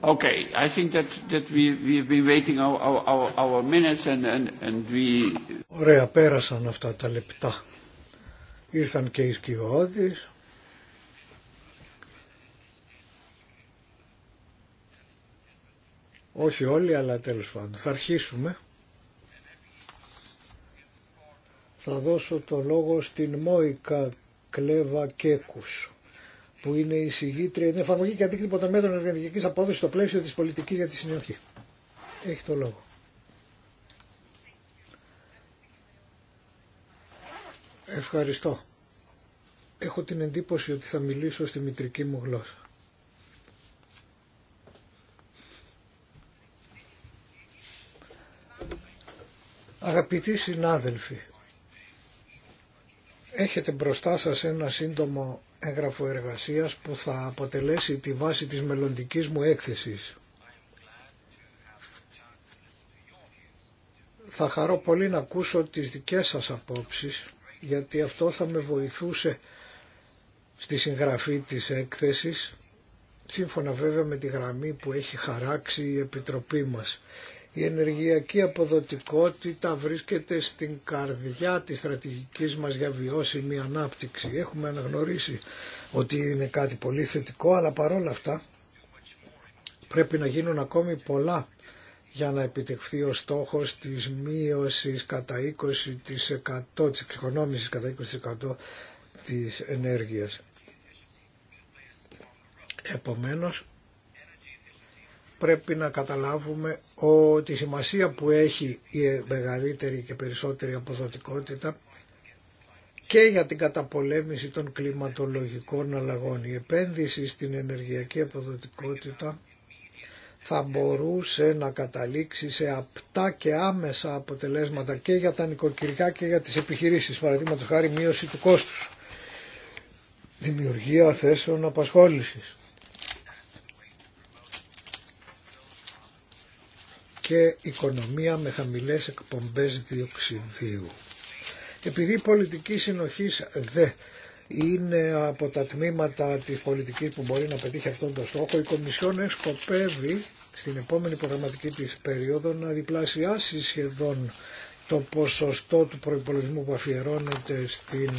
Okay, Ωραία, πέρασαν αυτά τα λεπτά. Ήρθαν και οι σκιώδεις. Όχι όλοι, αλλά τέλος πάντων. Θα αρχίσουμε. Θα δώσω το λόγο στην Μόικα Κλέβα Κέκουσου που είναι η συγγήτρια, είναι εφαρμογή και αντίκτυπο των μέτρων ενεργειακή απόδοσης στο πλαίσιο της πολιτικής για τη συνοχή. Έχει το λόγο. Ευχαριστώ. Έχω την εντύπωση ότι θα μιλήσω στη μητρική μου γλώσσα. Αγαπητοί συνάδελφοι, έχετε μπροστά σας ένα σύντομο έγγραφο εργασίας που θα αποτελέσει τη βάση της μελλοντικής μου έκθεσης. Θα χαρώ πολύ να ακούσω τις δικές σας απόψεις γιατί αυτό θα με βοηθούσε στη συγγραφή της έκθεσης σύμφωνα βέβαια με τη γραμμή που έχει χαράξει η Επιτροπή μας. Η ενεργειακή αποδοτικότητα βρίσκεται στην καρδιά της στρατηγικής μας για βιώσιμη ανάπτυξη. Έχουμε αναγνωρίσει ότι είναι κάτι πολύ θετικό, αλλά παρόλα αυτά πρέπει να γίνουν ακόμη πολλά για να επιτευχθεί ο στόχος της μείωσης κατά 20%, της εξοικονόμησης κατά 20% της ενέργειας. Επομένως, πρέπει να καταλάβουμε ότι η σημασία που έχει η μεγαλύτερη και περισσότερη αποδοτικότητα και για την καταπολέμηση των κλιματολογικών αλλαγών. Η επένδυση στην ενεργειακή αποδοτικότητα θα μπορούσε να καταλήξει σε απτά και άμεσα αποτελέσματα και για τα νοικοκυριά και για τις επιχειρήσεις, παραδείγματος χάρη μείωση του κόστους, δημιουργία θέσεων απασχόλησης. και οικονομία με χαμηλές εκπομπές διοξιδίου. Επειδή η πολιτική συνοχής δε είναι από τα τμήματα της πολιτικής που μπορεί να πετύχει αυτόν τον στόχο, η Κομισιόν σκοπεύει στην επόμενη προγραμματική της περίοδο να διπλασιάσει σχεδόν το ποσοστό του προϋπολογισμού που αφιερώνεται στην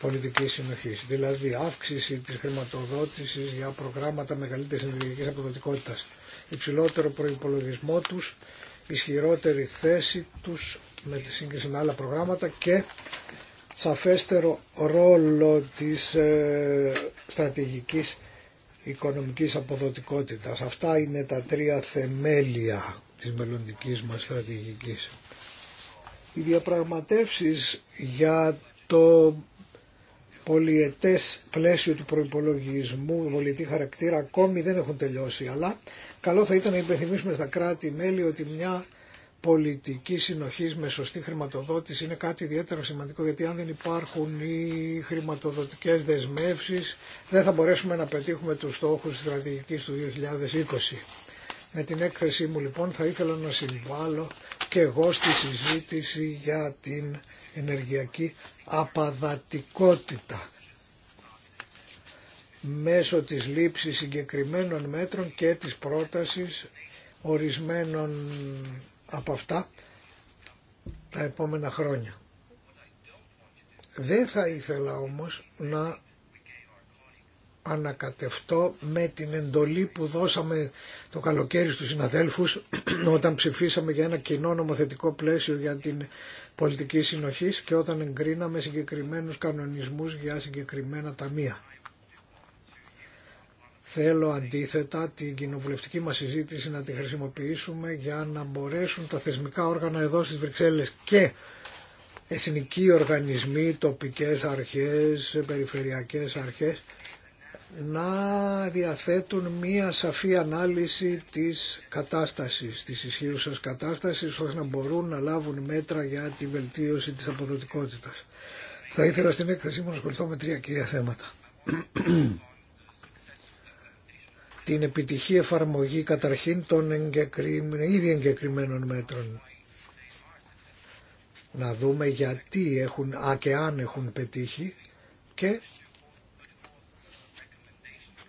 πολιτική συνοχή. Δηλαδή αύξηση της χρηματοδότησης για προγράμματα μεγαλύτερης ενεργειακής αποδοτικότητας υψηλότερο προϋπολογισμό τους, ισχυρότερη θέση τους με τη σύγκριση με άλλα προγράμματα και σαφέστερο ρόλο της ε, στρατηγικής οικονομικής αποδοτικότητας. Αυτά είναι τα τρία θεμέλια της μελλοντική μας στρατηγικής. Οι διαπραγματεύσεις για το πολιετές πλαίσιο του προϋπολογισμού, πολιετή χαρακτήρα, ακόμη δεν έχουν τελειώσει. Αλλά καλό θα ήταν να υπενθυμίσουμε στα κράτη-μέλη ότι μια πολιτική συνοχή με σωστή χρηματοδότηση είναι κάτι ιδιαίτερα σημαντικό γιατί αν δεν υπάρχουν οι χρηματοδοτικές δεσμεύσεις δεν θα μπορέσουμε να πετύχουμε τους στόχους τη στρατηγικής του 2020. Με την έκθεσή μου λοιπόν θα ήθελα να συμβάλλω και εγώ στη συζήτηση για την ενεργειακή απαδατικότητα μέσω της λήψης συγκεκριμένων μέτρων και της πρότασης ορισμένων από αυτά τα επόμενα χρόνια. Δεν θα ήθελα όμως να ανακατευτώ με την εντολή που δώσαμε το καλοκαίρι στους συναδέλφους όταν ψηφίσαμε για ένα κοινό νομοθετικό πλαίσιο για την Πολιτική συνοχή και όταν εγκρίναμε συγκεκριμένους κανονισμούς για συγκεκριμένα ταμεία. Θέλω αντίθετα την κοινοβουλευτική μας συζήτηση να τη χρησιμοποιήσουμε για να μπορέσουν τα θεσμικά όργανα εδώ στις Βρυξέλλες και εθνικοί οργανισμοί, τοπικές αρχές, περιφερειακές αρχές να διαθέτουν μία σαφή ανάλυση της κατάστασης, της ισχύουσας κατάστασης, ώστε να μπορούν να λάβουν μέτρα για τη βελτίωση της αποδοτικότητας. Θα ήθελα στην έκθεσή μου να ασχοληθώ με τρία κύρια θέματα. την επιτυχή εφαρμογή καταρχήν των ήδη εγκεκριμένων μέτρων. Να δούμε γιατί έχουν, α και αν έχουν πετύχει και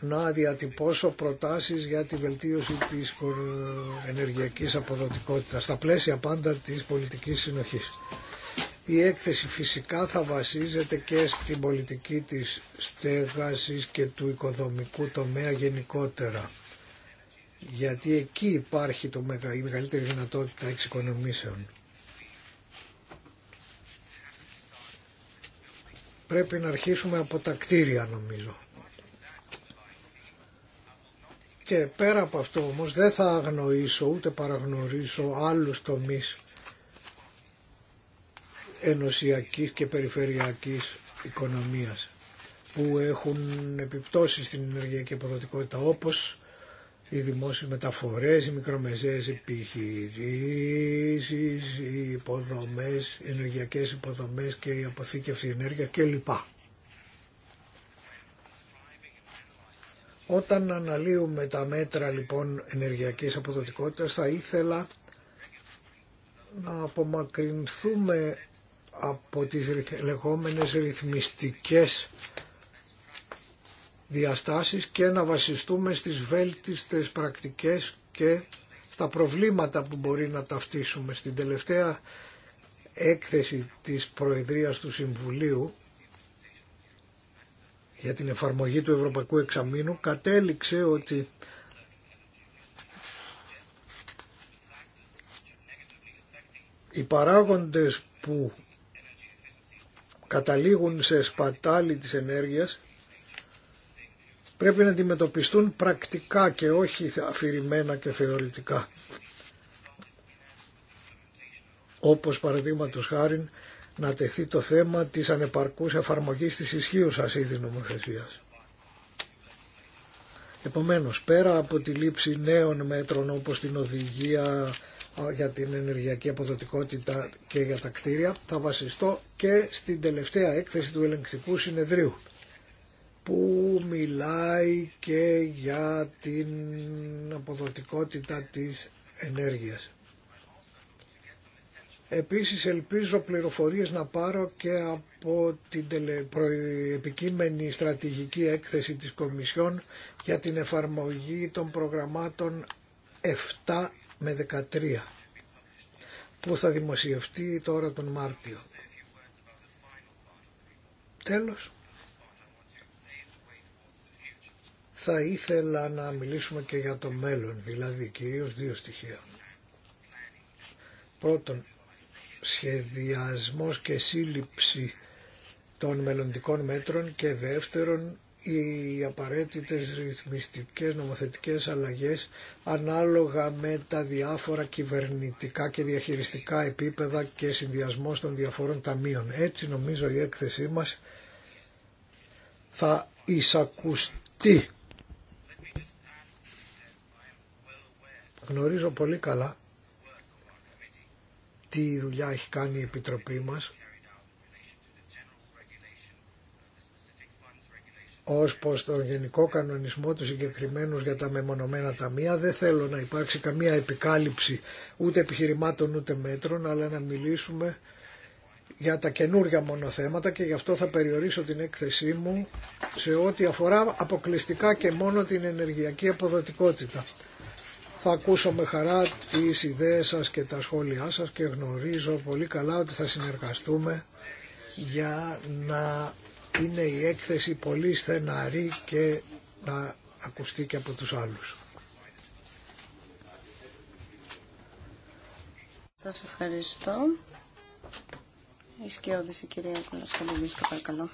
να διατυπώσω προτάσεις για τη βελτίωση της ενεργειακής αποδοτικότητας στα πλαίσια πάντα της πολιτικής συνοχής. Η έκθεση φυσικά θα βασίζεται και στην πολιτική της στέγασης και του οικοδομικού τομέα γενικότερα. Γιατί εκεί υπάρχει το η μεγαλύτερη δυνατότητα εξοικονομήσεων. Πρέπει να αρχίσουμε από τα κτίρια νομίζω. Και πέρα από αυτό όμως δεν θα αγνοήσω ούτε παραγνωρίσω άλλους τομείς ενωσιακής και περιφερειακής οικονομίας που έχουν επιπτώσει στην ενεργειακή αποδοτικότητα όπως οι δημόσιες μεταφορές, οι μικρομεσαίες επιχειρήσεις, οι υποδομές, οι ενεργειακές υποδομές και η αποθήκευση ενέργεια κλπ. Όταν αναλύουμε τα μέτρα λοιπόν ενεργειακής αποδοτικότητας θα ήθελα να απομακρυνθούμε από τις λεγόμενες ρυθμιστικές διαστάσεις και να βασιστούμε στις βέλτιστες πρακτικές και στα προβλήματα που μπορεί να ταυτίσουμε. Στην τελευταία έκθεση της Προεδρίας του Συμβουλίου για την εφαρμογή του Ευρωπαϊκού Εξαμήνου κατέληξε ότι οι παράγοντες που καταλήγουν σε σπατάλη της ενέργειας πρέπει να αντιμετωπιστούν πρακτικά και όχι αφηρημένα και θεωρητικά. Όπως παραδείγματος χάρη να τεθεί το θέμα της ανεπαρκούς εφαρμογής της ισχύουσας ήδη νομοθεσίας. Επομένως, πέρα από τη λήψη νέων μέτρων όπως την οδηγία για την ενεργειακή αποδοτικότητα και για τα κτίρια, θα βασιστώ και στην τελευταία έκθεση του ελεγκτικού συνεδρίου που μιλάει και για την αποδοτικότητα της ενέργειας. Επίσης ελπίζω πληροφορίες να πάρω και από την προεπικείμενη στρατηγική έκθεση της Κομισιόν για την εφαρμογή των προγραμμάτων 7 με 13 που θα δημοσιευτεί τώρα τον Μάρτιο. Τέλος, θα ήθελα να μιλήσουμε και για το μέλλον, δηλαδή κυρίως δύο στοιχεία. Πρώτον, σχεδιασμός και σύλληψη των μελλοντικών μέτρων και δεύτερον οι απαραίτητες ρυθμιστικές νομοθετικές αλλαγές ανάλογα με τα διάφορα κυβερνητικά και διαχειριστικά επίπεδα και συνδυασμό των διαφόρων ταμείων. Έτσι νομίζω η έκθεσή μας θα εισακουστεί. Γνωρίζω πολύ καλά τι δουλειά έχει κάνει η Επιτροπή μας ως πως τον γενικό κανονισμό του συγκεκριμένους για τα μεμονωμένα ταμεία δεν θέλω να υπάρξει καμία επικάλυψη ούτε επιχειρημάτων ούτε μέτρων αλλά να μιλήσουμε για τα καινούργια μονοθέματα και γι' αυτό θα περιορίσω την έκθεσή μου σε ό,τι αφορά αποκλειστικά και μόνο την ενεργειακή αποδοτικότητα. Θα ακούσω με χαρά τις ιδέες σας και τα σχόλιά σας και γνωρίζω πολύ καλά ότι θα συνεργαστούμε για να είναι η έκθεση πολύ στεναρή και να ακουστεί και από τους άλλους. Σας ευχαριστώ. Η η κυρία και παρακαλώ.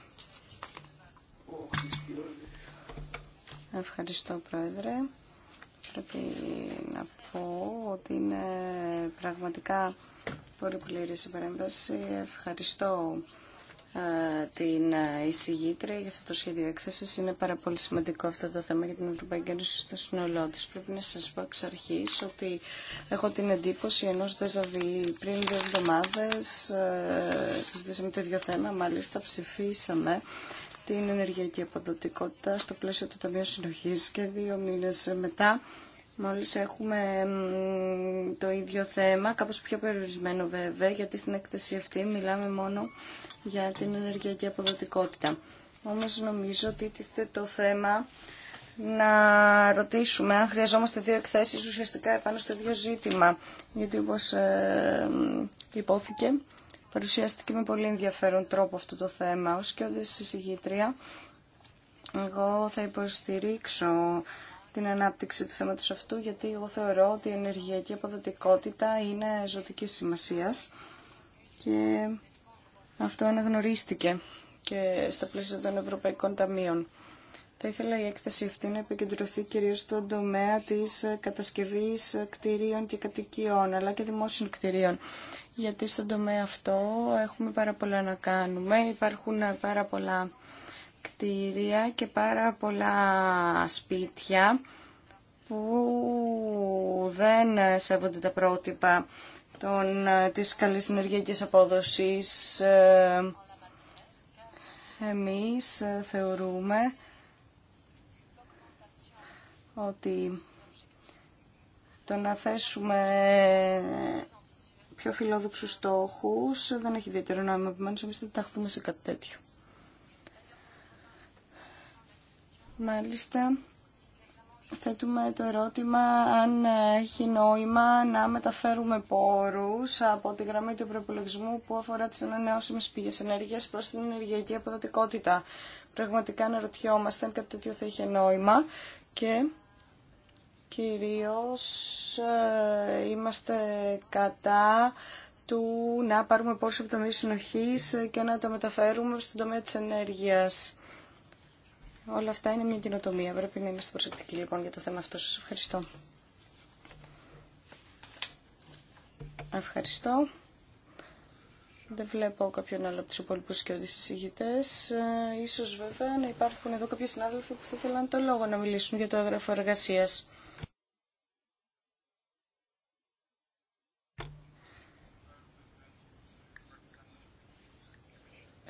Ευχαριστώ Πρόεδρε πρέπει να πω ότι είναι πραγματικά πολύ πλήρη η παρέμβαση. Ευχαριστώ ε, την εισηγήτρια για αυτό το σχέδιο έκθεση. Είναι πάρα πολύ σημαντικό αυτό το θέμα για την Ευρωπαϊκή Ένωση στο σύνολό τη. Πρέπει να σα πω εξ αρχή ότι έχω την εντύπωση ενό δεζαβή πριν δύο εβδομάδε ε, συζητήσαμε το ίδιο θέμα. Μάλιστα ψηφίσαμε την ενεργειακή αποδοτικότητα στο πλαίσιο του Ταμείου Συνοχή και δύο μήνε μετά Μόλις έχουμε το ίδιο θέμα, κάπως πιο περιορισμένο βέβαια, γιατί στην έκθεση αυτή μιλάμε μόνο για την ενεργειακή αποδοτικότητα. Όμως νομίζω ότι τίθεται το θέμα να ρωτήσουμε αν χρειαζόμαστε δύο εκθέσεις ουσιαστικά επάνω στο ίδιο ζήτημα. Γιατί όπως ε, υπόθηκε, παρουσιάστηκε με πολύ ενδιαφέρον τρόπο αυτό το θέμα. Ως και όδες εγώ θα υποστηρίξω την ανάπτυξη του θέματος αυτού, γιατί εγώ θεωρώ ότι η ενεργειακή αποδοτικότητα είναι ζωτική σημασία και αυτό αναγνωρίστηκε και στα πλαίσια των Ευρωπαϊκών Ταμείων. Θα ήθελα η έκθεση αυτή να επικεντρωθεί κυρίως στον τομέα της κατασκευής κτηρίων και κατοικιών, αλλά και δημόσιων κτηρίων. Γιατί στον τομέα αυτό έχουμε πάρα πολλά να κάνουμε, υπάρχουν πάρα πολλά κτίρια και πάρα πολλά σπίτια που δεν σέβονται τα πρότυπα των, της καλής συνεργειακής απόδοσης. Εμείς θεωρούμε ότι το να θέσουμε πιο φιλόδοξους στόχους δεν έχει ιδιαίτερο νόημα. Επομένως, εμείς δεν ταχθούμε σε κάτι τέτοιο. Μάλιστα, θέτουμε το ερώτημα αν έχει νόημα να μεταφέρουμε πόρους από τη γραμμή του προπολογισμού που αφορά τις ανανεώσιμες πηγές ενέργειας προς την ενεργειακή αποδοτικότητα. Πραγματικά αναρωτιόμαστε αν κάτι τέτοιο θα είχε νόημα και κυρίως ε, είμαστε κατά του να πάρουμε πόρους από το μισονοχής και να τα μεταφέρουμε στον τομέα της ενέργειας. Όλα αυτά είναι μια καινοτομία. Πρέπει να είμαστε προσεκτικοί λοιπόν για το θέμα αυτό. Σας ευχαριστώ. Ευχαριστώ. Δεν βλέπω κάποιον άλλο από του υπόλοιπου και συζητητέ. Ε, ίσως βέβαια να υπάρχουν εδώ κάποιοι συνάδελφοι που θα ήθελαν το λόγο να μιλήσουν για το έγγραφο εργασία.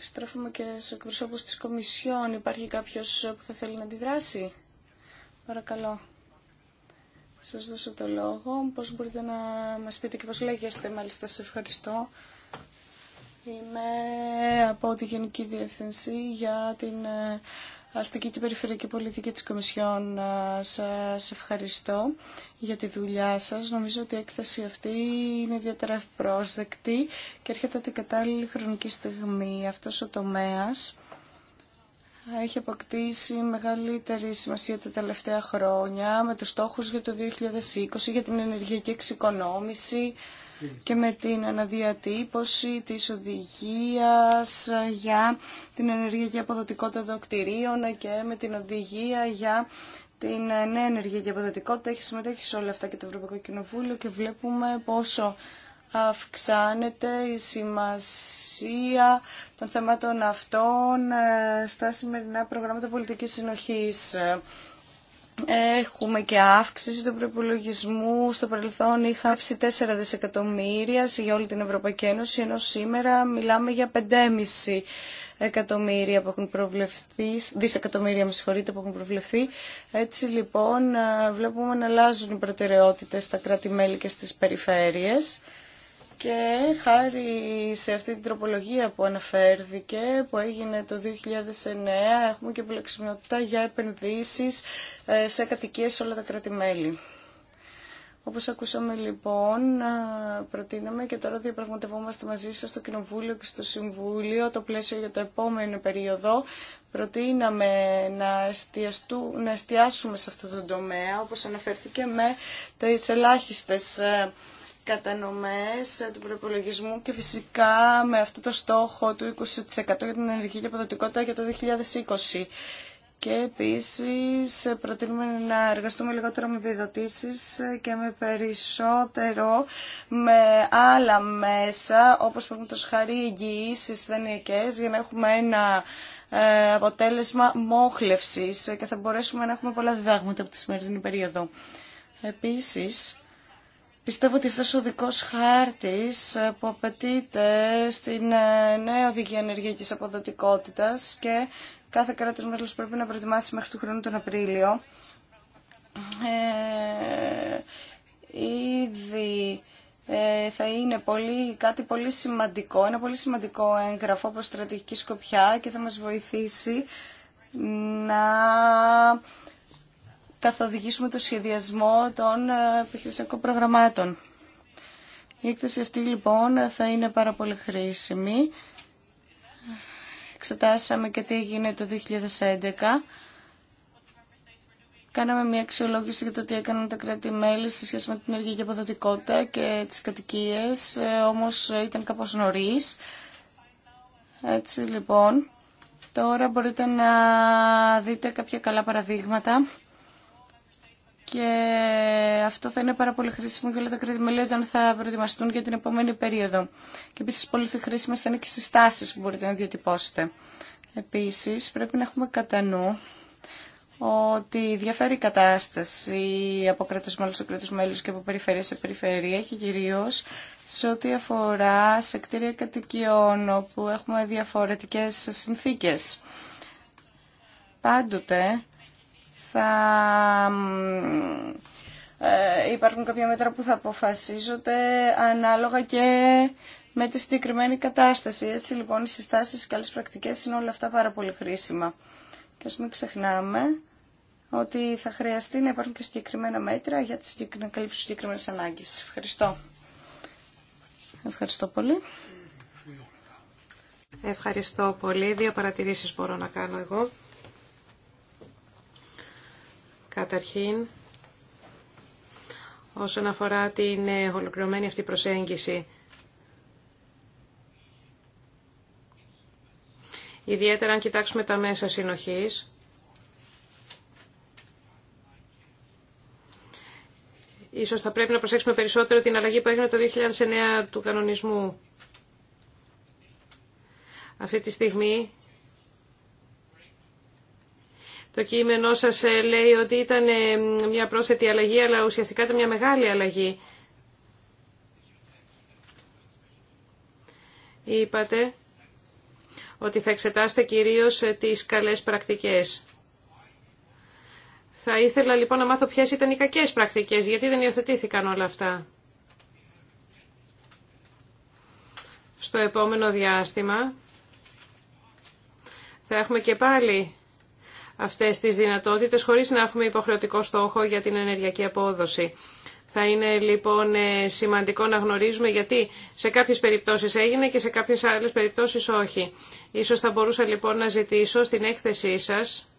Στρέφουμε και στου εκπροσώπου τη Κομισιόν. Υπάρχει κάποιος που θα θέλει να αντιδράσει. Παρακαλώ. Σας δώσω το λόγο. Πώς μπορείτε να μας πείτε και πώς λέγεστε. Μάλιστα, σε ευχαριστώ. Είμαι από τη Γενική Διευθυνσή για την ε, αστική και περιφερειακή πολιτική της Κομισιόν. Σας ευχαριστώ για τη δουλειά σας. Νομίζω ότι η έκθεση αυτή είναι ιδιαίτερα ευπρόσδεκτη και έρχεται την κατάλληλη χρονική στιγμή. Αυτός ο τομέας έχει αποκτήσει μεγαλύτερη σημασία τα τελευταία χρόνια με τους στόχους για το 2020, για την ενεργειακή εξοικονόμηση, και με την αναδιατύπωση της οδηγίας για την ενεργειακή αποδοτικότητα των κτηρίων και με την οδηγία για την νέα ενεργειακή αποδοτικότητα. Έχει συμμετέχει σε όλα αυτά και το Ευρωπαϊκό Κοινοβούλιο και βλέπουμε πόσο αυξάνεται η σημασία των θεμάτων αυτών ε, στα σημερινά προγράμματα πολιτικής συνοχής. Έχουμε και αύξηση του προπολογισμού. Στο παρελθόν είχα 4 δισεκατομμύρια για όλη την Ευρωπαϊκή Ένωση, ενώ σήμερα μιλάμε για 5,5 εκατομμύρια που έχουν προβλεφθεί, δισεκατομμύρια με που έχουν προβλεφθεί. Έτσι λοιπόν βλέπουμε να αλλάζουν οι προτεραιότητες στα κράτη-μέλη και στις περιφέρειες. Και χάρη σε αυτή την τροπολογία που αναφέρθηκε, που έγινε το 2009, έχουμε και επιλεξιμότητα για επενδύσεις ε, σε κατοικίες σε όλα τα κράτη-μέλη. Όπως ακούσαμε λοιπόν, προτείναμε και τώρα διαπραγματευόμαστε μαζί σας στο Κοινοβούλιο και στο Συμβούλιο το πλαίσιο για το επόμενο περίοδο. Προτείναμε να, να εστιάσουμε σε αυτό το τομέα, όπως αναφέρθηκε, με τις ελάχιστες ε, κατανομές ε, του προπολογισμού και φυσικά με αυτό το στόχο του 20% για την ενεργειακή αποδοτικότητα για το 2020. Και επίσης ε, προτείνουμε να εργαστούμε λιγότερο με επιδοτήσεις ε, και με περισσότερο με άλλα μέσα, όπως η χάρη εγγυήσεις δανειακές, για να έχουμε ένα αποτέλεσμα μόχλευσης και θα μπορέσουμε να έχουμε πολλά διδάγματα από τη σημερινή περίοδο. Επίσης, Πιστεύω ότι αυτός ο δικός χάρτης ε, που απαιτείται στην ε, νέα οδηγία ενεργειακής αποδοτικότητας και κάθε κράτος μέλος πρέπει να προετοιμάσει μέχρι του χρόνου τον Απρίλιο. Ε, ήδη ε, θα είναι πολύ, κάτι πολύ σημαντικό, ένα πολύ σημαντικό έγγραφο από στρατηγική σκοπιά και θα μας βοηθήσει να καθοδηγήσουμε το σχεδιασμό των ε, επιχειρησιακών προγραμμάτων. Η έκθεση αυτή λοιπόν θα είναι πάρα πολύ χρήσιμη. Εξετάσαμε και τι έγινε το 2011. Κάναμε μια αξιολόγηση για το τι έκαναν τα κράτη-μέλη σε σχέση με την ενεργειακή αποδοτικότητα και τις κατοικίες, ε, όμως ε, ήταν κάπως νωρίς. Έτσι λοιπόν, τώρα μπορείτε να δείτε κάποια καλά παραδείγματα και αυτό θα είναι πάρα πολύ χρήσιμο για όλα τα κράτη-μέλη όταν θα προετοιμαστούν για την επόμενη περίοδο. Και επίσης πολύ χρήσιμα θα είναι και συστάσεις που μπορείτε να διατυπώσετε. Επίσης πρέπει να έχουμε κατά νου ότι διαφέρει η κατάσταση από κράτο μέλο σε κράτο και από περιφέρεια σε περιφέρεια και κυρίω σε ό,τι αφορά σε κτίρια κατοικιών όπου έχουμε διαφορετικέ συνθήκε. Πάντοτε θα ε, υπάρχουν κάποια μέτρα που θα αποφασίζονται ανάλογα και με τη συγκεκριμένη κατάσταση. Έτσι λοιπόν οι συστάσεις και καλές πρακτικές είναι όλα αυτά πάρα πολύ χρήσιμα. Και ας μην ξεχνάμε ότι θα χρειαστεί να υπάρχουν και συγκεκριμένα μέτρα για να καλύψουν συγκεκριμένες ανάγκες. Ευχαριστώ. Ευχαριστώ πολύ. Ευχαριστώ πολύ. Δύο παρατηρήσεις μπορώ να κάνω εγώ. Καταρχήν, όσον αφορά την ε, ολοκληρωμένη αυτή προσέγγιση, ιδιαίτερα αν κοιτάξουμε τα μέσα συνοχής, ίσως θα πρέπει να προσέξουμε περισσότερο την αλλαγή που έγινε το 2009 του κανονισμού. Αυτή τη στιγμή το κείμενό σας ε, λέει ότι ήταν ε, μια πρόσθετη αλλαγή, αλλά ουσιαστικά ήταν μια μεγάλη αλλαγή. Είπατε ότι θα εξετάσετε κυρίως ε, τις καλές πρακτικές. Θα ήθελα λοιπόν να μάθω ποιες ήταν οι κακές πρακτικές, γιατί δεν υιοθετήθηκαν όλα αυτά. Στο επόμενο διάστημα θα έχουμε και πάλι αυτές τις δυνατότητες χωρίς να έχουμε υποχρεωτικό στόχο για την ενεργειακή απόδοση. Θα είναι λοιπόν ε, σημαντικό να γνωρίζουμε γιατί σε κάποιες περιπτώσεις έγινε και σε κάποιες άλλες περιπτώσεις όχι. Ίσως θα μπορούσα λοιπόν να ζητήσω στην έκθεσή σας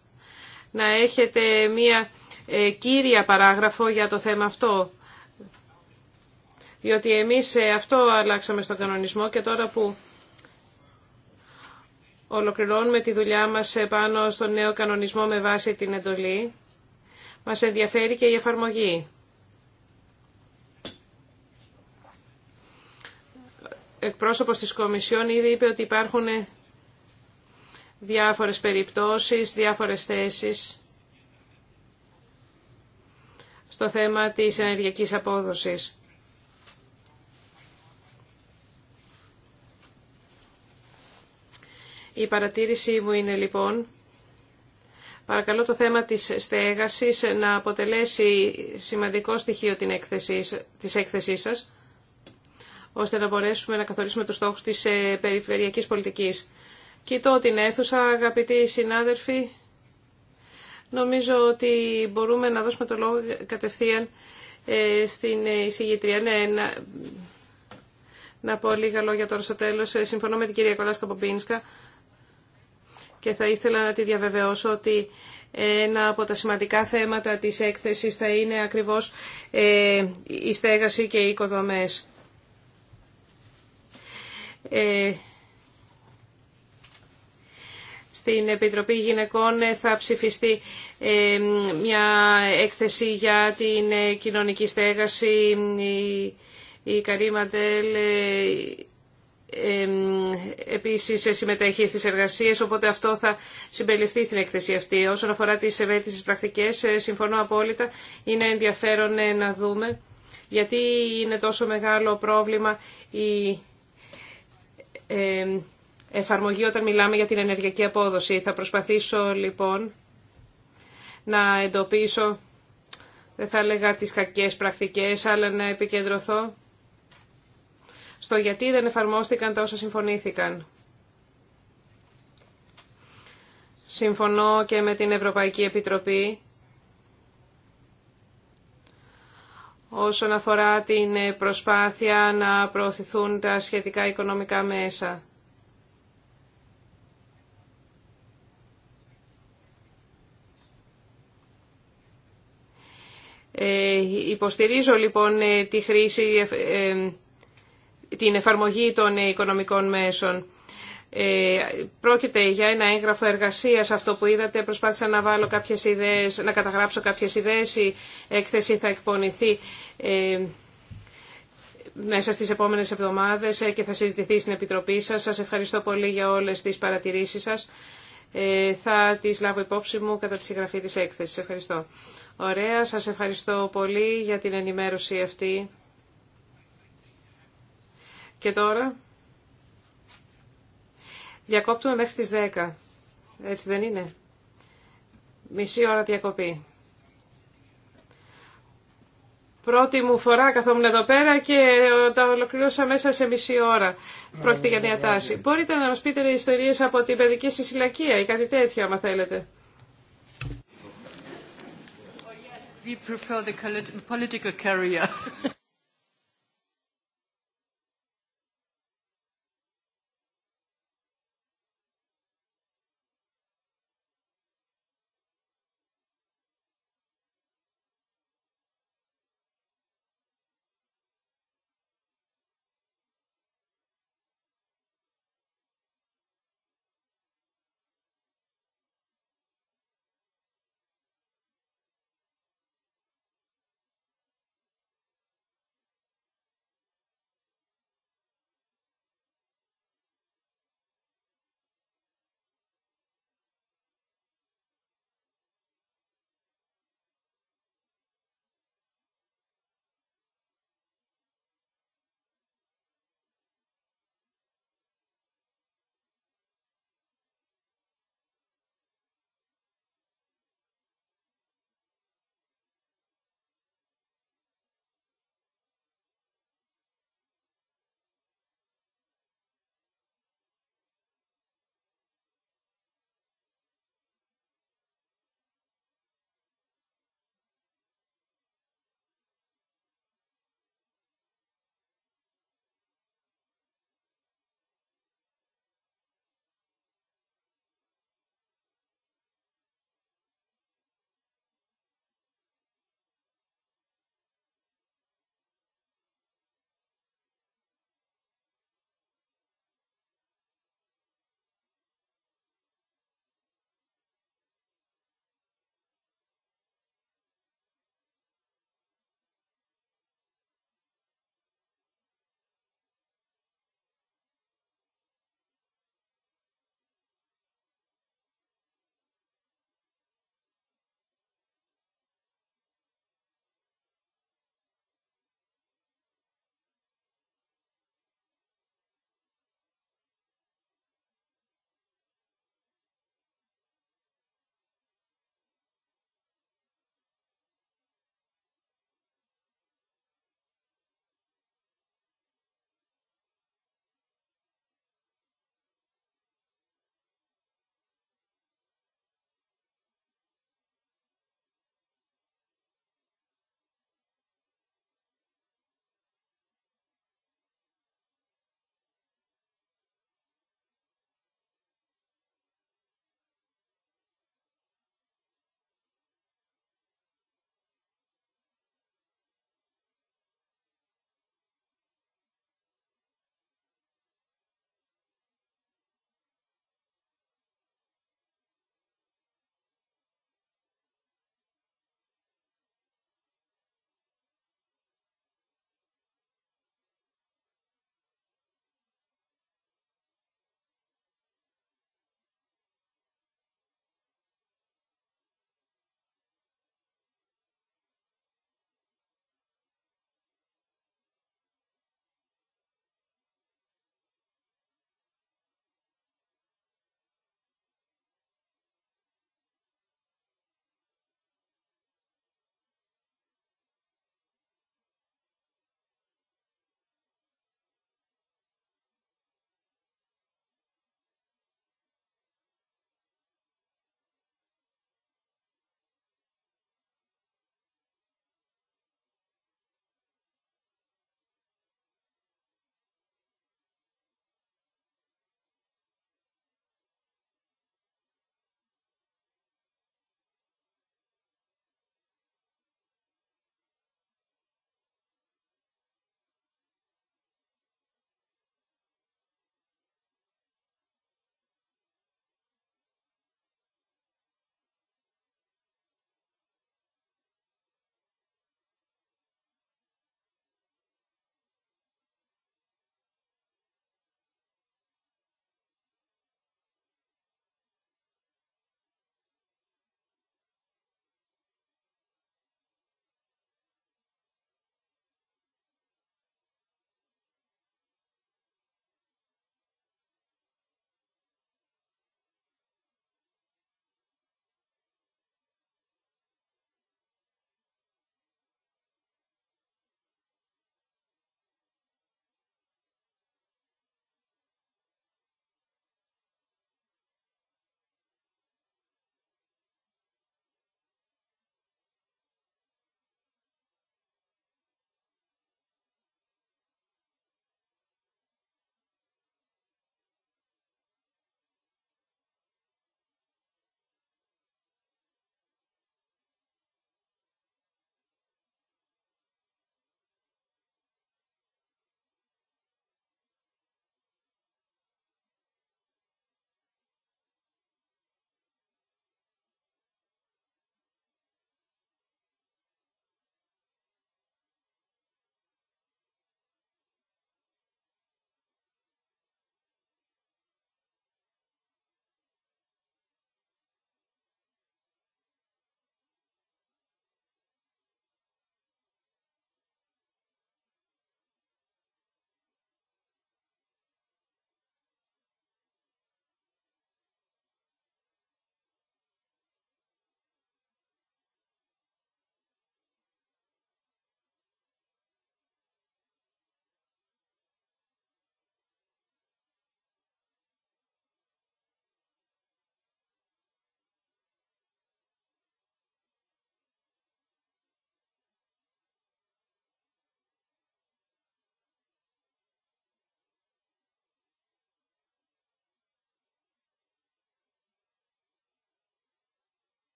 να έχετε μία ε, κύρια παράγραφο για το θέμα αυτό. Διότι εμείς ε, αυτό αλλάξαμε στον κανονισμό και τώρα που ολοκληρώνουμε τη δουλειά μας πάνω στον νέο κανονισμό με βάση την εντολή. Μας ενδιαφέρει και η εφαρμογή. Εκπρόσωπος της Κομισιόν ήδη είπε ότι υπάρχουν διάφορες περιπτώσεις, διάφορες θέσεις στο θέμα της ενεργειακής απόδοσης. Η παρατήρησή μου είναι λοιπόν, παρακαλώ το θέμα της στέγασης να αποτελέσει σημαντικό στοιχείο την έκθεση, της έκθεσής σας, ώστε να μπορέσουμε να καθορίσουμε τους στόχους της ε, περιφερειακής πολιτικής. Κοιτώ την αίθουσα, αγαπητοί συνάδελφοι. Νομίζω ότι μπορούμε να δώσουμε το λόγο κατευθείαν ε, στην εισηγητρία. Ναι, να, να πω λίγα λόγια τώρα στο τέλος. Ε, συμφωνώ με την κυρία Κολάσκα Πομπίνσκα και θα ήθελα να τη διαβεβαιώσω ότι ένα από τα σημαντικά θέματα της έκθεσης θα είναι ακριβώς ε, η στέγαση και οι οικοδομές. Ε, στην Επιτροπή Γυναικών ε, θα ψηφιστεί μια έκθεση για την κοινωνική στέγαση. Η Καρή επίσης συμμετέχει στις εργασίες, οπότε αυτό θα συμπεριληφθεί στην έκθεση αυτή. Όσον αφορά τις ευαίτησες πρακτικές, ε, συμφωνώ απόλυτα, είναι ενδιαφέρον ε, να δούμε γιατί είναι τόσο μεγάλο πρόβλημα η εφαρμογή όταν μιλάμε για την ενεργειακή απόδοση. Θα προσπαθήσω λοιπόν να εντοπίσω, δεν θα έλεγα τις κακές πρακτικές, αλλά να επικεντρωθώ στο γιατί δεν εφαρμόστηκαν τα όσα συμφωνήθηκαν. Συμφωνώ και με την Ευρωπαϊκή Επιτροπή όσον αφορά την προσπάθεια να προωθηθούν τα σχετικά οικονομικά μέσα. Ε, υποστηρίζω λοιπόν ε, τη χρήση ε, ε, την εφαρμογή των οικονομικών μέσων. Ε, πρόκειται για ένα έγγραφο εργασίας αυτό που είδατε. Προσπάθησα να βάλω κάποιες ιδέες, να καταγράψω κάποιες ιδέες. Η έκθεση θα εκπονηθεί ε, μέσα στις επόμενες εβδομάδες ε, και θα συζητηθεί στην Επιτροπή σας. Σας ευχαριστώ πολύ για όλες τις παρατηρήσεις σας. Ε, θα τις λάβω υπόψη μου κατά τη συγγραφή της έκθεσης. Ευχαριστώ. Ωραία, σας ευχαριστώ πολύ για την ενημέρωση αυτή. Και τώρα διακόπτουμε μέχρι τις 10. Έτσι δεν είναι. Μισή ώρα διακοπή. Πρώτη μου φορά καθόμουν εδώ πέρα και ε, τα ολοκληρώσα μέσα σε μισή ώρα. Πρόκειται για μια τάση. Μπορείτε να μας πείτε ιστορίες από την παιδική σας ή κάτι τέτοιο, άμα θέλετε. We prefer the political career.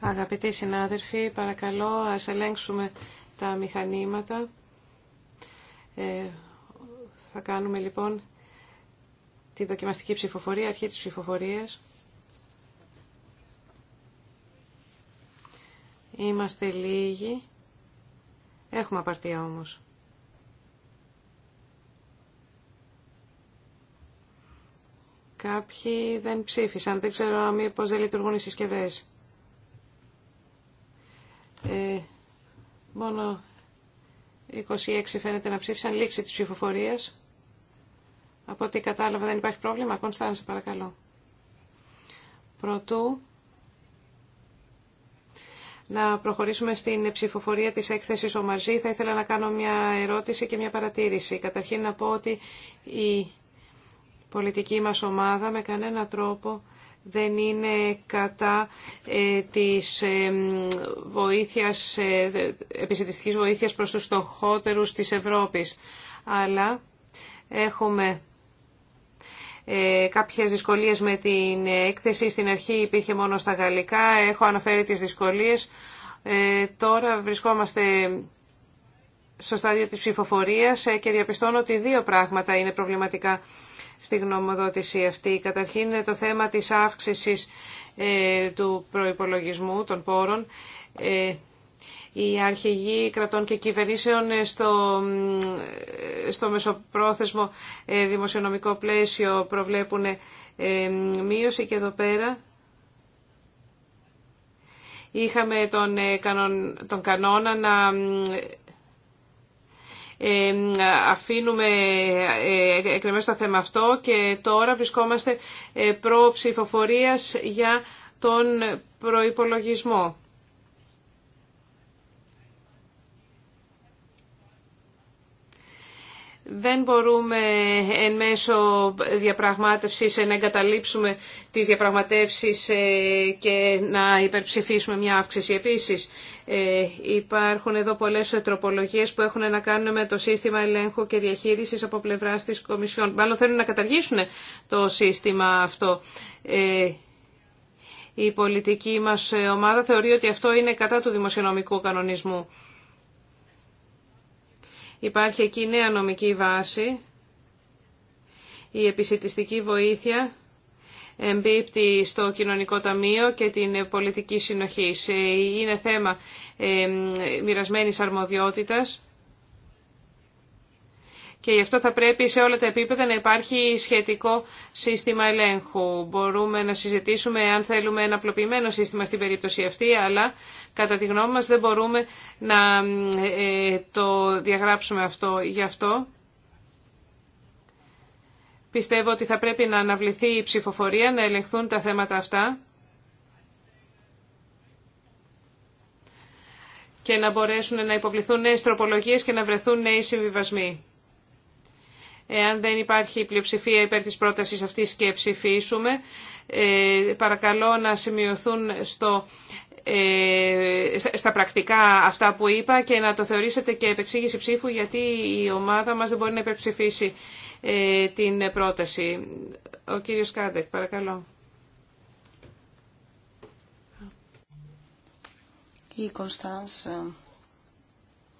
Αγαπητοί συνάδελφοι, παρακαλώ ας ελέγξουμε τα μηχανήματα. Ε, θα κάνουμε λοιπόν την δοκιμαστική ψηφοφορία, αρχή της ψηφοφορίας. Είμαστε λίγοι. Έχουμε απαρτία όμως. Κάποιοι δεν ψήφισαν. Δεν ξέρω μήπως δεν λειτουργούν οι συσκευέ. Ε, μόνο 26 φαίνεται να ψήφισαν. Λήξη τη ψηφοφορία. Από ό,τι κατάλαβα δεν υπάρχει πρόβλημα. Κωνσταντζα παρακαλώ. Πρωτού να προχωρήσουμε στην ψηφοφορία της έκθεσης ο Μαρζή. Θα ήθελα να κάνω μια ερώτηση και μια παρατήρηση. Καταρχήν να πω ότι η πολιτική μας ομάδα με κανένα τρόπο δεν είναι κατά ε, της ε, βοήθειας, ε, βοήθειας προς τους στοχότερους της Ευρώπης. Αλλά έχουμε ε, κάποιες δυσκολίες με την έκθεση. Στην αρχή υπήρχε μόνο στα γαλλικά. Έχω αναφέρει τις δυσκολίες. Ε, τώρα βρισκόμαστε στο στάδιο της ψηφοφορίας ε, και διαπιστώνω ότι δύο πράγματα είναι προβληματικά στη γνωμοδότηση αυτή. Καταρχήν το θέμα της αύξησης ε, του προϋπολογισμού των πόρων. Η ε, αρχηγοί κρατών και κυβερνήσεων ε, στο, στο μεσοπρόθεσμο δημοσιονομικό πλαίσιο προβλέπουν μείωση και εδώ πέρα. Είχαμε τον, κανον, τον κανόνα να αφήνουμε ε, εκκρεμές το θέμα αυτό και τώρα βρισκόμαστε ε, προ ψηφοφορίας για τον προϋπολογισμό. δεν μπορούμε εν μέσω διαπραγμάτευσης να εγκαταλείψουμε τις διαπραγματεύσεις ε, και να υπερψηφίσουμε μια αύξηση. Επίσης ε, υπάρχουν εδώ πολλές τροπολογίες που έχουν να κάνουν με το σύστημα ελέγχου και διαχείρισης από πλευράς της Κομισιόν. Μάλλον θέλουν να καταργήσουν το σύστημα αυτό. Ε, η πολιτική μας ομάδα θεωρεί ότι αυτό είναι κατά του δημοσιονομικού κανονισμού. Υπάρχει εκεί νέα νομική βάση. Η επισητιστική βοήθεια εμπίπτει στο κοινωνικό ταμείο και την πολιτική συνοχή. Είναι θέμα μοιρασμένης αρμοδιότητας και γι' αυτό θα πρέπει σε όλα τα επίπεδα να υπάρχει σχετικό σύστημα ελέγχου. Μπορούμε να συζητήσουμε αν θέλουμε ένα απλοποιημένο σύστημα στην περίπτωση αυτή, αλλά κατά τη γνώμη μας δεν μπορούμε να ε, το διαγράψουμε αυτό. Γι' αυτό πιστεύω ότι θα πρέπει να αναβληθεί η ψηφοφορία, να ελεγχθούν τα θέματα αυτά. και να μπορέσουν να υποβληθούν νέες τροπολογίες και να βρεθούν νέοι συμβιβασμοί. Εάν δεν υπάρχει πλειοψηφία υπέρ της πρότασης αυτής και ψηφίσουμε, ε, παρακαλώ να σημειωθούν στο, ε, στα πρακτικά αυτά που είπα και να το θεωρήσετε και επεξήγηση ψήφου γιατί η ομάδα μας δεν μπορεί να υπερψηφίσει ε, την πρόταση. Ο κύριος Κάντεκ, παρακαλώ. Η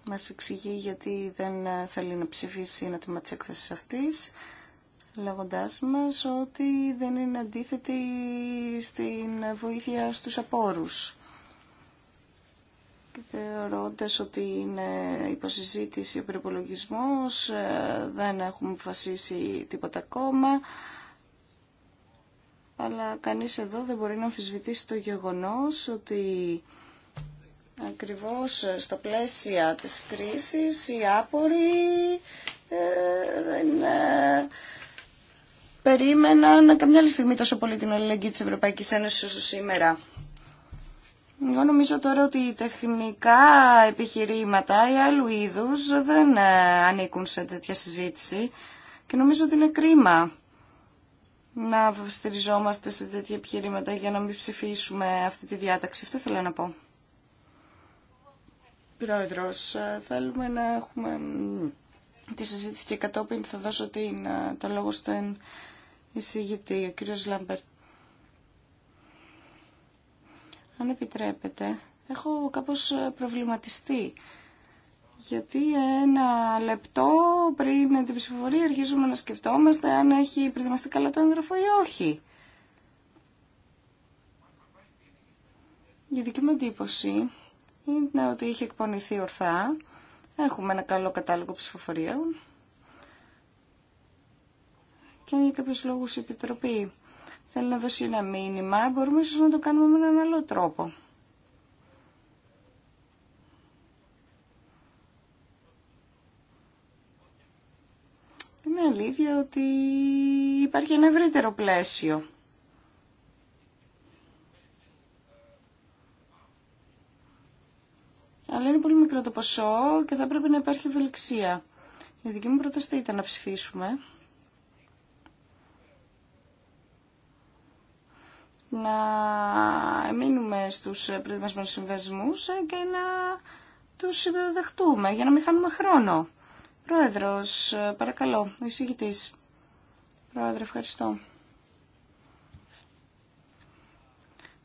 μας εξηγεί γιατί δεν θέλει να ψηφίσει ένα τμήμα της έκθεσης αυτής, λέγοντάς μας ότι δεν είναι αντίθετη στην βοήθεια στους απόρους. Θεωρώντας ότι είναι υποσυζήτηση ο προπολογισμό, ε, δεν έχουμε αποφασίσει τίποτα ακόμα, αλλά κανείς εδώ δεν μπορεί να αμφισβητήσει το γεγονός ότι Ακριβώς στο πλαίσιο της κρίσης οι άποροι ε, δεν ε, περίμεναν καμιά άλλη στιγμή τόσο πολύ την αλληλεγγύη της Ευρωπαϊκής Ένωσης όσο σήμερα. Εγώ νομίζω τώρα ότι τεχνικά επιχειρήματα ή άλλου είδους δεν ε, ανήκουν σε τέτοια συζήτηση και νομίζω ότι είναι κρίμα να στηριζόμαστε σε τέτοια επιχειρήματα για να μην ψηφίσουμε αυτή τη διάταξη. Αυτό θέλω να πω. Πρόεδρος, ε, θέλουμε να έχουμε τη συζήτηση και κατόπιν θα δώσω την, ε, το λόγο στον εισηγητή, ο κύριος Λάμπερτ. Αν επιτρέπετε, έχω κάπως ε, προβληματιστεί. Γιατί ένα λεπτό πριν την ψηφοφορία αρχίζουμε να σκεφτόμαστε αν έχει προετοιμαστεί καλά το έγγραφο ή όχι. Η οχι Για δικη μου εντύπωση είναι ότι είχε εκπονηθεί ορθά. Έχουμε ένα καλό κατάλογο ψηφοφορίων. Και αν για κάποιους λόγους η Επιτροπή θέλει να δώσει ένα μήνυμα, μπορούμε ίσως να το κάνουμε με έναν άλλο τρόπο. Είναι αλήθεια ότι υπάρχει ένα ευρύτερο πλαίσιο αλλά είναι πολύ μικρό το ποσό και θα πρέπει να υπάρχει ευελιξία. Η δική μου πρόταση ήταν να ψηφίσουμε. Να μείνουμε στους προετοιμασμένους συμβασμούς και να τους υποδεχτούμε για να μην χάνουμε χρόνο. Πρόεδρος, παρακαλώ, εισηγητής. Πρόεδρε, ευχαριστώ.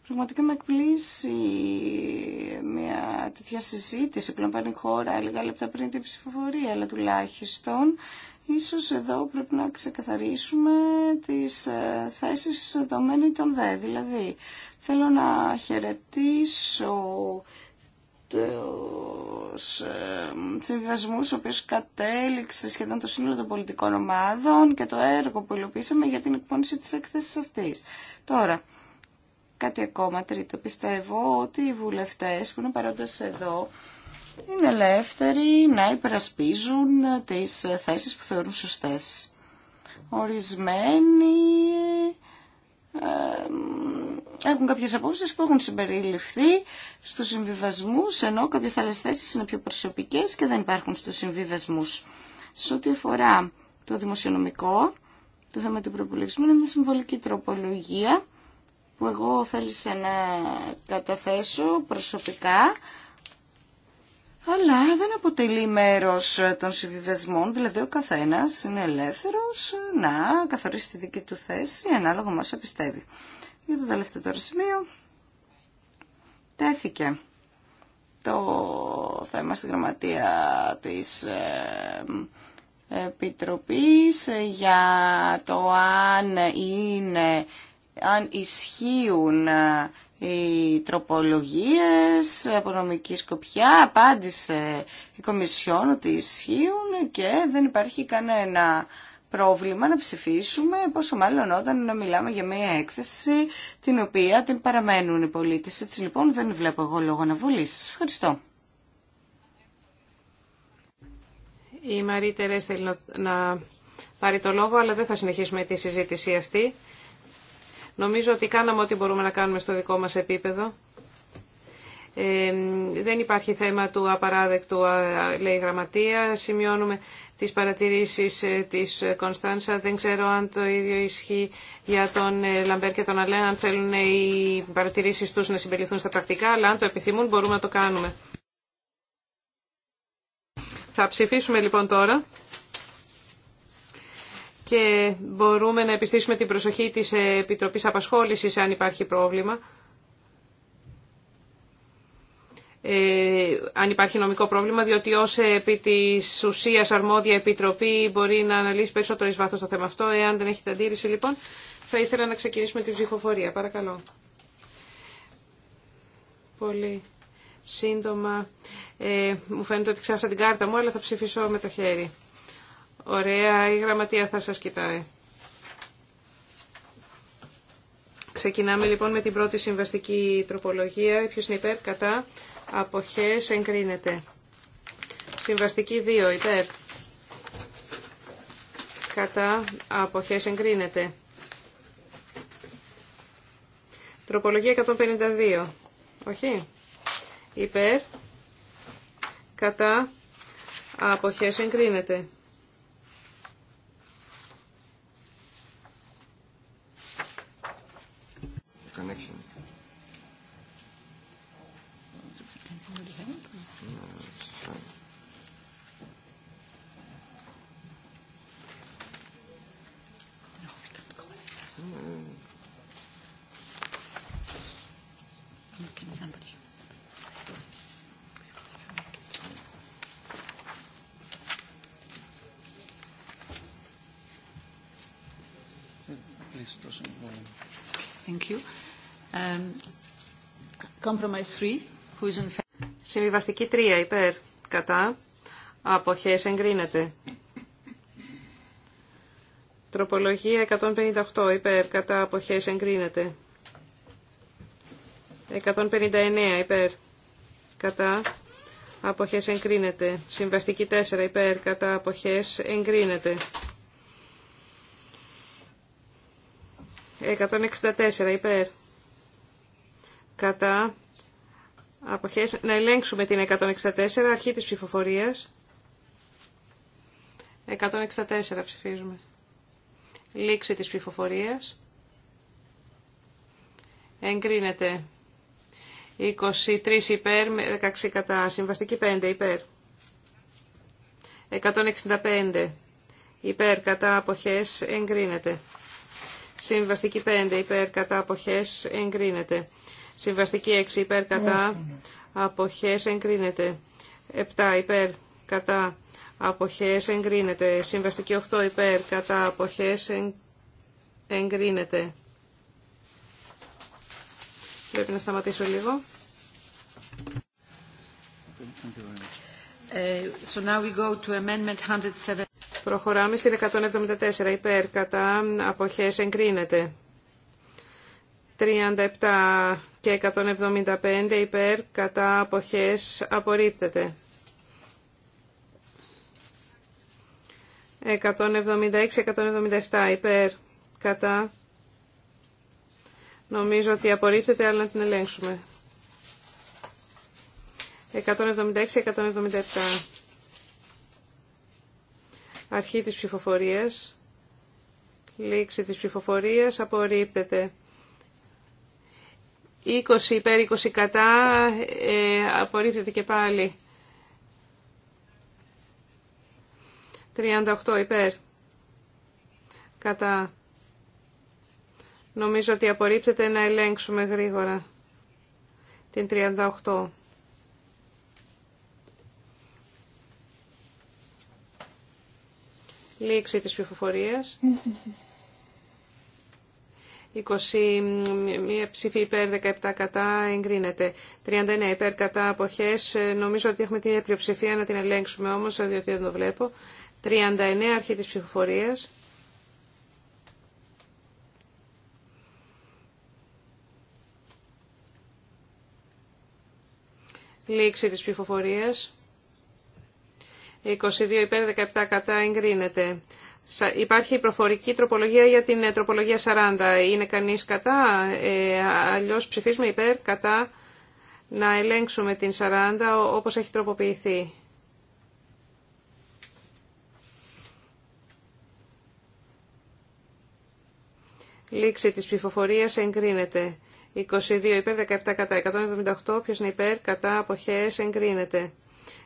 Πραγματικά με εκπλήσει μια τέτοια συζήτηση που λαμβάνει η χώρα λίγα λεπτά πριν την ψηφοφορία, αλλά τουλάχιστον ίσως εδώ πρέπει να ξεκαθαρίσουμε τις ε, θέσεις των μεν των δε. Δηλαδή, θέλω να χαιρετήσω τους ε, συμβιβασμούς ο οποίος κατέληξε σχεδόν το σύνολο των πολιτικών ομάδων και το έργο που υλοποιήσαμε για την εκπόνηση της έκθεσης αυτής. Τώρα, κάτι ακόμα τρίτο. Πιστεύω ότι οι βουλευτές που είναι παρόντες εδώ είναι ελεύθεροι να υπερασπίζουν τις θέσεις που θεωρούν σωστές. Ορισμένοι έχουν κάποιες απόψεις που έχουν συμπεριληφθεί στους συμβιβασμούς, ενώ κάποιες άλλες θέσεις είναι πιο προσωπικές και δεν υπάρχουν στους συμβιβασμούς. Σε ό,τι αφορά το δημοσιονομικό, το θέμα του προπολογισμού είναι μια συμβολική τροπολογία που εγώ θέλησα να καταθέσω προσωπικά, αλλά δεν αποτελεί μέρος των συμβιβασμών, δηλαδή ο καθένας είναι ελεύθερος να καθορίσει τη δική του θέση ανάλογα με όσα πιστεύει. Για το τελευταίο τώρα σημείο τέθηκε το θέμα στη γραμματεία της ε, Επιτροπής για το αν είναι αν ισχύουν ε, οι τροπολογίες ε, από νομική σκοπιά, απάντησε η Κομισιόν ότι ισχύουν και δεν υπάρχει κανένα πρόβλημα να ψηφίσουμε, πόσο μάλλον όταν μιλάμε για μια έκθεση την οποία την παραμένουν οι πολίτες. Έτσι λοιπόν δεν βλέπω εγώ λόγο να βολήσεις. Ευχαριστώ. Η Μαρή Τερές θέλει να πάρει το λόγο, αλλά δεν θα συνεχίσουμε τη συζήτηση αυτή. Νομίζω ότι κάναμε ό,τι μπορούμε να κάνουμε στο δικό μας επίπεδο. Ε, δεν υπάρχει θέμα του απαράδεκτου, λέει η Γραμματεία. Σημειώνουμε τις παρατηρήσεις ε, της Κωνσταντσα. Δεν ξέρω αν το ίδιο ισχύει για τον ε, Λαμπέρ και τον Αλένα, αν θέλουν οι παρατηρήσεις τους να συμπεριληφθούν στα πρακτικά, αλλά αν το επιθυμούν μπορούμε να το κάνουμε. Θα ψηφίσουμε λοιπόν τώρα και μπορούμε να επιστήσουμε την προσοχή της Επιτροπής Απασχόλησης αν υπάρχει πρόβλημα. Ε, αν υπάρχει νομικό πρόβλημα, διότι ω επί τη ουσία αρμόδια επιτροπή μπορεί να αναλύσει περισσότερο ει βάθο το θέμα αυτό. Εάν δεν έχετε αντίρρηση λοιπόν, θα ήθελα να ξεκινήσουμε την ψηφοφορία. Παρακαλώ. Πολύ σύντομα. Ε, μου φαίνεται ότι ξέχασα την κάρτα μου, αλλά θα ψηφίσω με το χέρι. Ωραία, η γραμματεία θα σας κοιτάει. Ξεκινάμε λοιπόν με την πρώτη συμβαστική τροπολογία. Ποιος είναι υπέρ, κατά, αποχές, εγκρίνεται. Συμβαστική 2, υπέρ. Κατά, αποχές, εγκρίνεται. Τροπολογία 152. Όχι. Υπέρ. Κατά. Αποχές εγκρίνεται. Συμβιβαστική 3 υπέρ κατά αποχές εγκρίνεται. Τροπολογία 158 υπέρ κατά αποχές εγκρίνεται. 159 υπέρ κατά αποχές εγκρίνεται. Συμβαστική 4 υπέρ κατά αποχές εγκρίνεται. 164 υπέρ κατά αποχές. Να ελέγξουμε την 164, αρχή της ψηφοφορίας. 164 ψηφίζουμε. Λήξη της ψηφοφορίας. Εγκρίνεται. 23 υπέρ, 16 κατά. Συμβαστική 5 υπέρ. 165 υπέρ κατά αποχές εγκρίνεται. Συμβαστική 5 υπέρ κατά αποχές εγκρίνεται. Συμβαστική 6 υπέρ κατά αποχές εγκρίνεται. 7 υπέρ κατά αποχές εγκρίνεται. Συμβαστική 8 υπέρ κατά αποχές εγκρίνεται. Πρέπει να σταματήσω λίγο. Ε, so now we go to amendment 107. Προχωράμε στην 174 υπέρ κατά αποχές εγκρίνεται. 37 και 175 υπέρ κατά αποχές απορρίπτεται. 176-177 υπέρ κατά νομίζω ότι απορρίπτεται αλλά να την ελέγξουμε. 176-177 Αρχή της ψηφοφορίας Λήξη της ψηφοφορίας απορρίπτεται. 20 υπέρ 20 κατά ε, απορρίπτεται και πάλι. 38 υπέρ κατά. Νομίζω ότι απορρίπτεται να ελέγξουμε γρήγορα την 38. Λήξη της ψηφοφορίας. 20, ψήφοι υπέρ, 17 κατά, εγκρίνεται. 39 υπέρ, κατά, αποχές. Ε, νομίζω ότι έχουμε την πλειοψηφία, να την ελέγξουμε όμως, ε, διότι δεν το βλέπω. 39 αρχή της ψηφοφορίας. Λήξη της ψηφοφορίας. 22 υπέρ, 17 κατά, εγκρίνεται. Υπάρχει η προφορική τροπολογία για την ε, τροπολογία 40. Είναι κανεί κατά, ε, αλλιώς ψηφίσουμε υπέρ, κατά να ελέγξουμε την 40 όπως έχει τροποποιηθεί. Λήξη της ψηφοφορίας εγκρίνεται. 22 υπέρ, 17 κατά, 178 ποιος είναι υπέρ, κατά, αποχές εγκρίνεται.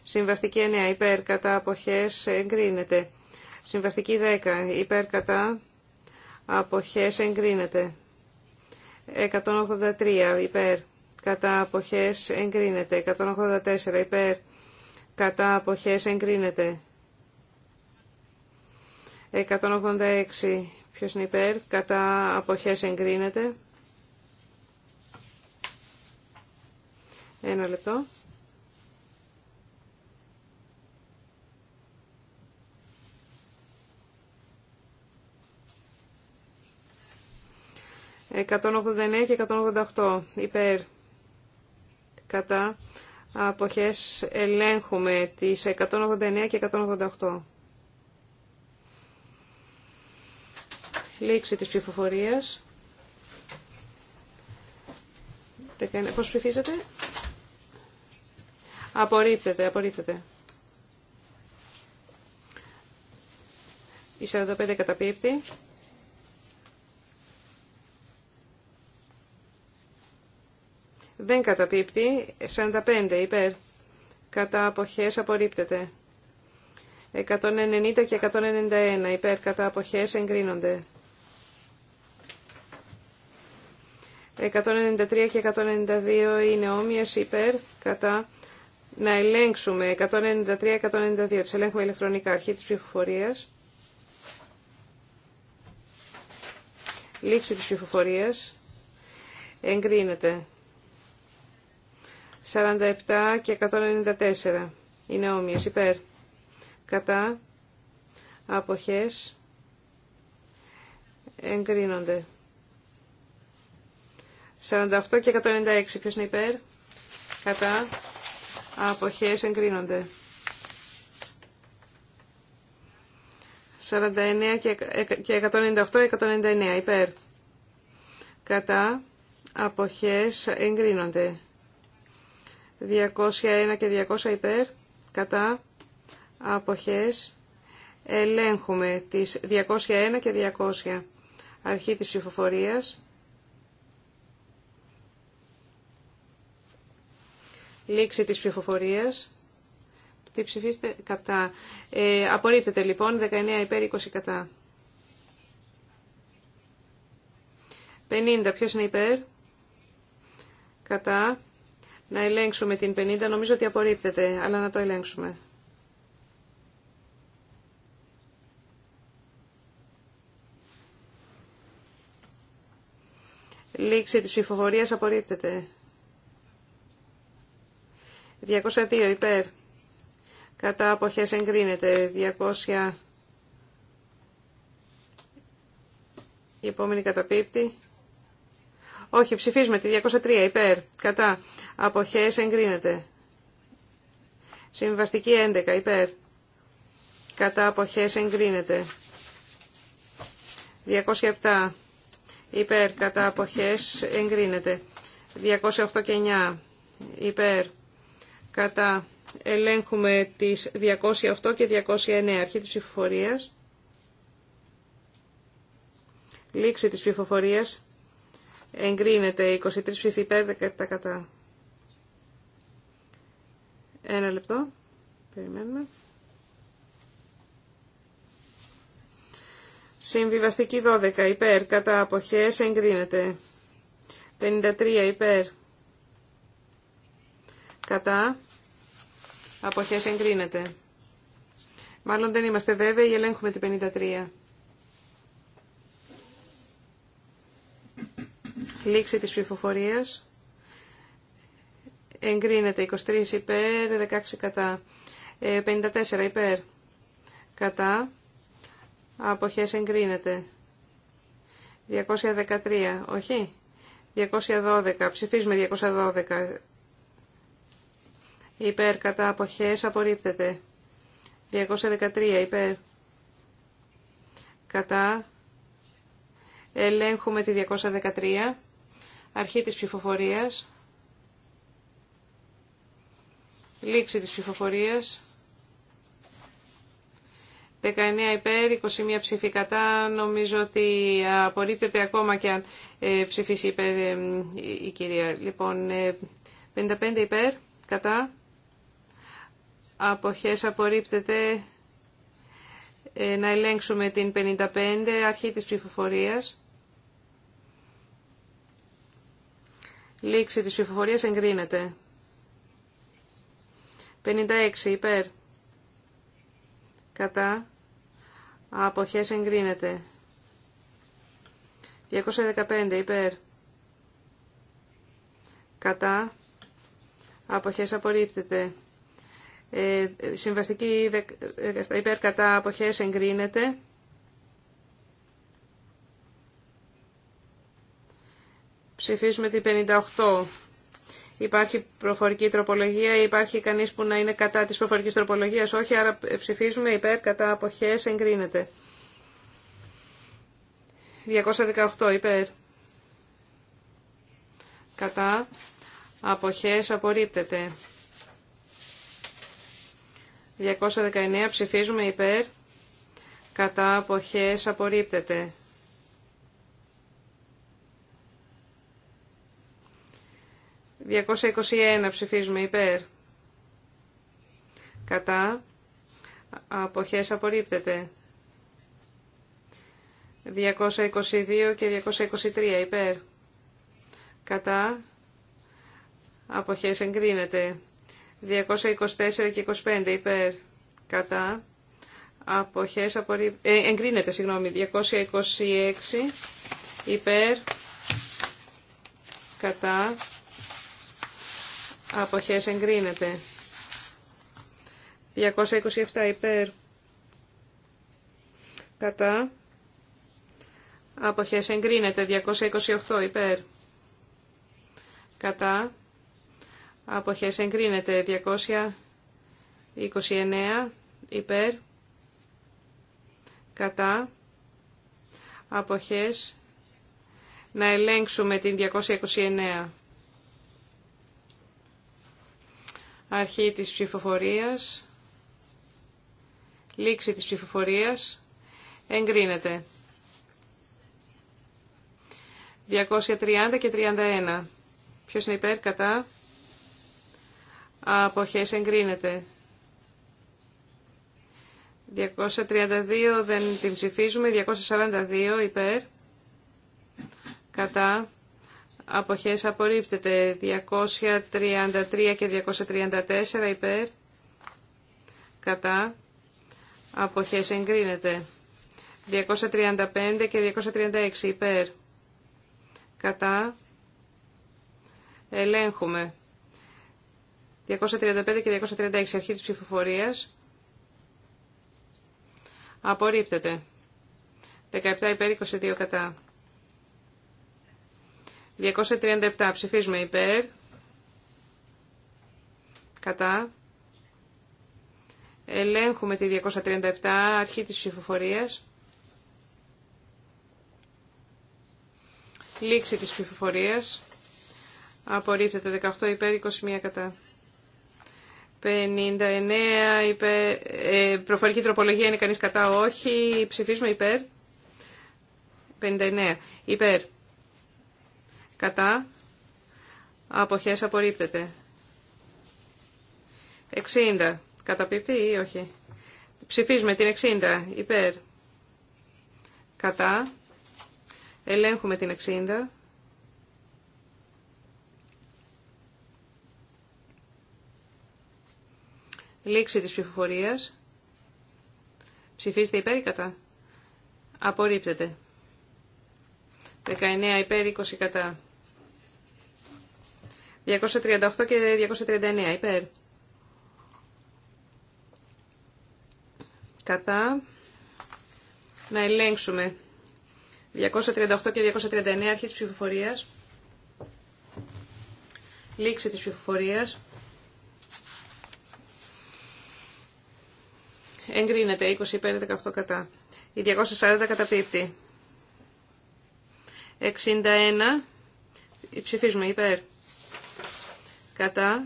Συμβαστική 9 υπέρ, κατά, αποχές εγκρίνεται. Συμβαστική 10. Υπέρ κατά αποχές εγκρίνεται. 183. Υπέρ κατά αποχές εγκρίνεται. 184. Υπέρ κατά αποχές εγκρίνεται. 186. Ποιος είναι υπέρ κατά αποχές εγκρίνεται. Ένα λεπτό. 189 και 188 υπέρ κατά αποχές ελέγχουμε τις 189 και 188. Λήξη της ψηφοφορίας. Πώς ψηφίσατε? Απορρίπτεται, απορρίπτεται. Η 45 καταπίπτει. δεν καταπίπτει. 45 υπέρ. Κατά αποχές απορρίπτεται. 190 και 191 υπέρ. Κατά αποχές εγκρίνονται. 193 και 192 είναι όμοιες υπέρ. Κατά να ελέγξουμε 193-192. Τις ελέγχουμε ηλεκτρονικά αρχή της ψηφοφορίας. Λήξη της ψηφοφορίας. Εγκρίνεται. 47 και 194 είναι όμοιες υπέρ. Κατά αποχές εγκρίνονται. 48 και 196 ποιος είναι υπέρ. Κατά αποχές εγκρίνονται. 49 και 198, 199 υπέρ. Κατά αποχές εγκρίνονται. 201 και 200 υπέρ, κατά, αποχές, ελέγχουμε τις 201 και 200. Αρχή της ψηφοφορίας. Λήξη της ψηφοφορίας. Τι ψηφίστε κατά. Ε, απορρίπτεται λοιπόν 19 υπέρ 20 κατά. 50. Ποιος είναι υπέρ. Κατά. Να ελέγξουμε την 50. Νομίζω ότι απορρίπτεται, αλλά να το ελέγξουμε. Λήξη της ψηφοφορίας απορρίπτεται. 202 υπέρ. Κατά αποχές εγκρίνεται. 200... Η επόμενη καταπίπτει. Όχι, ψηφίζουμε τη 203 υπέρ. Κατά. Αποχές εγκρίνεται. Συμβαστική 11 υπέρ. Κατά αποχές εγκρίνεται. 207 υπέρ. Κατά αποχές εγκρίνεται. 208 και 9 υπέρ. Κατά ελέγχουμε τις 208 και 209 αρχή της ψηφοφορίας. Λήξη της ψηφοφορίας Εγκρίνεται 23 ψήφοι υπέρ 17 κατά. Ένα λεπτό. Περιμένουμε. Συμβιβαστική 12 υπέρ κατά αποχές εγκρίνεται. 53 υπέρ κατά αποχές εγκρίνεται. Μάλλον δεν είμαστε βέβαιοι, ελέγχουμε την 53. Λήξη της ψηφοφορίας. Εγκρίνεται 23 υπέρ, 16 κατά. 54 ε, υπέρ, κατά. Αποχές εγκρίνεται. 213, όχι. 212, ψηφίζουμε 212. Υπέρ, κατά, αποχές, απορρίπτεται. 213, υπέρ. Κατά. Ελέγχουμε τη 213. Αρχή της ψηφοφορίας. Λήξη της ψηφοφορίας. 19 υπέρ, 21 ψήφοι κατά. Νομίζω ότι απορρίπτεται ακόμα και αν ε, ψηφίσει υπέρ ε, η κυρία. Λοιπόν, 55 ε, υπέρ, κατά. Αποχές απορρίπτεται να ελέγξουμε την 55 αρχή της ψηφοφορίας. Λήξη της ψηφοφορίας εγκρίνεται. 56 υπέρ. Κατά. Αποχές εγκρίνεται. 215 υπέρ. Κατά. Αποχές απορρίπτεται. Ε, συμβαστική ε, υπέρ κατά αποχές εγκρίνεται. Ψηφίζουμε την 58. Υπάρχει προφορική τροπολογία, υπάρχει κανείς που να είναι κατά της προφορικής τροπολογίας, όχι, άρα ψηφίζουμε υπέρ, κατά, αποχές, εγκρίνεται. 218 υπέρ. Κατά, αποχές, απορρίπτεται. 219 ψηφίζουμε υπέρ, κατά, αποχές, απορρίπτεται. 221 ψηφίζουμε υπέρ. Κατά. Αποχές απορρίπτεται. 222 και 223 υπέρ. Κατά. Αποχές εγκρίνεται. 224 και 25 υπέρ. Κατά. Αποχές απορρίπτεται. Ε, εγκρίνεται, συγγνώμη. 226 υπέρ. Κατά Αποχές εγκρίνεται. 227 υπέρ. Κατά. Αποχές εγκρίνεται. 228 υπέρ. Κατά. Αποχές εγκρίνεται. 229 υπέρ. Κατά. Αποχές. Να ελέγξουμε την 229. αρχή της ψηφοφορίας, λήξη της ψηφοφορίας, εγκρίνεται. 230 και 31. Ποιος είναι υπέρ, κατά. Αποχές εγκρίνεται. 232 δεν την ψηφίζουμε. 242 υπέρ. Κατά αποχές απορρίπτεται 233 και 234 υπέρ κατά αποχές εγκρίνεται 235 και 236 υπέρ κατά ελέγχουμε 235 και 236 αρχή της ψηφοφορίας απορρίπτεται 17 υπέρ 22 κατά 237 ψηφίζουμε υπέρ. Κατά. Ελέγχουμε τη 237 αρχή της ψηφοφορίας. Λήξη της ψηφοφορίας. Απορρίπτεται 18 υπέρ 21 κατά. 59 υπέρ, ε, προφορική τροπολογία είναι κανείς κατά όχι. Ψηφίζουμε υπέρ. 59 υπέρ κατά, αποχές απορρίπτεται. 60, καταπίπτει ή όχι. Ψηφίζουμε την 60, υπέρ, κατά, ελέγχουμε την 60. Λήξη της ψηφοφορίας. Ψηφίστε υπέρ ή κατά. Απορρίπτεται. 19 υπέρ, 20 κατά. 238 και 239 υπέρ. Κατά. Να ελέγξουμε. 238 και 239 αρχή της ψηφοφορίας. Λήξη της ψηφοφορίας. Εγκρίνεται 20 υπέρ 18 κατά. Η 240 καταπίπτει. 61. Ψηφίζουμε υπέρ κατά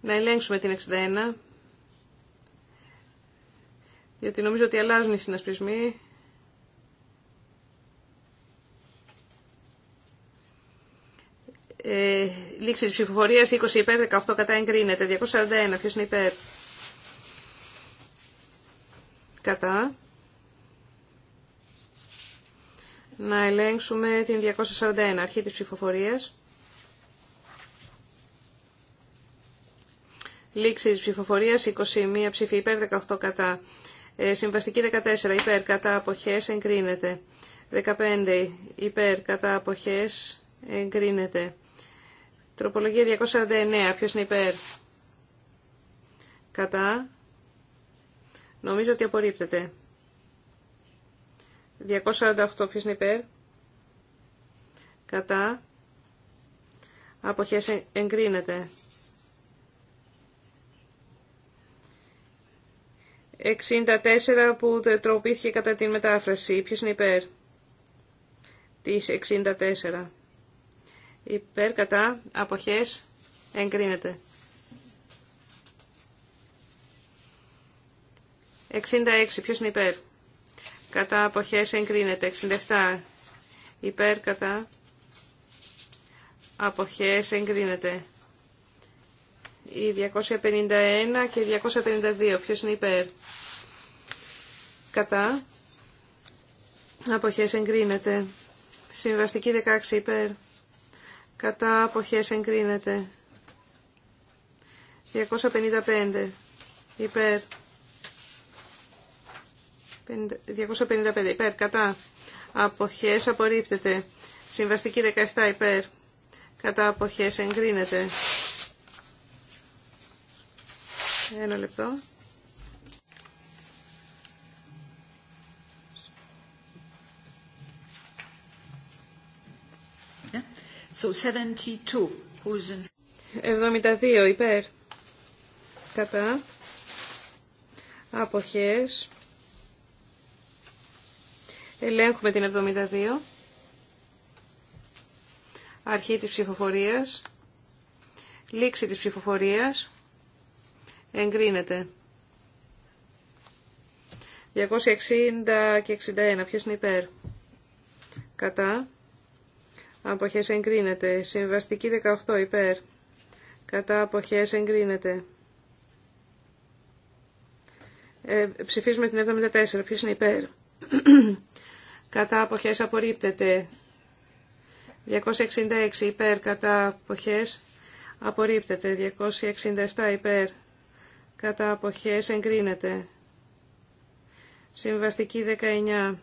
να ελέγξουμε την 61 γιατί νομίζω ότι αλλάζουν οι συνασπισμοί ε, λήξη της ψηφοφορίας 20 υπέρ 18 κατά εγκρίνεται 241 ποιος είναι υπέρ κατά να ελέγξουμε την 241, αρχή της ψηφοφορίας. Λήξη της ψηφοφορίας, 21 ψήφοι υπέρ, 18 κατά. Ε, συμβαστική 14, υπέρ, κατά, αποχές, εγκρίνεται. 15, υπέρ, κατά, αποχές, εγκρίνεται. Τροπολογία 249, ποιος είναι υπέρ. Κατά. Νομίζω ότι απορρίπτεται. 248 ποιος είναι υπέρ. Κατά. Αποχές εγκρίνεται. 64 που τροπήθηκε κατά την μετάφραση. Ποιος είναι υπέρ. Της 64. Υπέρ κατά αποχές εγκρίνεται. 66. Ποιος είναι υπέρ κατά αποχές εγκρίνεται 67 υπέρ κατά αποχές εγκρίνεται η 251 και 252 ποιος είναι υπέρ κατά αποχές εγκρίνεται συμβαστική 16 υπέρ κατά αποχές εγκρίνεται 255 υπέρ 255 υπέρ κατά αποχές απορρίπτεται. Συμβαστική 17 υπέρ κατά αποχές εγκρίνεται. Ένα λεπτό. So 72. 72 υπέρ. Κατά. Αποχές. Ελέγχουμε την 72. Αρχή της ψηφοφορίας. Λήξη της ψηφοφορίας. Εγκρίνεται. 260 και 61. Ποιος είναι υπέρ. Κατά. Αποχές εγκρίνεται. Συμβαστική 18 υπέρ. Κατά αποχές εγκρίνεται. Ε, ψηφίζουμε την 74. Ποιος είναι υπέρ κατά αποχές απορρίπτεται. 266 υπέρ κατά αποχές απορρίπτεται. 267 υπέρ κατά αποχές εγκρίνεται. Συμβαστική 19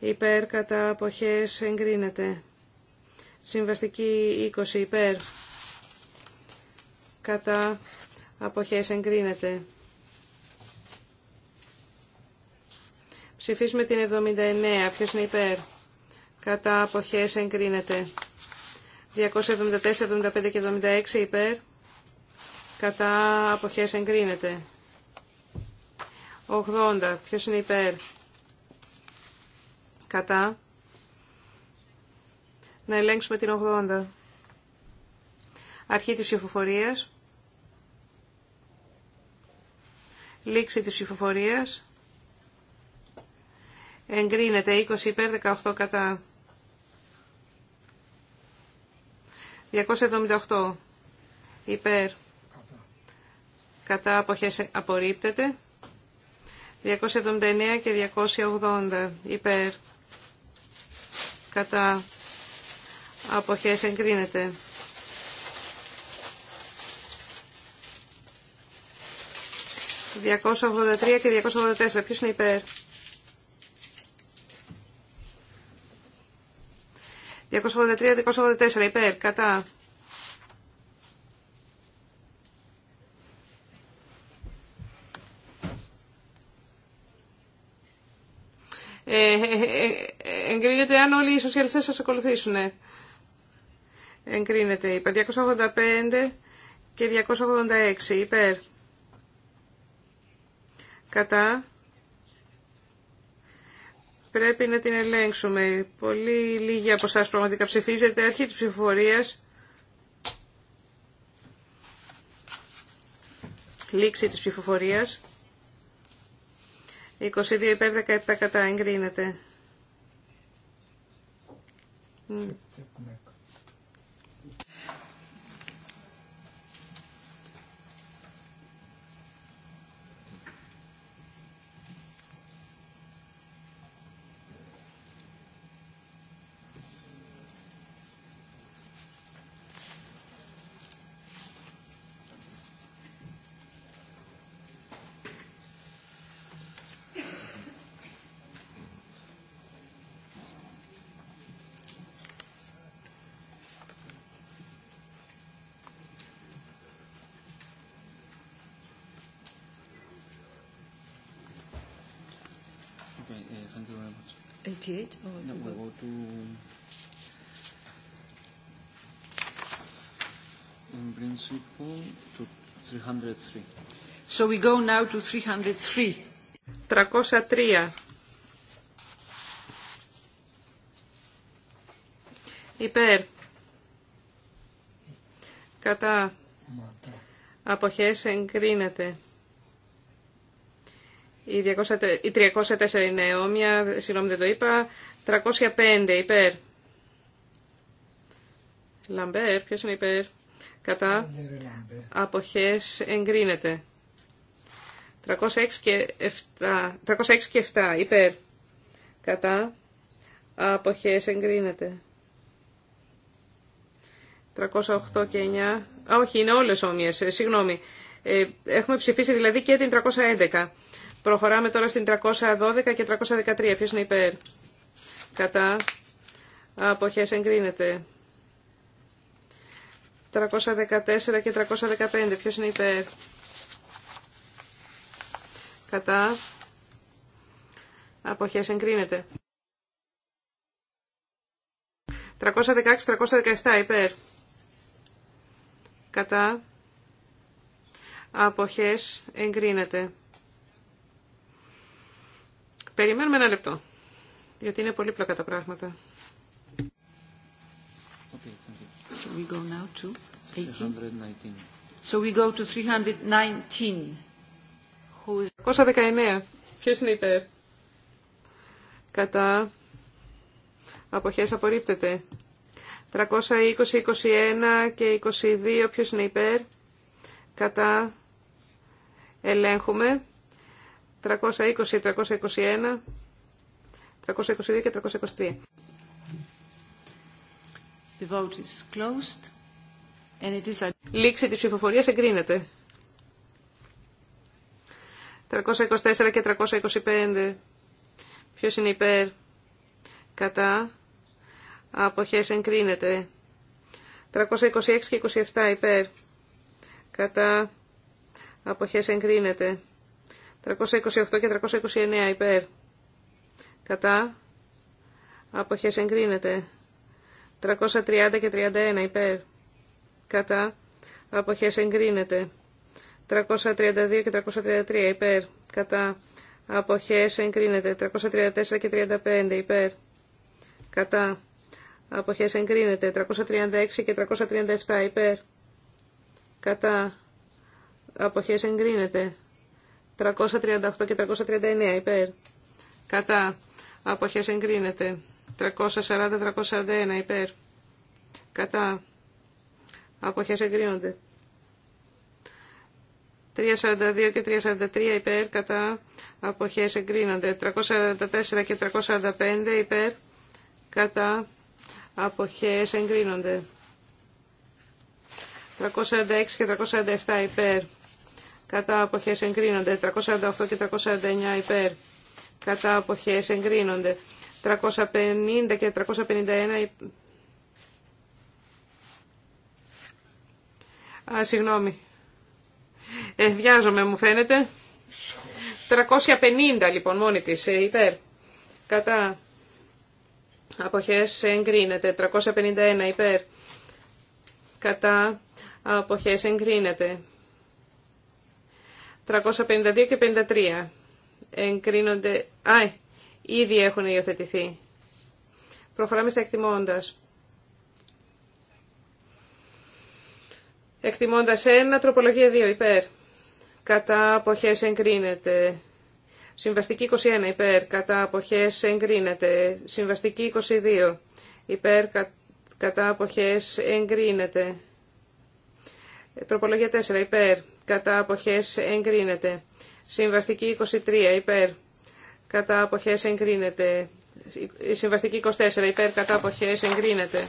υπέρ κατά αποχές εγκρίνεται. Συμβαστική 20 υπέρ κατά αποχές εγκρίνεται. Ψηφίσουμε την 79. Ποιος είναι υπέρ. Κατά αποχές εγκρίνεται. 274, 75 και 76 υπέρ. Κατά αποχές εγκρίνεται. 80. Ποιος είναι υπέρ. Κατά. Να ελέγξουμε την 80. Αρχή της ψηφοφορίας. Λήξη της ψηφοφορίας εγκρίνεται 20 υπέρ 18 κατά 278 υπέρ κατά αποχές απορρίπτεται 279 και 280 υπέρ κατά αποχές εγκρίνεται ...283 και 284. Ποιος είναι υπέρ. 283-284 υπέρ, κατά. Ε, ε, ε, εγκρίνεται αν όλοι οι σοσιαλιστές σας ακολουθήσουν. Εγκρίνεται υπέρ. 285 και 286 υπέρ. Κατά. Πρέπει να την ελέγξουμε. Πολύ λίγοι από εσά πραγματικά ψηφίζετε. Αρχή της ψηφοφορίας. Λήξη της ψηφοφορίας. 22 υπέρ 17 κατά εγκρίνεται. 58 or no, we'll go to in principle to 303. So we go now to 303. 303. Υπέρ. Κατά. Αποχές εγκρίνεται. Η 304 είναι όμοια, συγγνώμη δεν το είπα. 305 υπέρ. Λαμπέρ, ποιο είναι υπέρ. Κατά απόχέ εγκρίνεται. 306 και 7, 306 και 7 υπέρ. Κατά απόχέ εγκρίνεται. 308 και 9. Α, όχι, είναι όλε όμοιε. Ε, συγγνώμη. Ε, έχουμε ψηφίσει δηλαδή και την 311. Προχωράμε τώρα στην 312 και 313. Ποιος είναι υπέρ. Κατά. Αποχές εγκρίνεται. 314 και 315. Ποιος είναι υπέρ. Κατά. Αποχές εγκρίνεται. 316-317 υπέρ. Κατά. Αποχές εγκρίνεται. Περιμένουμε ένα λεπτό, γιατί είναι πολύ πλοκά τα πράγματα. So we go now to 319. So we go to 319. Ποιος είναι υπέρ. Κατά. Αποχές απορρίπτεται. 320, 21 και 22. Ποιος είναι υπέρ. Κατά. Ελέγχουμε. 320, 321, 322 και 323. The vote is closed and it is... Λήξη της ψηφοφορίας εγκρίνεται. 324 και 325. Ποιος είναι υπέρ. Κατά. Αποχές εγκρίνεται. 326 και 27 υπέρ. Κατά. Αποχές εγκρίνεται. 328 και 329 υπέρ. Κατά. Αποχές εγκρίνεται. 330 και 31 υπέρ. Κατά. Αποχές εγκρίνεται. 332 και 333 υπέρ. Κατά. Αποχές εγκρίνεται. 334 και 35 υπέρ. Κατά. Αποχές εγκρίνεται. 336 και 337 υπέρ. Κατά. Αποχές εγκρίνεται. 338 και 339 υπέρ. Κατά. Αποχές εγκρίνεται. 340-341 υπέρ. Κατά. Αποχές εγκρίνονται. 342 και 343 υπέρ. Κατά. Αποχές εγκρίνονται. 344 και 345 υπέρ. Κατά. Αποχές εγκρίνονται. 346 και 347 υπέρ κατά αποχές εγκρίνονται 348 και 349 υπέρ κατά αποχές εγκρίνονται 350 και 351 Α, συγγνώμη. Ε, βιάζομαι, μου φαίνεται. 350 λοιπόν μόνη της, ε, υπέρ. Κατά. Αποχές εγκρίνεται. 351 υπέρ. Κατά. Αποχές εγκρίνεται. 352 και 53 εγκρίνονται... Α, ε, ήδη έχουν υιοθετηθεί. Προχωράμε στα εκτιμώντας. Εκτιμώντας 1, τροπολογία 2, υπέρ. Κατά αποχές εγκρίνεται. Συμβαστική 21, υπέρ. Κατά αποχές εγκρίνεται. Συμβαστική 22, υπέρ. Κατά αποχές εγκρίνεται. Ε, τροπολογία 4, υπέρ κατά αποχές εγκρίνεται. Συμβαστική 23 υπέρ, κατά αποχές εγκρίνεται. Συμβαστική 24 υπέρ, κατά αποχές εγκρίνεται.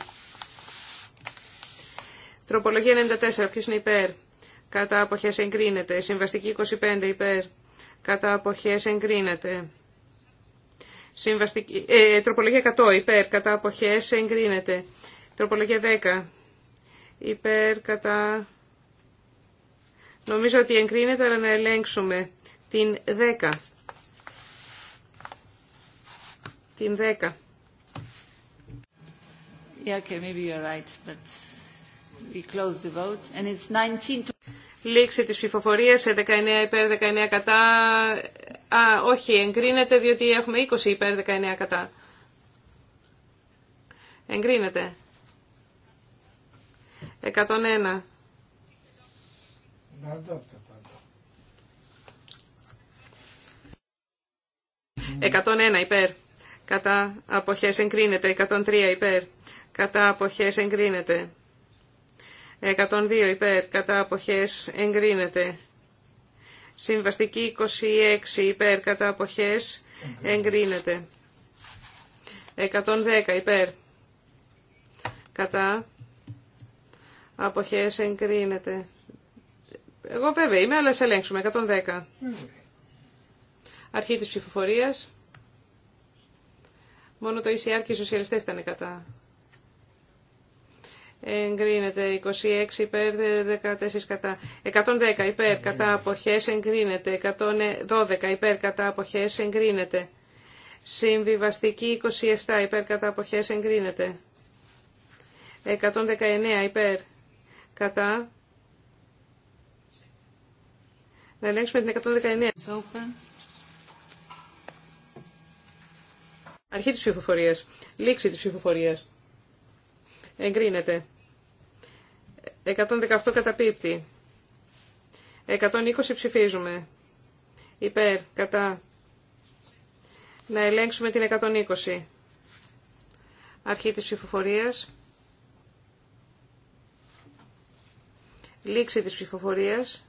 Τροπολογία 94, ποιος είναι υπέρ, κατά αποχές εγκρίνεται. Συμβαστική 25 υπέρ, κατά αποχές εγκρίνεται. Συμβαστική, ε, ε, τροπολογία 100 υπέρ, κατά αποχές εγκρίνεται. Τροπολογία 10 υπέρ, κατά Νομίζω ότι εγκρίνεται, αλλά να ελέγξουμε την 10. Την 10. Yeah, okay, maybe you're right, but we close the vote and it's 19 to... Λήξη της ψηφοφορίας, 19 υπέρ, 19 κατά. Α, όχι, εγκρίνεται διότι έχουμε 20 υπέρ, 19 κατά. Εγκρίνεται. 101. 101 υπέρ. Κατά αποχές εγκρίνεται. 103 υπέρ. Κατά αποχές εγκρίνεται. 102 υπέρ. Κατά αποχές εγκρίνεται. Συμβαστική 26 υπέρ. Κατά αποχές εγκρίνεται. 110 υπέρ. Κατά αποχές εγκρίνεται. Εγώ βέβαια είμαι, αλλά σε ελέγξουμε. 110. Αρχή της ψηφοφορίας. Μόνο το ECR και οι σοσιαλιστές ήταν κατά. Εγκρίνεται 26 υπέρ, 14 κατά. 110 υπέρ, κατά αποχές εγκρίνεται. 112 υπέρ, κατά αποχές εγκρίνεται. Συμβιβαστική 27 υπέρ, κατά αποχές εγκρίνεται. 119 υπέρ, κατά Να ελέγξουμε την 119. Αρχή της ψηφοφορίας. Λήξη της ψηφοφορίας. Εγκρίνεται. 118 καταπίπτει. 120 ψηφίζουμε. Υπέρ, κατά. Να ελέγξουμε την 120. Αρχή της ψηφοφορίας. Λήξη της ψηφοφορίας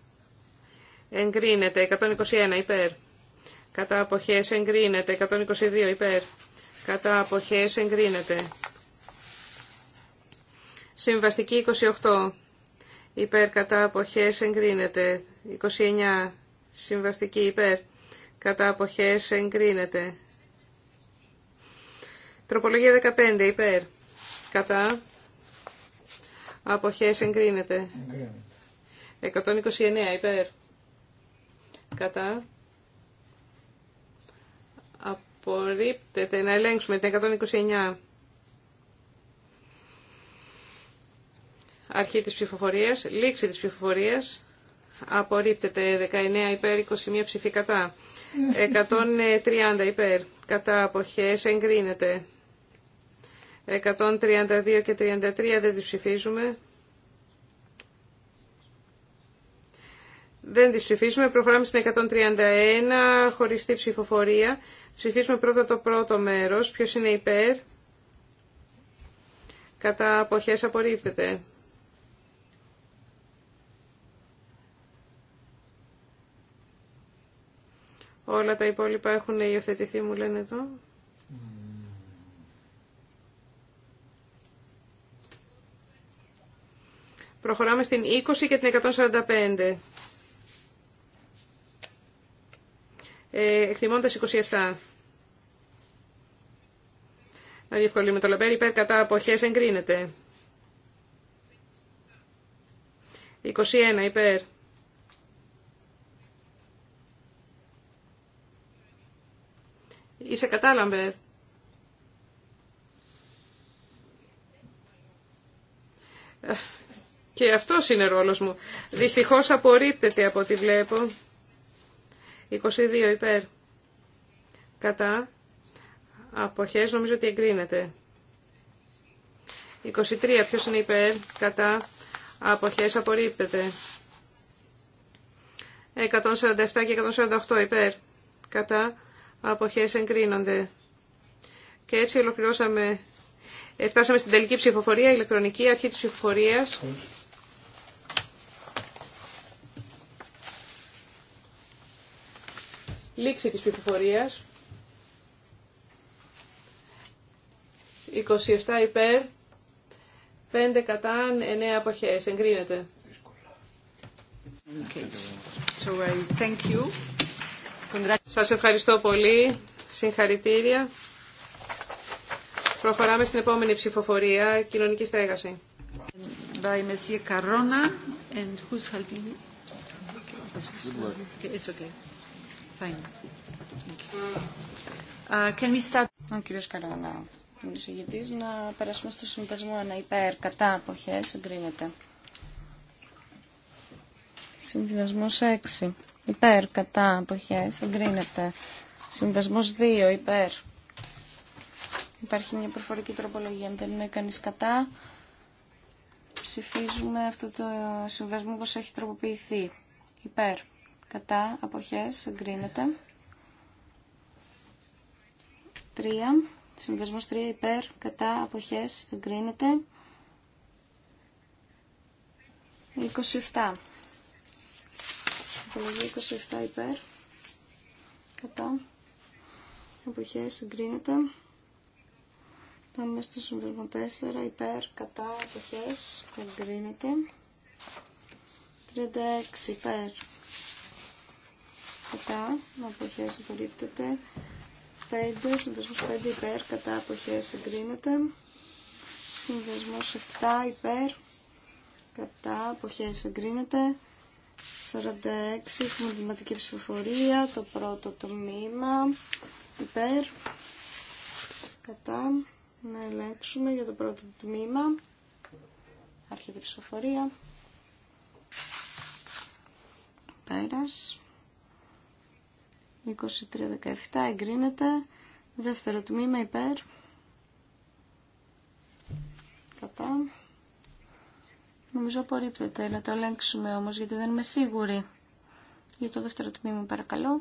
εγκρίνεται 121 υπέρ. Κατά αποχές εγκρίνεται 122 υπέρ. Κατά αποχές εγκρίνεται. Συμβαστική 28 υπέρ. Κατά αποχές εγκρίνεται 29. Συμβαστική υπέρ. Κατά αποχές εγκρίνεται. Τροπολογία 15 υπέρ. Κατά αποχές εγκρίνεται. 129 υπέρ κατά απορρίπτεται να ελέγξουμε την 129 αρχή της ψηφοφορίας, λήξη της ψηφοφορίας απορρίπτεται 19 υπέρ 21 ψηφί κατά 130 υπέρ κατά αποχές εγκρίνεται 132 και 33 δεν τις ψηφίζουμε Δεν τις ψηφίσουμε. Προχωράμε στην 131, χωριστή ψηφοφορία. Ψηφίσουμε πρώτα το πρώτο μέρος. Ποιος είναι υπέρ. Κατά αποχές απορρίπτεται. Όλα τα υπόλοιπα έχουν υιοθετηθεί, μου λένε εδώ. Προχωράμε στην 20 και την 145. Ε, Εκτιμώντα 27. Να με το λαμπέρ. υπέρ κατά αποχές εγκρίνεται. 21 υπέρ. Είσαι κατά λαμπέρ. Ε, και αυτός είναι ρόλος μου. Δυστυχώς απορρίπτεται από ό,τι βλέπω. 22 υπέρ. Κατά. Αποχές νομίζω ότι εγκρίνεται. 23 ποιος είναι υπέρ. Κατά. Αποχές απορρίπτεται. 147 και 148 υπέρ. Κατά. Αποχές εγκρίνονται. Και έτσι ολοκληρώσαμε. Εφτάσαμε στην τελική ψηφοφορία, ηλεκτρονική αρχή της ψηφοφορίας. Λήξη της ψηφοφορίας. 27 υπέρ, 5 κατά, 9 αποχές. Εγκρίνεται. Okay. Uh, thank you. Σας ευχαριστώ πολύ. Συγχαρητήρια. Προχωράμε στην επόμενη ψηφοφορία, κοινωνική στέγαση. By Monsieur Carona and who's helping me? it's okay. Fine. Thank you. Uh, can we start... Ο κύριος Καρανά, ο εισηγητής, να περάσουμε στο συνδεσμό ένα υπέρ κατά αποχές, εγκρίνεται. Συμβιβασμός 6. Υπέρ, κατά, αποχές, εγκρίνεται. Συμβιβασμός 2. Υπέρ. Υπάρχει μια προφορική τροπολογία. Αν δεν είναι κανείς κατά, ψηφίζουμε αυτό το συμβιβασμό όπως έχει τροποποιηθεί. Υπέρ κατά αποχές εγκρίνεται. 3. Συμβασμός 3 υπέρ κατά αποχές εγκρίνεται. 27. Απολογή 27 υπέρ κατά αποχές εγκρίνεται. Πάμε στο συμβολισμό 4 υπέρ κατά αποχές εγκρίνεται. 36 υπέρ κατά αποχές απορρίπτεται 5, συνδεσμός 5 υπέρ κατά αποχές εγκρίνεται συνδεσμός 7 υπέρ κατά αποχές εγκρίνεται 46 έχουμε δηματική ψηφοφορία το πρώτο τμήμα υπέρ κατά να ελέγξουμε για το πρώτο τμήμα άρχεται η ψηφοφορία πέρας 23-17 εγκρίνεται. Δεύτερο τμήμα υπέρ. Κατά. Νομίζω απορρίπτεται. Να το ελέγξουμε όμως γιατί δεν είμαι σίγουρη. Για το δεύτερο τμήμα παρακαλώ.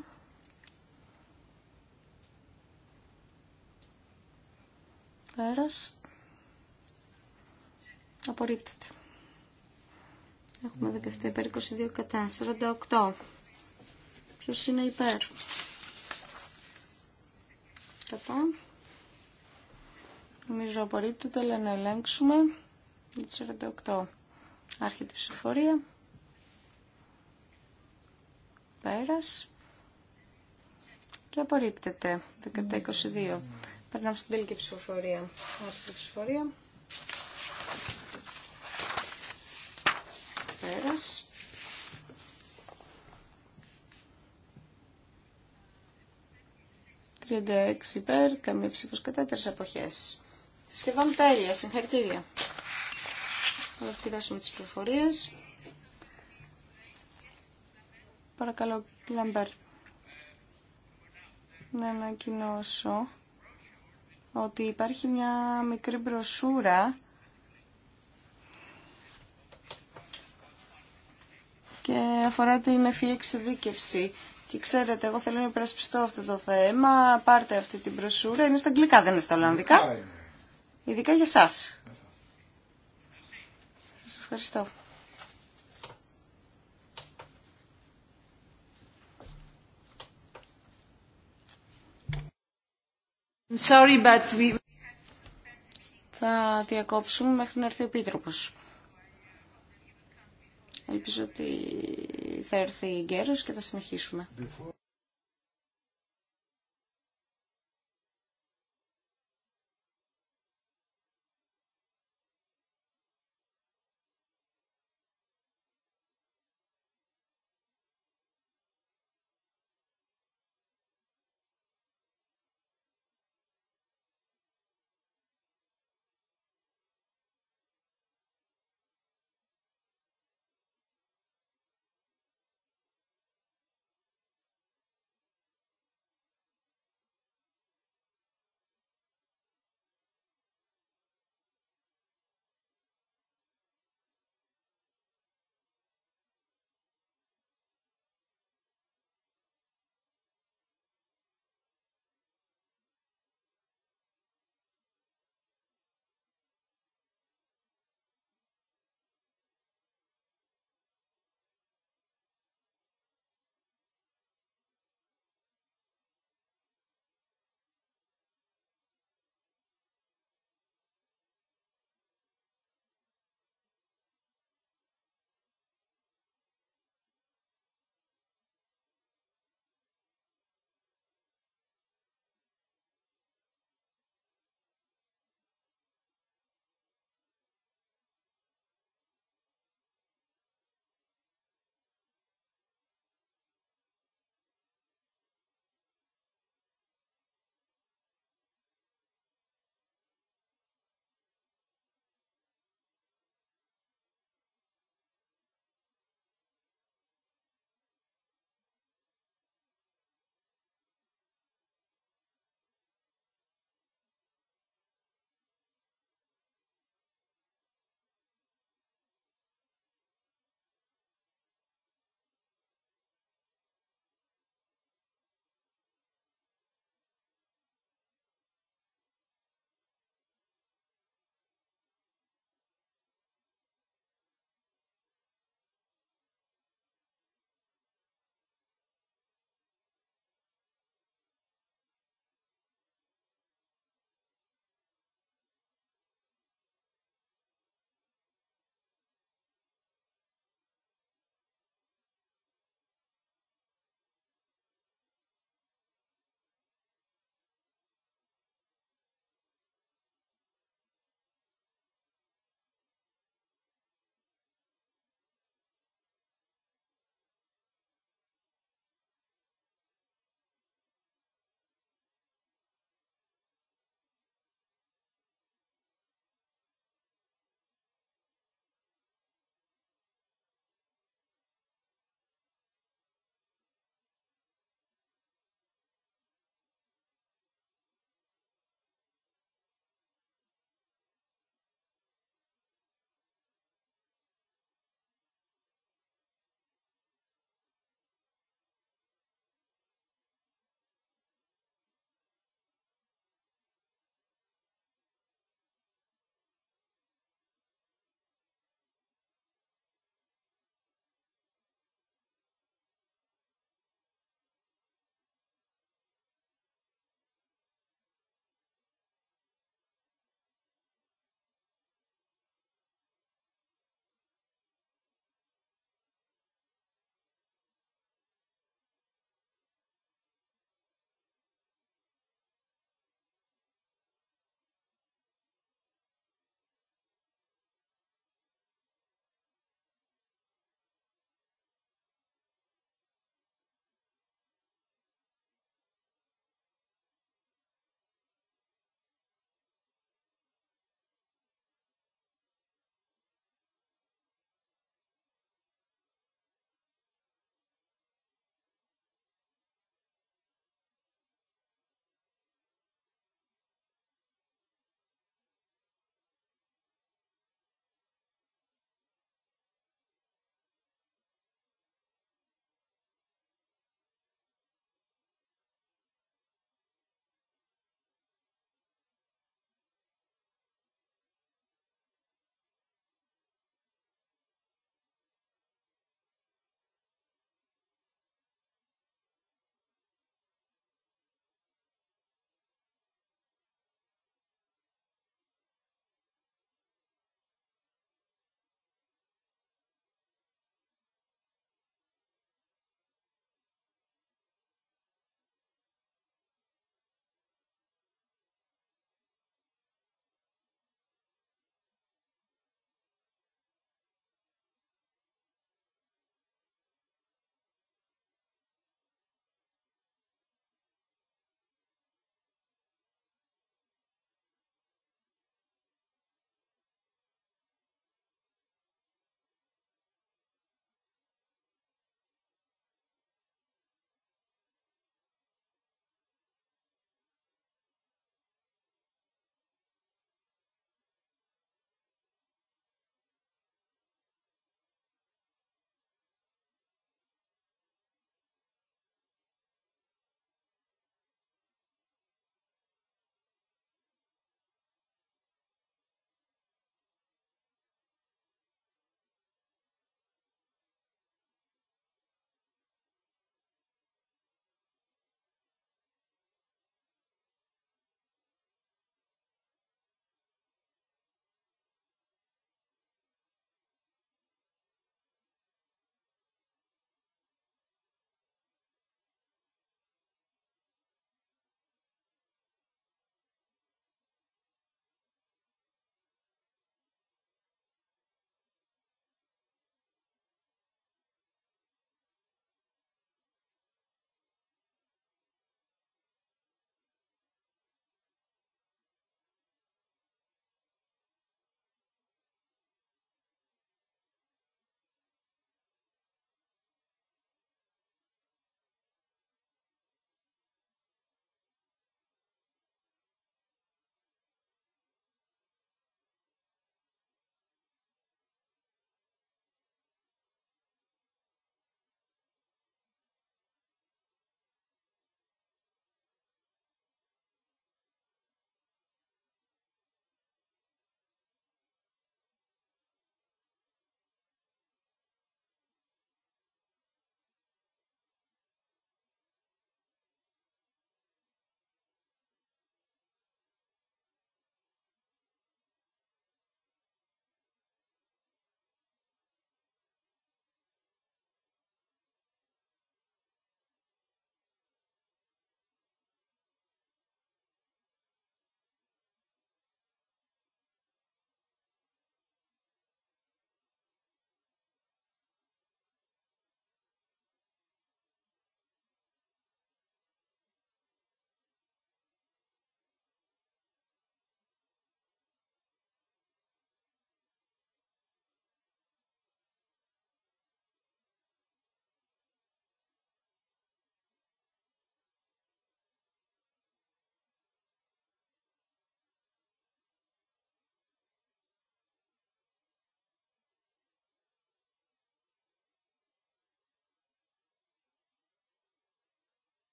Πέρας. Απορρίπτεται. Έχουμε 17 υπέρ 22 κατά 48. Ποιος είναι υπέρ. Κατά. Νομίζω απορρίπτεται, αλλά να ελέγξουμε. 48. Άρχεται η ψηφορία. Πέρας. Και απορρίπτεται. 17-22. Περνάμε στην τελική ψηφοφορία. Άρχεται η ψηφορία. Πέρας. 36 υπέρ, καμία ψήφος κατά, τρεις αποχές. Σχεδόν τέλεια, συγχαρητήρια. Θα δοκιμάσουμε τις πληροφορίες. Παρακαλώ, Λέμπερ, να ανακοινώσω ότι υπάρχει μια μικρή μπροσούρα και αφορά την ευφύ εξειδίκευση και ξέρετε, εγώ θέλω να υπερασπιστώ αυτό το θέμα. Πάρτε αυτή την προσούρα. Είναι στα αγγλικά, δεν είναι στα ολλανδικά. Ειδικά για εσά. σα ευχαριστώ. sorry, but we... Θα διακόψουμε μέχρι να έρθει ο Επίτροπος. Ελπίζω ότι θα έρθει γέρος και θα συνεχίσουμε.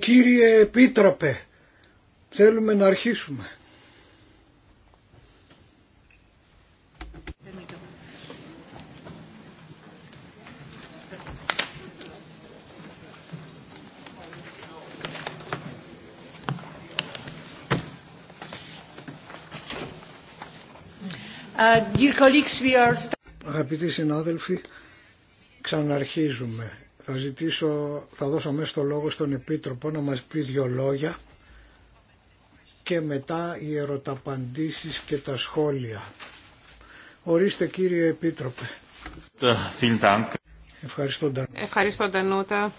Κύριε Επίτροπε, θέλουμε να αρχίσουμε. Uh, dear colleagues, we are... Αγαπητοί συνάδελφοι, ξαναρχίζουμε θα ζητήσω, θα δώσω μέσα το λόγο στον Επίτροπο να μας πει δύο λόγια και μετά οι ερωταπαντήσεις και τα σχόλια. Ορίστε κύριε Επίτροπε. Ευχαριστώ Ντανούτα. Ευχαριστώ Ντανούτα.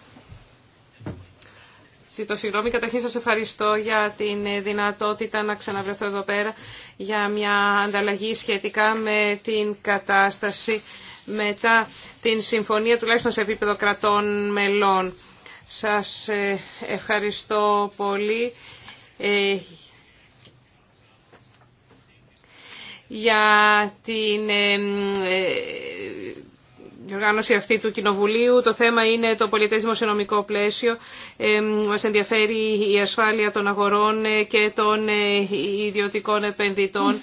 Ζητώ συγγνώμη. Καταρχήν σας ευχαριστώ για την δυνατότητα να ξαναβρεθώ εδώ πέρα για μια ανταλλαγή σχετικά με την κατάσταση μετά την συμφωνία τουλάχιστον σε επίπεδο κρατών μελών. Σας ε, ευχαριστώ πολύ ε, για την ε, οργάνωση αυτή του Κοινοβουλίου. Το θέμα είναι το πολιτές δημοσιονομικό πλαίσιο. Ε, μας ενδιαφέρει η ασφάλεια των αγορών και των ιδιωτικών επενδυτών,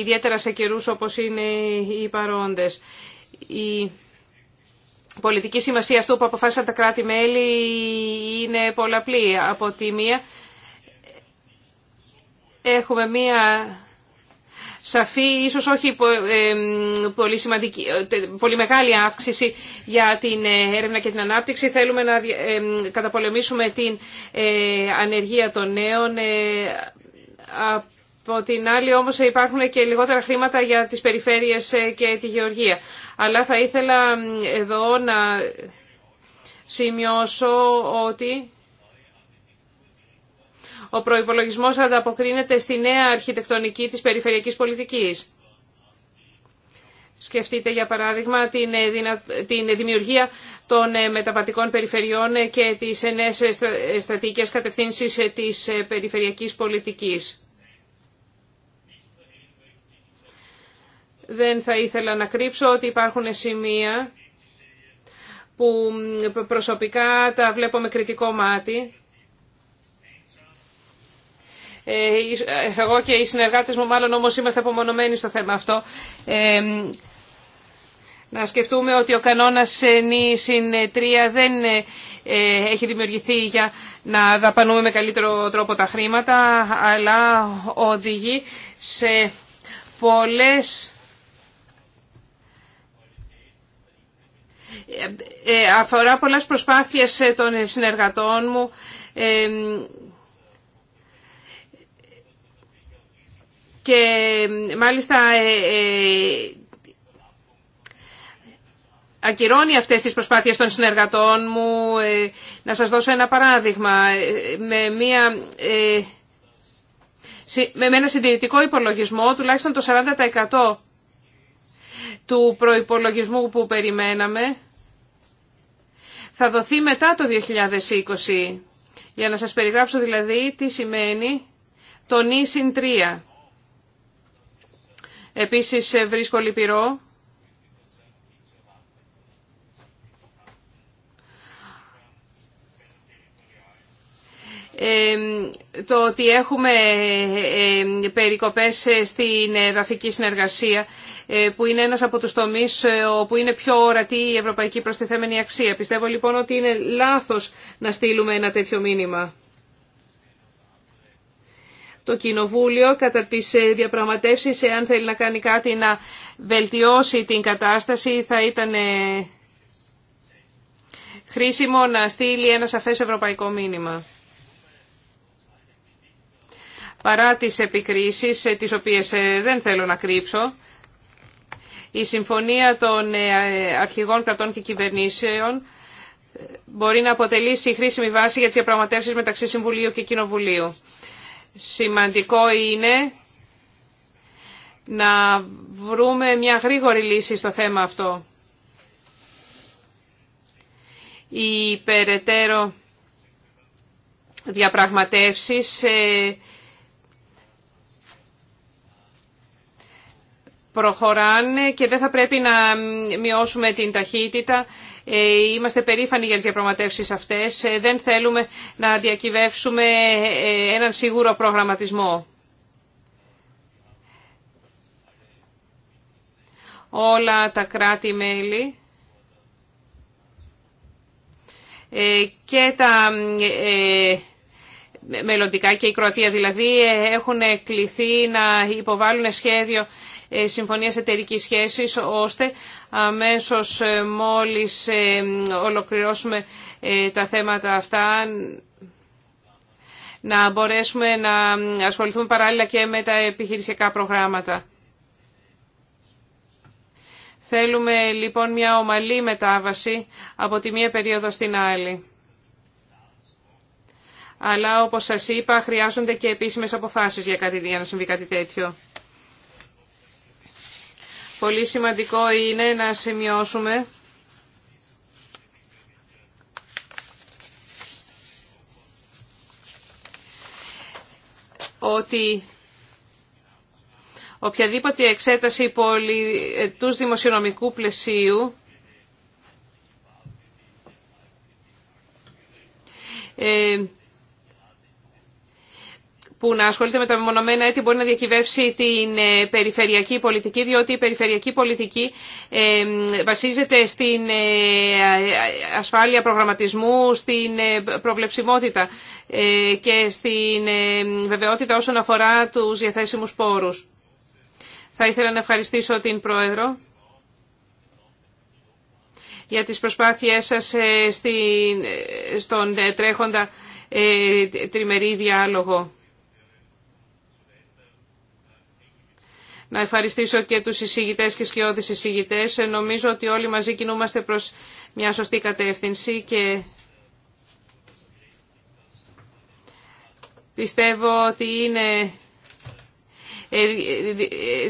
ιδιαίτερα σε καιρούς όπως είναι οι παρόντες. Η πολιτική σημασία αυτού που αποφάσισαν τα κράτη-μέλη είναι πολλαπλή. Από τη μία έχουμε μία σαφή, ίσως όχι πολύ, σημαντική, πολύ μεγάλη αύξηση για την ε, έρευνα και την ανάπτυξη. Θέλουμε να καταπολεμήσουμε την ε, ανεργία των νέων ε, από την άλλη όμως υπάρχουν και λιγότερα χρήματα για τις περιφέρειες ε, και τη γεωργία. Αλλά θα ήθελα εδώ να σημειώσω ότι ο προϋπολογισμός ανταποκρίνεται στη νέα αρχιτεκτονική της περιφερειακής πολιτικής. Σκεφτείτε για παράδειγμα την, ε, δημιουργία των ε, μεταπατικών περιφερειών και τις νέες στρατηγικές κατευθύνσεις της περιφερειακής πολιτικής. Δεν θα ήθελα να κρύψω ότι υπάρχουν σημεία που προσωπικά τα βλέπω με κριτικό μάτι. Ε, ε, εγώ και οι συνεργάτες μου μάλλον όμως είμαστε απομονωμένοι στο θέμα αυτό. Ε, να σκεφτούμε ότι ο κανόνας νη συν δεν έχει δημιουργηθεί για να δαπανούμε με καλύτερο τρόπο τα χρήματα, αλλά οδηγεί σε πολλές Ε, ε, αφορά πολλές προσπάθειες ε, των συνεργατών μου. Και μάλιστα ακυρώνει αυτές τις προσπάθειες των συνεργατών μου. Να σας δώσω ένα παράδειγμα. Με μια με ένα συντηρητικό υπολογισμό, τουλάχιστον το 40% του προϋπολογισμού που περιμέναμε, θα δοθεί μετά το 2020. Για να σας περιγράψω δηλαδή τι σημαίνει το νησιν 3. Επίσης ε, βρίσκω λυπηρό το ότι έχουμε περικοπές ε, στην εδαφική συνεργασία ε, που είναι ένας από τους τομείς ε, όπου είναι πιο ορατή η ευρωπαϊκή προστιθέμενη αξία. Πιστεύω λοιπόν ότι είναι λάθος να στείλουμε ένα τέτοιο μήνυμα. Το Κοινοβούλιο κατά τις διαπραγματεύσεις, εάν θέλει να κάνει κάτι να βελτιώσει την κατάσταση, θα ήταν χρήσιμο να στείλει ένα σαφές ευρωπαϊκό μήνυμα παρά τις επικρίσεις, ε, τις οποίες ε, δεν θέλω να κρύψω. Η συμφωνία των ε, αρχηγών κρατών και κυβερνήσεων μπορεί να αποτελήσει χρήσιμη βάση για τις διαπραγματεύσεις μεταξύ Συμβουλίου και Κοινοβουλίου. Σημαντικό είναι να βρούμε μια γρήγορη λύση στο θέμα αυτό. Η περαιτέρω διαπραγματεύσεις προχωράνε και δεν θα πρέπει να μειώσουμε την ταχύτητα. Ε, είμαστε περήφανοι για τις διαπραγματεύσεις αυτές. Ε, δεν θέλουμε να διακυβεύσουμε ε, έναν σίγουρο προγραμματισμό. Όλα τα κράτη-μέλη και τα μελλοντικά και η Κροατία δηλαδή έχουν κληθεί να υποβάλουν σχέδιο ε, συμφωνίας εταιρικής σχέσης, ώστε αμέσως ε, μόλις ε, ολοκληρώσουμε τα θέματα αυτά, να μπορέσουμε να ασχοληθούμε παράλληλα και με τα επιχειρησιακά προγράμματα. Θέλουμε λοιπόν μια ομαλή μετάβαση από τη μία περίοδο στην άλλη. Αλλά όπως σας είπα χρειάζονται και επίσημες αποφάσεις για, κάτι, για να συμβεί κάτι τέτοιο. Πολύ σημαντικό είναι να σημειώσουμε ότι οποιαδήποτε εξέταση τους δημοσιονομικού πλαισίου ε, που να ασχολείται με τα μεμονωμένα έτη μπορεί να διακυβεύσει την ε, περιφερειακή πολιτική, διότι η περιφερειακή πολιτική ε, βασίζεται στην ε, ασφάλεια προγραμματισμού, στην προβλεψιμότητα και στην βεβαιότητα όσον αφορά τους διαθέσιμους πόρους. Θα ήθελα να ευχαριστήσω την Πρόεδρο για τις προσπάθειές σας στον τρέχοντα τριμερή διάλογο. να ευχαριστήσω και τους εισηγητές και σκιώδεις εισηγητές. Ε, νομίζω ότι όλοι μαζί κινούμαστε προς μια σωστή κατεύθυνση και πιστεύω ότι είναι ε,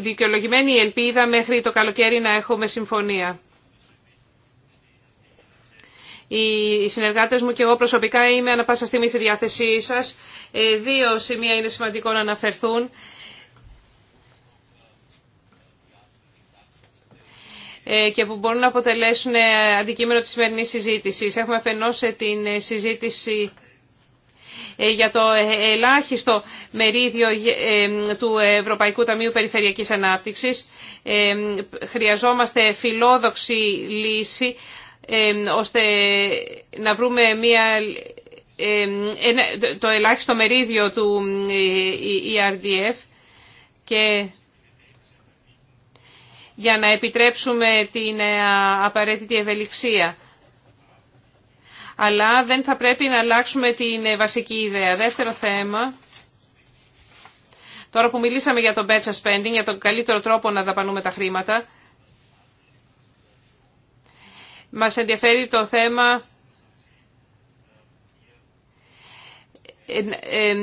δικαιολογημένη η ελπίδα μέχρι το καλοκαίρι να έχουμε συμφωνία. Οι συνεργάτες μου και εγώ προσωπικά είμαι ανα πάσα στιγμή στη διάθεσή σας. Ε, δύο σημεία είναι σημαντικό να αναφερθούν. Ε, και που μπορούν να αποτελέσουν ε, αντικείμενο της σημερινή συζήτησης. Έχουμε αφενός ε, την συζήτηση για το ελάχιστο μερίδιο του Ευρωπαϊκού Ταμείου Περιφερειακής Ανάπτυξης. Χρειαζόμαστε φιλόδοξη λύση ώστε να βρούμε μια το ελάχιστο μερίδιο του ERDF και για να επιτρέψουμε την ε, απαραίτητη ευελιξία. Αλλά δεν θα πρέπει να αλλάξουμε την ε, βασική ιδέα. Δεύτερο θέμα, τώρα που μιλήσαμε για το better spending, για τον καλύτερο τρόπο να δαπανούμε τα χρήματα, μας ενδιαφέρει το θέμα ε,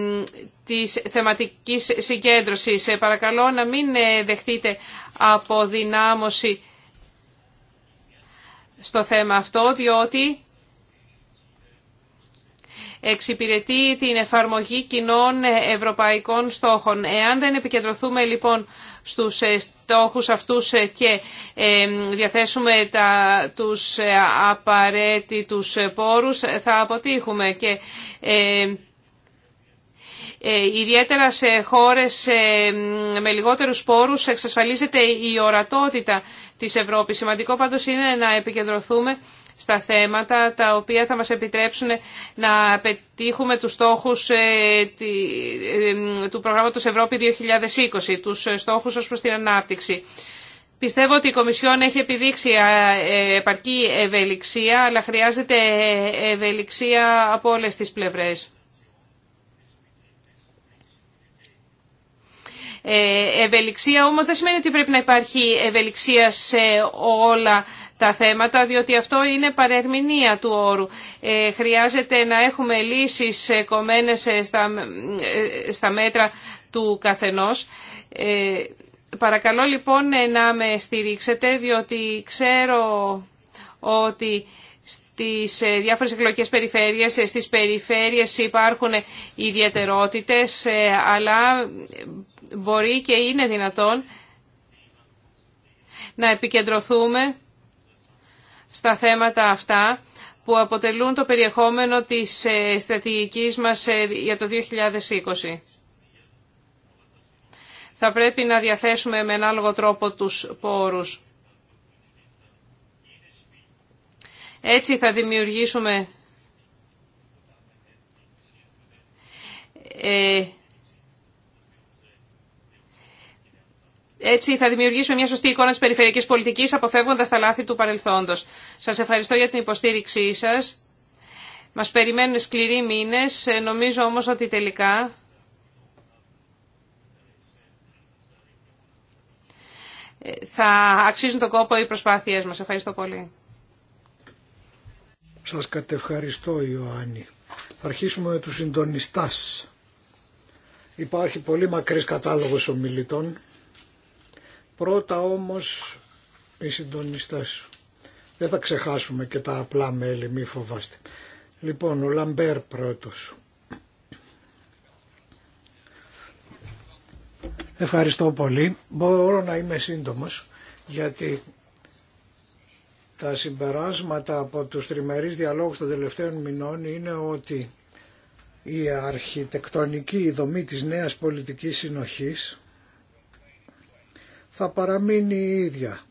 της θεματικής συγκέντρωσης. Παρακαλώ να μην δεχτείτε αποδυνάμωση στο θέμα αυτό, διότι εξυπηρετεί την εφαρμογή κοινών ευρωπαϊκών στόχων. Εάν δεν επικεντρωθούμε λοιπόν στους ε, στόχους αυτούς ε, και ε, διαθέσουμε τα, τους απαραίτητους πόρους, θα αποτύχουμε. Και ε, ιδιαίτερα σε χώρες ε, με λιγότερους πόρους εξασφαλίζεται η ορατότητα της Ευρώπης. Σημαντικό πάντως είναι να επικεντρωθούμε στα θέματα τα οποία θα μας επιτρέψουν να πετύχουμε τους στόχους ε, του προγράμματος Ευρώπη 2020, τους στόχους ως προς την ανάπτυξη. Πιστεύω ότι η Κομισιόν έχει επιδείξει επαρκή ευελιξία, αλλά χρειάζεται ευελιξία από όλες τις πλευρές. Ε, ευελιξία όμως δεν σημαίνει ότι πρέπει να υπάρχει ευελιξία σε όλα τα θέματα, διότι αυτό είναι παρερμηνία του όρου. Ε, χρειάζεται να έχουμε λύσεις ε, κομμένες ε, στα, μέτρα του καθενός. Ε, παρακαλώ λοιπόν να με στηρίξετε, διότι ξέρω ότι στις διάφορες εκλογικές περιφέρειες, στις περιφέρειες υπάρχουν ιδιαιτερότητες, αλλά μπορεί και είναι δυνατόν να επικεντρωθούμε στα θέματα αυτά που αποτελούν το περιεχόμενο της ε, στρατηγικής μας ε, για το 2020. Θα πρέπει να διαθέσουμε με ανάλογο τρόπο τους πόρους. Έτσι θα δημιουργήσουμε ε, Έτσι θα δημιουργήσουμε μια σωστή εικόνα της περιφερειακής πολιτικής αποφεύγοντας τα λάθη του παρελθόντος. Σας ευχαριστώ για την υποστήριξή σας. Μας περιμένουν σκληροί μήνες. Ε, νομίζω όμως ότι τελικά... Ε, θα αξίζουν τον κόπο οι προσπάθειές μας. Ευχαριστώ πολύ. Σας κατευχαριστώ Ιωάννη. αρχίσουμε με τους συντονιστάς. Υπάρχει πολύ μακρύς κατάλογος ομιλητών. Πρώτα όμως οι συντονιστές. Δεν θα ξεχάσουμε και τα απλά μέλη, μη φοβάστε. Λοιπόν, ο Λαμπέρ πρώτος. Ευχαριστώ πολύ. Μπορώ να είμαι σύντομος, γιατί τα συμπεράσματα από τους τριμερείς διαλόγους των τελευταίων μηνών είναι ότι η αρχιτεκτονική δομή της νέας πολιτικής συνοχής θα παραμείνει η ίδια.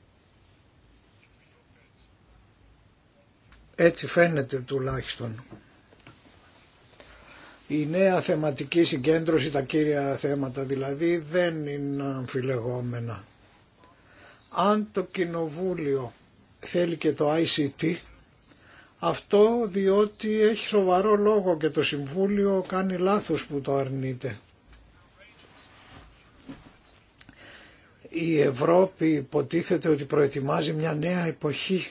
Έτσι φαίνεται τουλάχιστον. Η νέα θεματική συγκέντρωση, τα κύρια θέματα δηλαδή, δεν είναι αμφιλεγόμενα. Αν το Κοινοβούλιο θέλει και το ICT, αυτό διότι έχει σοβαρό λόγο και το Συμβούλιο κάνει λάθος που το αρνείται. η Ευρώπη υποτίθεται ότι προετοιμάζει μια νέα εποχή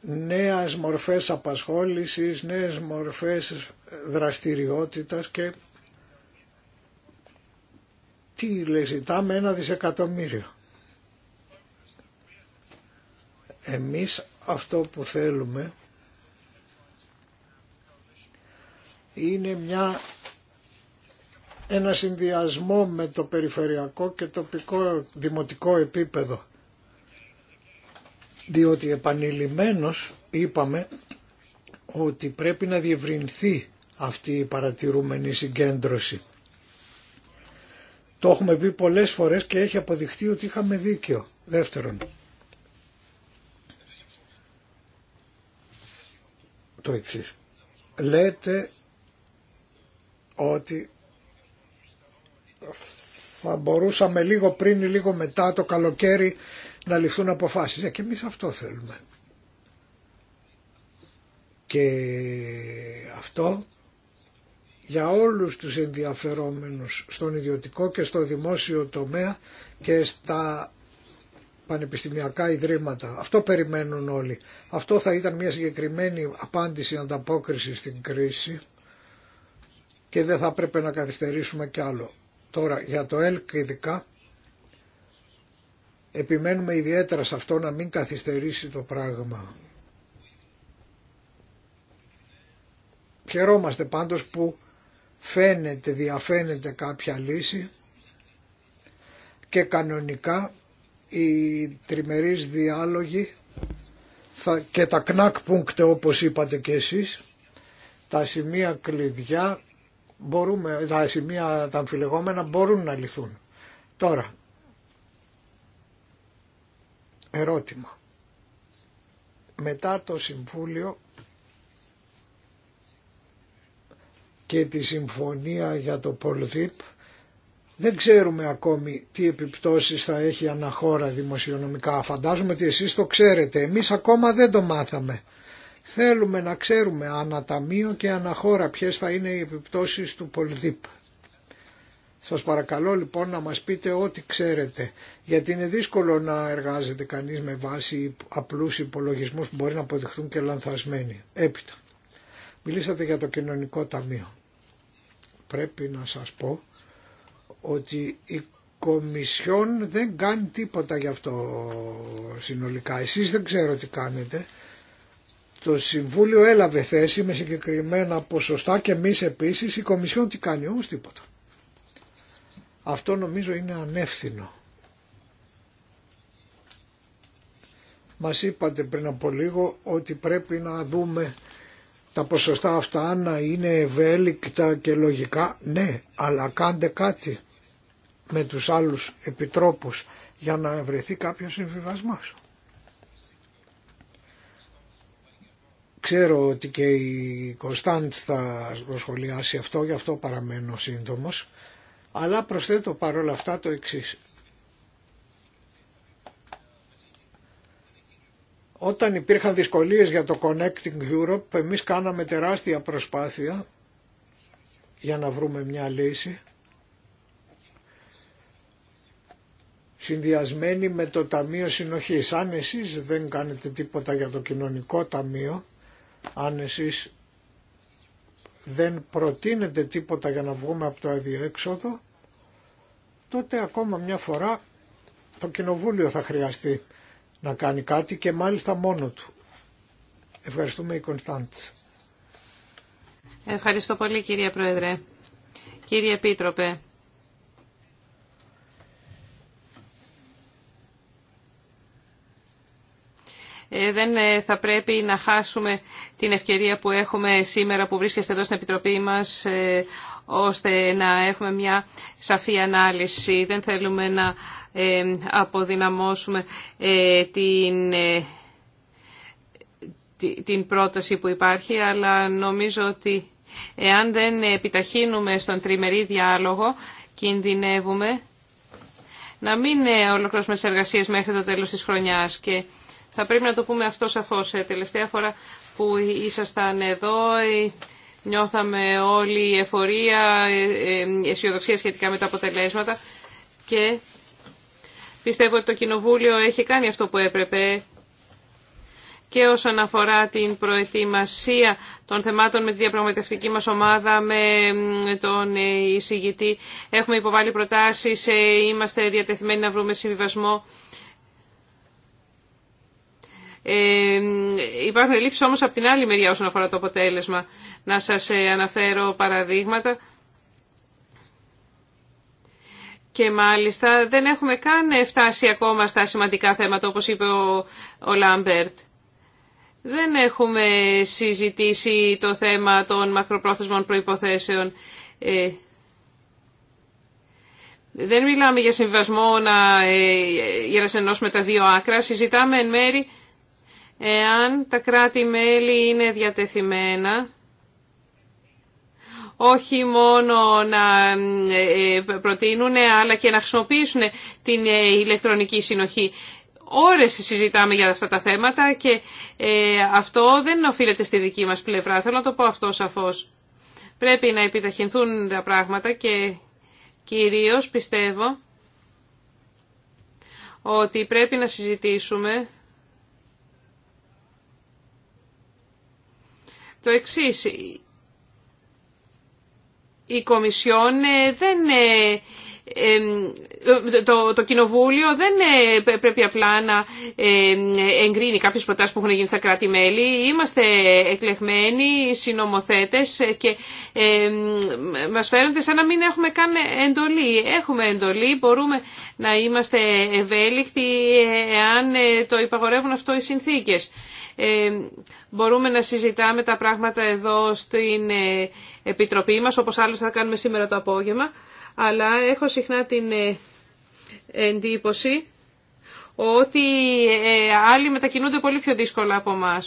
νέες μορφές απασχόλησης, νέες μορφές δραστηριότητας και τι λέει, ζητάμε ένα δισεκατομμύριο. Εμείς αυτό που θέλουμε είναι μια ένα συνδυασμό με το περιφερειακό και τοπικό δημοτικό επίπεδο. Διότι επανειλημμένος είπαμε ότι πρέπει να διευρυνθεί αυτή η παρατηρούμενη συγκέντρωση. Το έχουμε πει πολλές φορές και έχει αποδειχθεί ότι είχαμε δίκιο. Δεύτερον, το εξής. Λέτε ότι θα μπορούσαμε λίγο πριν ή λίγο μετά το καλοκαίρι να ληφθούν αποφάσεις. Ε, και εμείς αυτό θέλουμε. Και αυτό για όλους τους ενδιαφερόμενους στον ιδιωτικό και στο δημόσιο τομέα και στα πανεπιστημιακά ιδρύματα. Αυτό περιμένουν όλοι. Αυτό θα ήταν μια συγκεκριμένη απάντηση, ανταπόκριση στην κρίση και δεν θα πρέπει να καθυστερήσουμε κι άλλο. Τώρα για το ΕΛΚ ειδικά επιμένουμε ιδιαίτερα σε αυτό να μην καθυστερήσει το πράγμα. Χαιρόμαστε πάντως που φαίνεται, διαφαίνεται κάποια λύση και κανονικά οι τριμερείς διάλογοι και τα κνακ πούγκτε όπως είπατε και εσείς, τα σημεία κλειδιά μπορούμε, τα σημεία τα αμφιλεγόμενα μπορούν να λυθούν. Τώρα, ερώτημα. Μετά το Συμβούλιο και τη Συμφωνία για το Πολδίπ δεν ξέρουμε ακόμη τι επιπτώσεις θα έχει αναχώρα δημοσιονομικά. Φαντάζομαι ότι εσείς το ξέρετε. Εμείς ακόμα δεν το μάθαμε. Θέλουμε να ξέρουμε αναταμείο και αναχώρα ποιες θα είναι οι επιπτώσεις του Πολδίπ. Σας παρακαλώ λοιπόν να μας πείτε ό,τι ξέρετε, γιατί είναι δύσκολο να εργάζεται κανείς με βάση απλούς υπολογισμούς που μπορεί να αποδειχθούν και λανθασμένοι. Έπειτα, μιλήσατε για το κοινωνικό ταμείο. Πρέπει να σας πω ότι η Κομισιόν δεν κάνει τίποτα γι' αυτό συνολικά. Εσείς δεν ξέρω τι κάνετε το Συμβούλιο έλαβε θέση με συγκεκριμένα ποσοστά και εμεί επίση Η Κομισιόν τι κάνει, όμω, τίποτα. Αυτό νομίζω είναι ανεύθυνο. Μα είπατε πριν από λίγο ότι πρέπει να δούμε τα ποσοστά αυτά να είναι ευέλικτα και λογικά. Ναι, αλλά κάντε κάτι με τους άλλους επιτρόπους για να βρεθεί κάποιος συμβιβασμός. Ξέρω ότι και η Κωνσταντ θα σχολιάσει αυτό, γι' αυτό παραμένω σύντομος. Αλλά προσθέτω παρόλα αυτά το εξής. Όταν υπήρχαν δυσκολίες για το Connecting Europe, εμείς κάναμε τεράστια προσπάθεια για να βρούμε μια λύση. συνδυασμένη με το Ταμείο Συνοχής. Αν εσείς δεν κάνετε τίποτα για το Κοινωνικό Ταμείο, αν εσείς δεν προτείνετε τίποτα για να βγούμε από το αδιέξοδο, τότε ακόμα μια φορά το Κοινοβούλιο θα χρειαστεί να κάνει κάτι και μάλιστα μόνο του. Ευχαριστούμε η Κωνσταντς. Ευχαριστώ πολύ κύριε Πρόεδρε. Κύριε Επίτροπε, Ε, δεν ε, θα πρέπει να χάσουμε την ευκαιρία που έχουμε σήμερα που βρίσκεστε εδώ στην Επιτροπή μας ε, ώστε να έχουμε μια σαφή ανάλυση. Δεν θέλουμε να αποδυναμώσουμε την την πρόταση που υπάρχει, αλλά νομίζω ότι εάν δεν επιταχύνουμε στον τριμερή διάλογο, κινδυνεύουμε να μην ολοκληρώσουμε τις εργασίες μέχρι το τέλος της χρονιάς. Και θα πρέπει να το πούμε αυτό σαφώς. Ε, τελευταία φορά που ήσασταν εδώ ε, νιώθαμε όλη η εφορία, ε, αισιοδοξία σχετικά με τα αποτελέσματα και πιστεύω ότι το Κοινοβούλιο έχει κάνει αυτό που έπρεπε και όσον αφορά την προετοιμασία των θεμάτων με τη διαπραγματευτική μας ομάδα, με τον εισηγητή. Έχουμε υποβάλει προτάσεις, είμαστε διατεθειμένοι να βρούμε συμβιβασμό ε, υπάρχουν ελλείψεις όμως από την άλλη μεριά όσον αφορά το αποτέλεσμα. Να σας ε, αναφέρω παραδείγματα. Και μάλιστα δεν έχουμε καν ε, φτάσει ακόμα στα σημαντικά θέματα όπως είπε ο, Λάμπερτ. Δεν έχουμε συζητήσει το θέμα των μακροπρόθεσμων προϋποθέσεων. δεν μιλάμε για συμβασμό να, ε, για να συνενώσουμε τα δύο άκρα. Συζητάμε εν μέρη εάν τα κράτη-μέλη είναι διατεθειμένα όχι μόνο να ε, ε, προτείνουν, αλλά και να χρησιμοποιήσουν την ε, ηλεκτρονική συνοχή. Ώρες συζητάμε για αυτά τα θέματα και αυτό δεν οφείλεται στη δική μας πλευρά. Θέλω να το πω αυτό σαφώς. Πρέπει να επιταχυνθούν τα πράγματα και κυρίως πιστεύω ότι πρέπει να συζητήσουμε το εξή. Η Κομισιόν ε, δεν ε, το, Κοινοβούλιο δεν ε, πρέπει απλά να εγκρίνει κάποιες προτάσεις που έχουν γίνει στα κράτη-μέλη. Είμαστε εκλεγμένοι, συνομοθέτες και μας φαίνονται σαν να μην έχουμε καν εντολή. Έχουμε εντολή, μπορούμε να είμαστε ευέλικτοι εάν ε, το υπαγορεύουν αυτό οι συνθήκες. μπορούμε να συζητάμε τα πράγματα εδώ στην ε, Επιτροπή μας, όπως άλλως θα κάνουμε σήμερα το απόγευμα αλλά έχω συχνά την ε, εντύπωση ότι ε, άλλοι μετακινούνται πολύ πιο δύσκολα από εμά.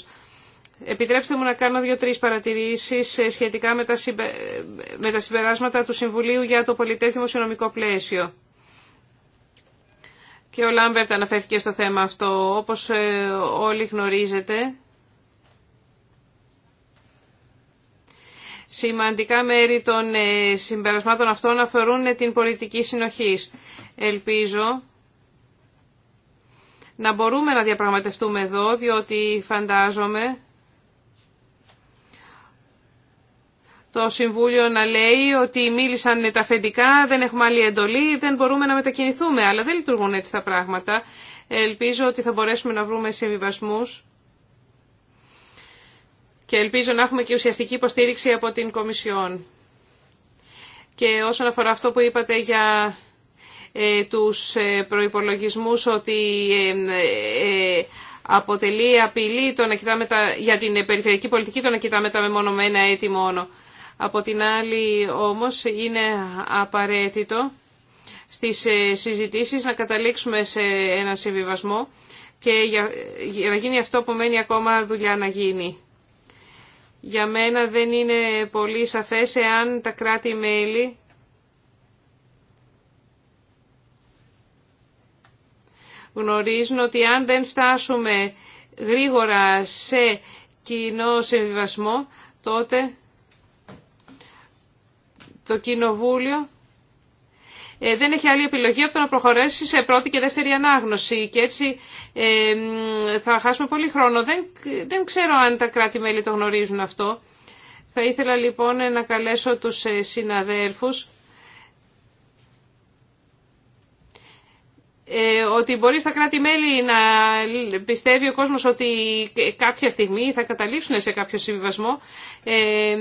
Επιτρέψτε μου να κάνω δύο-τρεις παρατηρήσεις ε, σχετικά με τα, με τα συμπεράσματα του Συμβουλίου για το πολιτές δημοσιονομικό πλαίσιο. Και ο Λάμπερτ αναφέρθηκε στο θέμα αυτό. Όπως όλοι γνωρίζετε, Σημαντικά μέρη των ε, συμπερασμάτων αυτών αφορούν ε, την πολιτική συνοχής. Ελπίζω να μπορούμε να διαπραγματευτούμε εδώ, διότι φαντάζομαι το Συμβούλιο να λέει ότι μίλησαν τα αφεντικά, δεν έχουμε άλλη εντολή, δεν μπορούμε να μετακινηθούμε. Αλλά δεν λειτουργούν έτσι τα πράγματα. Ελπίζω ότι θα μπορέσουμε να βρούμε συμβιβασμούς και ελπίζω να έχουμε και ουσιαστική υποστήριξη από την Κομισιόν. Και όσον αφορά αυτό που είπατε για ε, τους ε, προϋπολογισμούς ότι ε, αποτελεί απειλή το να για την περιφερειακή πολιτική το να κοιτάμε τα μεμονωμένα έτη μόνο. Από την άλλη όμως είναι απαραίτητο στις συζητήσεις να καταλήξουμε σε ένα συμβιβασμό και για, να γίνει αυτό που μένει ακόμα δουλειά να γίνει. Για μένα δεν είναι πολύ σαφές εάν τα κράτη-μέλη γνωρίζουν ότι αν δεν φτάσουμε γρήγορα σε κοινό συμβιβασμό, τότε το Κοινοβούλιο ε, δεν έχει άλλη επιλογή από το να προχωρήσει σε πρώτη και δεύτερη ανάγνωση και έτσι ε, θα χάσουμε πολύ χρόνο. Δεν, δεν ξέρω αν τα κράτη-μέλη το γνωρίζουν αυτό. Θα ήθελα λοιπόν να καλέσω τους ε, συναδέλφους. Ε, ότι μπορεί στα κράτη-μέλη να πιστεύει ο κόσμος ότι κάποια στιγμή θα καταλήξουν σε κάποιο συμβιβασμό, ε,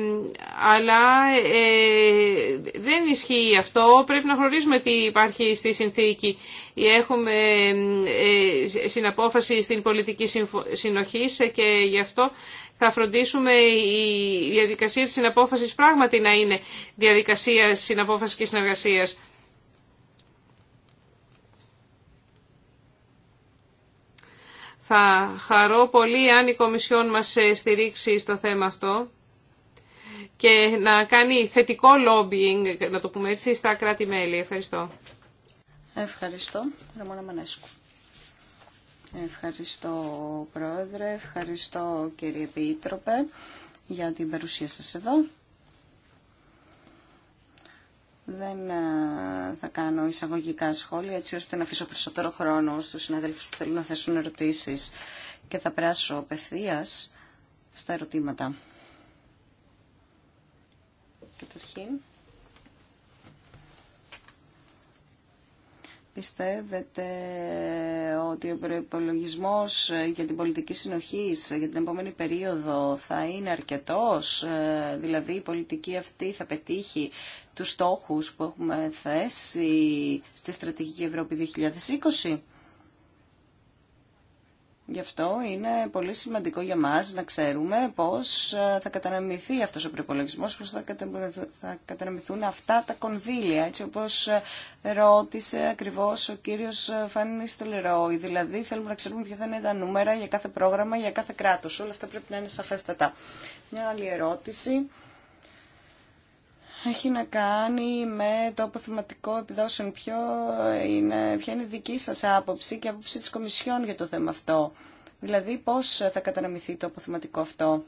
αλλά ε, δεν ισχύει αυτό. Πρέπει να γνωρίζουμε τι υπάρχει στη συνθήκη. Έχουμε συναπόφαση στην πολιτική συνοχή και γι' αυτό θα φροντίσουμε η διαδικασία της συναπόφασης πράγματι να είναι διαδικασία συναπόφασης και συνεργασίας. Θα χαρώ πολύ αν η Κομισιόν μας ε, στηρίξει στο θέμα αυτό και να κάνει θετικό lobbying, να το πούμε έτσι, στα κράτη-μέλη. Ευχαριστώ. Ευχαριστώ. Ρωμόνα Μανέσκου. Ευχαριστώ Πρόεδρε, ευχαριστώ κύριε Επίτροπε για την παρουσία σας εδώ. Δεν ε, θα κάνω εισαγωγικά σχόλια έτσι ώστε να αφήσω περισσότερο χρόνο στους συναδέλφους που θέλουν να θέσουν ερωτήσεις και θα πράσω απευθείας στα ερωτήματα. Καταρχήν, πιστεύετε ότι ο προπολογισμό για την πολιτική συνοχή για την επόμενη περίοδο θα είναι αρκετός, ε, δηλαδή η πολιτική αυτή θα πετύχει τους στόχους που έχουμε θέσει στη Στρατηγική Ευρώπη 2020. Γι' αυτό είναι πολύ σημαντικό για μας να ξέρουμε πώς ε, θα καταναμηθεί αυτός ο προπολογισμός, πώς θα καταναμηθούν αυτά τα κονδύλια, έτσι όπως ε, ρώτησε ακριβώς ο κύριος ε, Φάνης Τελερόη. Δηλαδή θέλουμε να ξέρουμε ποια θα είναι τα νούμερα για κάθε πρόγραμμα, για κάθε κράτος. Όλα αυτά πρέπει να είναι σαφέστατα. Μια άλλη ερώτηση έχει να κάνει με το αποθεματικό επιδόσεων. Ποιο είναι, ποια είναι η δική σας άποψη και άποψη της Κομισιόν για το θέμα αυτό. Δηλαδή πώς θα καταναμηθεί το αποθεματικό αυτό.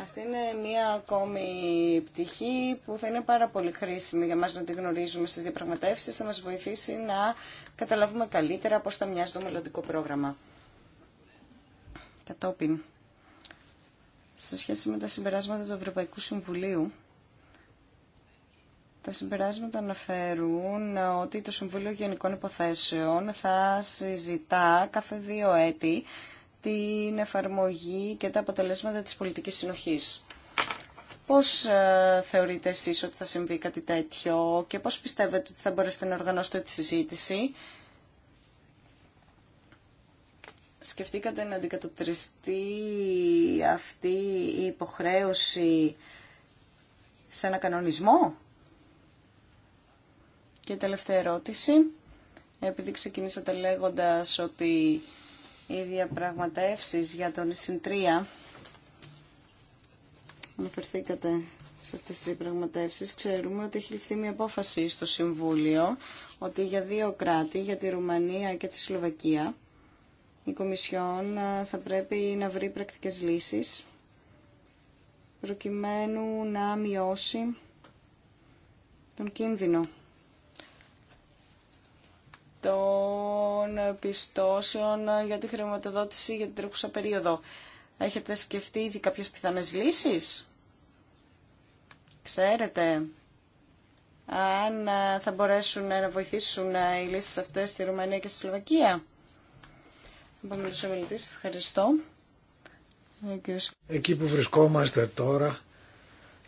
Αυτή είναι μία ακόμη πτυχή που θα είναι πάρα πολύ χρήσιμη για μας να τη γνωρίζουμε στις διαπραγματεύσεις. Θα μας βοηθήσει να καταλάβουμε καλύτερα πώς θα μοιάζει το μελλοντικό πρόγραμμα. Κατόπιν, σε σχέση με τα συμπεράσματα του Ευρωπαϊκού Συμβουλίου, τα συμπεράσματα αναφέρουν ότι το Συμβούλιο Γενικών Υποθέσεων θα συζητά κάθε δύο έτη την εφαρμογή και τα αποτελέσματα της πολιτικής συνοχής. Πώς ε, θεωρείτε εσείς ότι θα συμβεί κάτι τέτοιο και πώς πιστεύετε ότι θα μπορέσετε να οργανώσετε τη συζήτηση. Σκεφτήκατε να αντικατοπτριστεί αυτή η υποχρέωση σε ένα κανονισμό και τελευταία ερώτηση, επειδή ξεκινήσατε λέγοντας ότι οι διαπραγματεύσεις για τον Ισυντρία αναφερθήκατε σε αυτές τις διαπραγματεύσεις, ξέρουμε ότι έχει ληφθεί μια απόφαση στο Συμβούλιο ότι για δύο κράτη, για τη Ρουμανία και τη Σλοβακία, η Κομισιόν ε, θα πρέπει να βρει πρακτικές λύσεις προκειμένου να μειώσει τον κίνδυνο των πιστώσεων για τη χρηματοδότηση για την τρέχουσα περίοδο. Έχετε σκεφτεί ήδη κάποιες πιθανές λύσεις? Ξέρετε αν ε, θα μπορέσουν να βοηθήσουν ε, οι λύσεις αυτές στη Ρουμανία και στη Σλοβακία. ευχαριστώ. Ε, Εκεί που βρισκόμαστε τώρα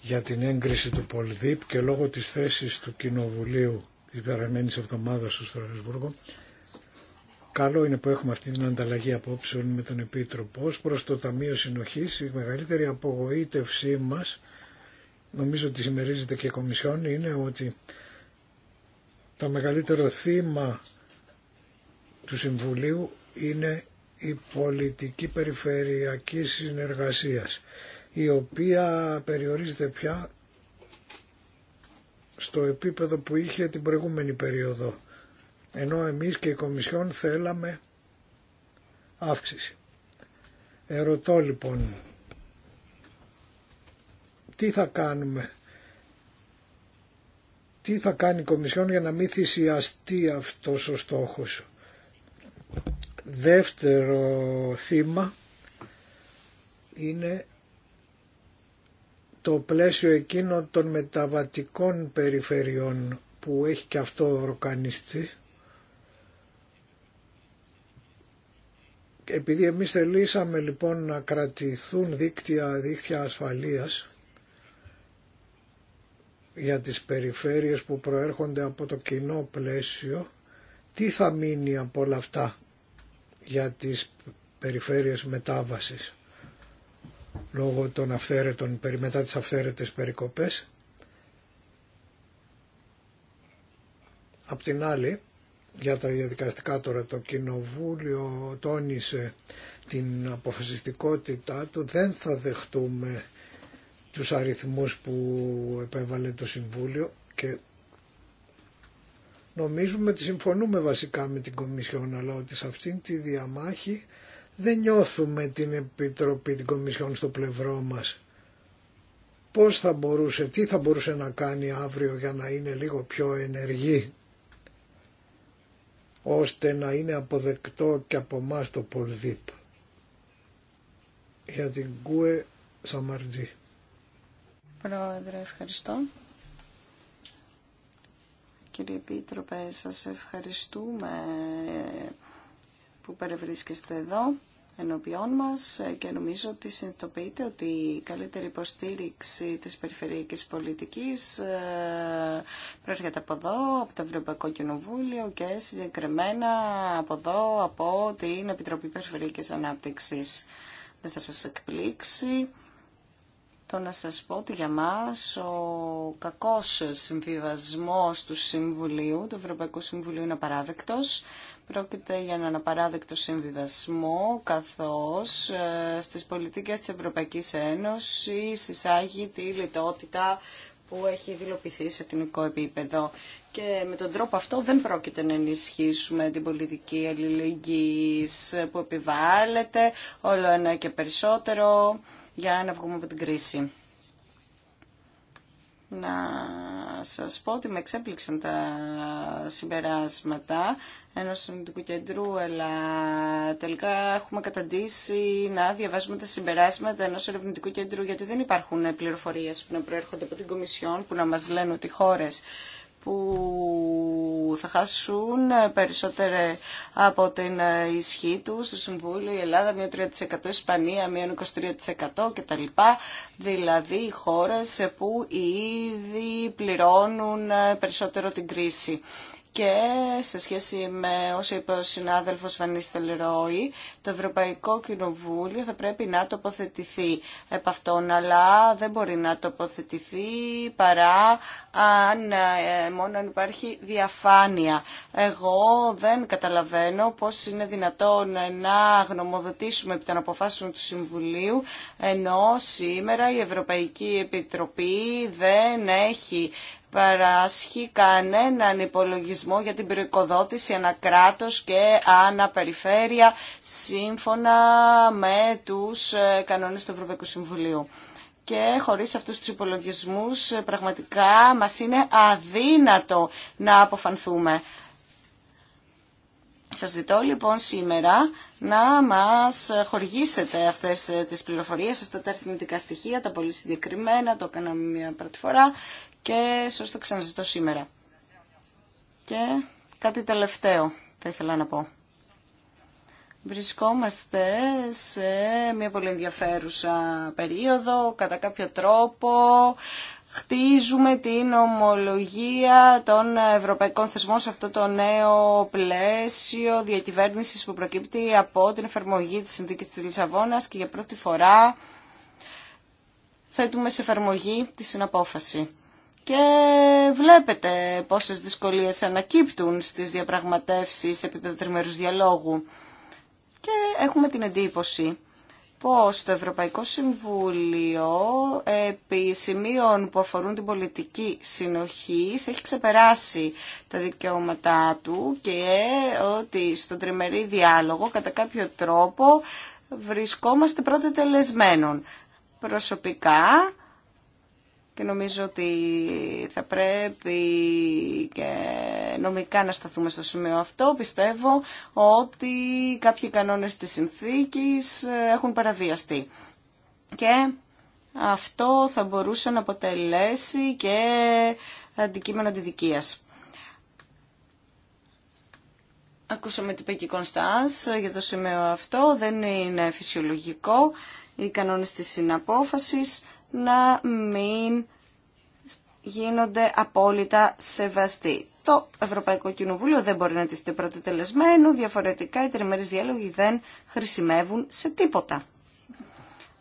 για την έγκριση του Πολδίπ και λόγω της θέσης του Κοινοβουλίου Τη περασμένη εβδομάδα στο Στρασβούργο. Καλό είναι που έχουμε αυτή την ανταλλαγή απόψεων με τον Επίτροπο. Ω προς το Ταμείο Συνοχής, η μεγαλύτερη απογοήτευσή μας, νομίζω ότι συμμερίζεται και η Κομισιόν, είναι ότι το μεγαλύτερο θύμα του Συμβουλίου είναι η πολιτική περιφερειακή συνεργασίας, η οποία περιορίζεται πια στο επίπεδο που είχε την προηγούμενη περίοδο. Ενώ εμείς και η Κομισιόν θέλαμε αύξηση. Ερωτώ λοιπόν, τι θα κάνουμε, τι θα κάνει η Κομισιόν για να μην θυσιαστεί αυτός ο στόχος. Δεύτερο θύμα είναι το πλαίσιο εκείνο των μεταβατικών περιφερειών που έχει και αυτό ροκανιστεί επειδή εμείς θελήσαμε λοιπόν να κρατηθούν δίκτυα, δίκτυα ασφαλείας για τις περιφέρειες που προέρχονται από το κοινό πλαίσιο τι θα μείνει από όλα αυτά για τις περιφέρειες μετάβασης λόγω των αυθαίρετων, μετά τις αυθαίρετες περικοπές. Απ' την άλλη, για τα διαδικαστικά τώρα, το Κοινοβούλιο τόνισε την αποφασιστικότητά του, δεν θα δεχτούμε τους αριθμούς που επέβαλε το Συμβούλιο και νομίζουμε ότι συμφωνούμε βασικά με την Κομισιόν, αλλά ότι σε αυτήν τη διαμάχη δεν νιώθουμε την Επιτροπή την Κομισιόν στο πλευρό μας. Πώς θα μπορούσε, τι θα μπορούσε να κάνει αύριο για να είναι λίγο πιο ενεργή ώστε να είναι αποδεκτό και από εμά το Πολδίπ. Για την Κούε Σαμαρτζή. Πρόεδρε, ευχαριστώ. Κύριε Επίτροπε, σας ευχαριστούμε που παρευρίσκεστε εδώ ενώπιόν μας και νομίζω ότι συνειδητοποιείται ότι η καλύτερη υποστήριξη της περιφερειακής πολιτικής ε, προέρχεται από εδώ, από το Ευρωπαϊκό Κοινοβούλιο και συγκεκριμένα από εδώ, από την Επιτροπή Περιφερειακής Ανάπτυξης. Δεν θα σας εκπλήξει το να σας πω ότι για μας ο κακός συμβιβασμός του Συμβουλίου, του Ευρωπαϊκού Συμβουλίου είναι απαράδεκτος. Πρόκειται για έναν απαράδεκτο συμβιβασμό, καθώς ε, στις πολιτικές της Ευρωπαϊκής Ένωσης εισάγει τη λιτότητα που έχει δηλοποιηθεί σε εθνικό επίπεδο. Και με τον τρόπο αυτό δεν πρόκειται να ενισχύσουμε την πολιτική αλληλεγγύης που επιβάλλεται όλο ένα και περισσότερο για να βγούμε από την κρίση. Να σας πω ότι με εξέπληξαν τα συμπεράσματα ενός ερευνητικού κέντρου, αλλά τελικά έχουμε καταντήσει να διαβάζουμε τα συμπεράσματα ενός ερευνητικού κέντρου, γιατί δεν υπάρχουν πληροφορίες που να προέρχονται από την Κομισιόν, που να μας λένε ότι χώρες που θα χάσουν περισσότερο από την ισχύ του στο Συμβούλιο η Ελλάδα μείον 3%, η Ισπανία μείον 23% κτλ. Δηλαδή οι χώρες που ήδη πληρώνουν περισσότερο την κρίση και σε σχέση με όσο είπε ο Συνάδελφο Βανίστελ Ρόι, το Ευρωπαϊκό Κοινοβούλιο θα πρέπει να τοποθετηθεί επ' αυτόν, αλλά δεν μπορεί να τοποθετηθεί παρά αν, ε, μόνο αν υπάρχει διαφάνεια. Εγώ δεν καταλαβαίνω πώ είναι δυνατόν να γνωμοδοτήσουμε επί των αποφάσεων του Συμβουλίου, ενώ σήμερα η Ευρωπαϊκή Επιτροπή δεν έχει παράσχει κανέναν υπολογισμό για την ένα κράτο και αναπεριφέρεια σύμφωνα με τους ε, κανόνες του Ευρωπαϊκού Συμβουλίου. Και χωρίς αυτούς τους υπολογισμούς ε, πραγματικά μας είναι αδύνατο να αποφανθούμε. Σας ζητώ λοιπόν σήμερα να μας χορηγήσετε αυτές ε, τις πληροφορίες, αυτά τα αριθμητικά στοιχεία, τα πολύ συγκεκριμένα, το έκαναμε μια πρώτη φορά και το ξαναζητώ σήμερα. Και κάτι τελευταίο θα ήθελα να πω. Βρισκόμαστε σε μια πολύ ενδιαφέρουσα περίοδο, κατά κάποιο τρόπο χτίζουμε την ομολογία των ευρωπαϊκών θεσμών σε αυτό το νέο πλαίσιο διακυβέρνησης που προκύπτει από την εφαρμογή της συνθήκης της Λισαβόνας και για πρώτη φορά θέτουμε σε εφαρμογή τη συναπόφαση. Και βλέπετε πόσες δυσκολίες ανακύπτουν στις διαπραγματεύσεις επίπεδο τριμερούς διαλόγου. Και έχουμε την εντύπωση πως το Ευρωπαϊκό Συμβούλιο επί σημείων που αφορούν την πολιτική συνοχή έχει ξεπεράσει τα δικαιώματά του και ότι στον τριμερή διάλογο κατά κάποιο τρόπο βρισκόμαστε πρώτοι τελεσμένων. Προσωπικά και νομίζω ότι θα πρέπει και νομικά να σταθούμε στο σημείο αυτό. Πιστεύω ότι κάποιοι κανόνες της συνθήκης έχουν παραβιαστεί. Και αυτό θα μπορούσε να αποτελέσει και αντικείμενο αντιδικίας. Ακούσαμε τι είπε και η Κωνστάς για το σημείο αυτό. Δεν είναι φυσιολογικό οι κανόνες της συναπόφασης να μην γίνονται απόλυτα σεβαστοί. Το Ευρωπαϊκό Κοινοβούλιο δεν μπορεί να τηθεί πρωτοτελεσμένο, διαφορετικά οι τριμερείς διάλογοι δεν χρησιμεύουν σε τίποτα.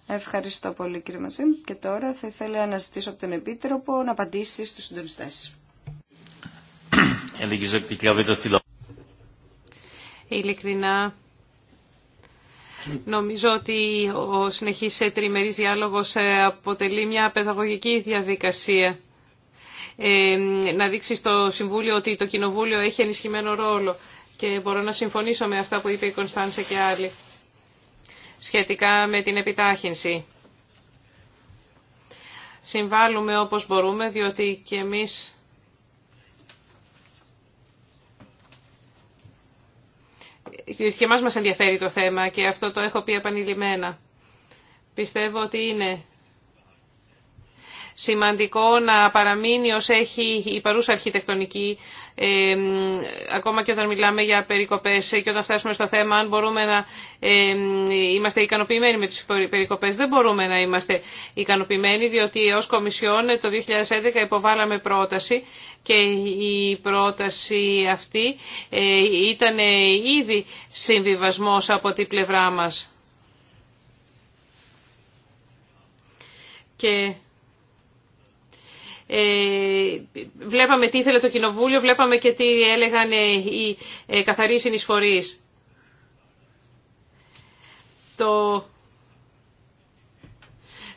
Ευχαριστώ πολύ κύριε Μαζίν και τώρα θα ήθελα να ζητήσω από τον Επίτροπο να απαντήσει στους συντονιστές. Ειλικρινά Νομίζω ότι ο συνεχής τριμερής διάλογος ε, αποτελεί μια παιδαγωγική διαδικασία. Ε, να δείξει στο Συμβούλιο ότι το Κοινοβούλιο έχει ενισχυμένο ρόλο. Και μπορώ να συμφωνήσω με αυτά που είπε η Κωνσταντσα και άλλοι σχετικά με την επιτάχυνση. Συμβάλλουμε όπως μπορούμε, διότι και εμείς και εμάς μας ενδιαφέρει το θέμα και αυτό το έχω πει επανειλημμένα. Πιστεύω ότι είναι σημαντικό να παραμείνει ως έχει η παρούσα αρχιτεκτονική ε, ακόμα και όταν μιλάμε για περικοπές και όταν φτάσουμε στο θέμα αν μπορούμε να ε, είμαστε ικανοποιημένοι με τις περικοπές. Δεν μπορούμε να είμαστε ικανοποιημένοι διότι ως Κομισιόν το 2011 υποβάλαμε πρόταση και η πρόταση αυτή ε, ήταν ήδη συμβιβασμός από την πλευρά μας. Και ε, βλέπαμε τι ήθελε το Κοινοβούλιο, βλέπαμε και τι έλεγαν ε, οι ε, καθαροί συνεισφορείς. Το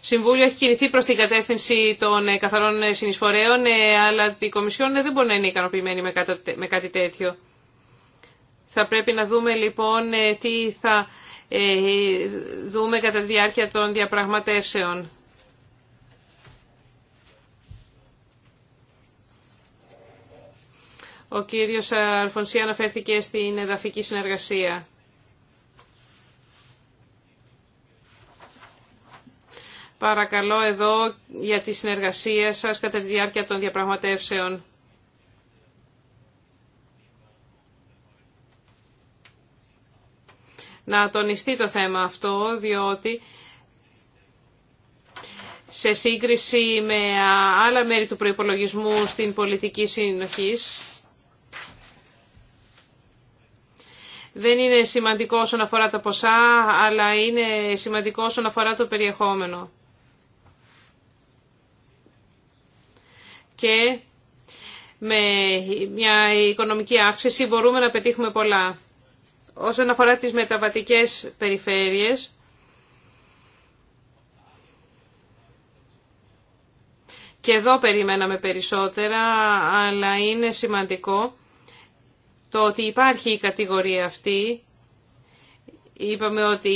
Συμβούλιο έχει κινηθεί προς την κατεύθυνση των καθαρών συνεισφορέων, αλλά η Κομισιόν δεν μπορεί να είναι ικανοποιημένη με κάτι τέτοιο. Θα πρέπει να δούμε λοιπόν τι θα δούμε κατά τη διάρκεια των διαπραγματεύσεων. Ο κύριος Αλφονσί αναφέρθηκε στην εδαφική συνεργασία. Παρακαλώ εδώ για τη συνεργασία σας κατά τη διάρκεια των διαπραγματεύσεων. Να τονιστεί το θέμα αυτό, διότι σε σύγκριση με άλλα μέρη του προϋπολογισμού στην πολιτική συνοχής, δεν είναι σημαντικό όσον αφορά τα ποσά, αλλά είναι σημαντικό όσον αφορά το περιεχόμενο. Και με μια οικονομική αύξηση μπορούμε να πετύχουμε πολλά. Όσον αφορά τις μεταβατικές περιφέρειες, και εδώ περιμέναμε περισσότερα, αλλά είναι σημαντικό το ότι υπάρχει η κατηγορία αυτή, είπαμε ότι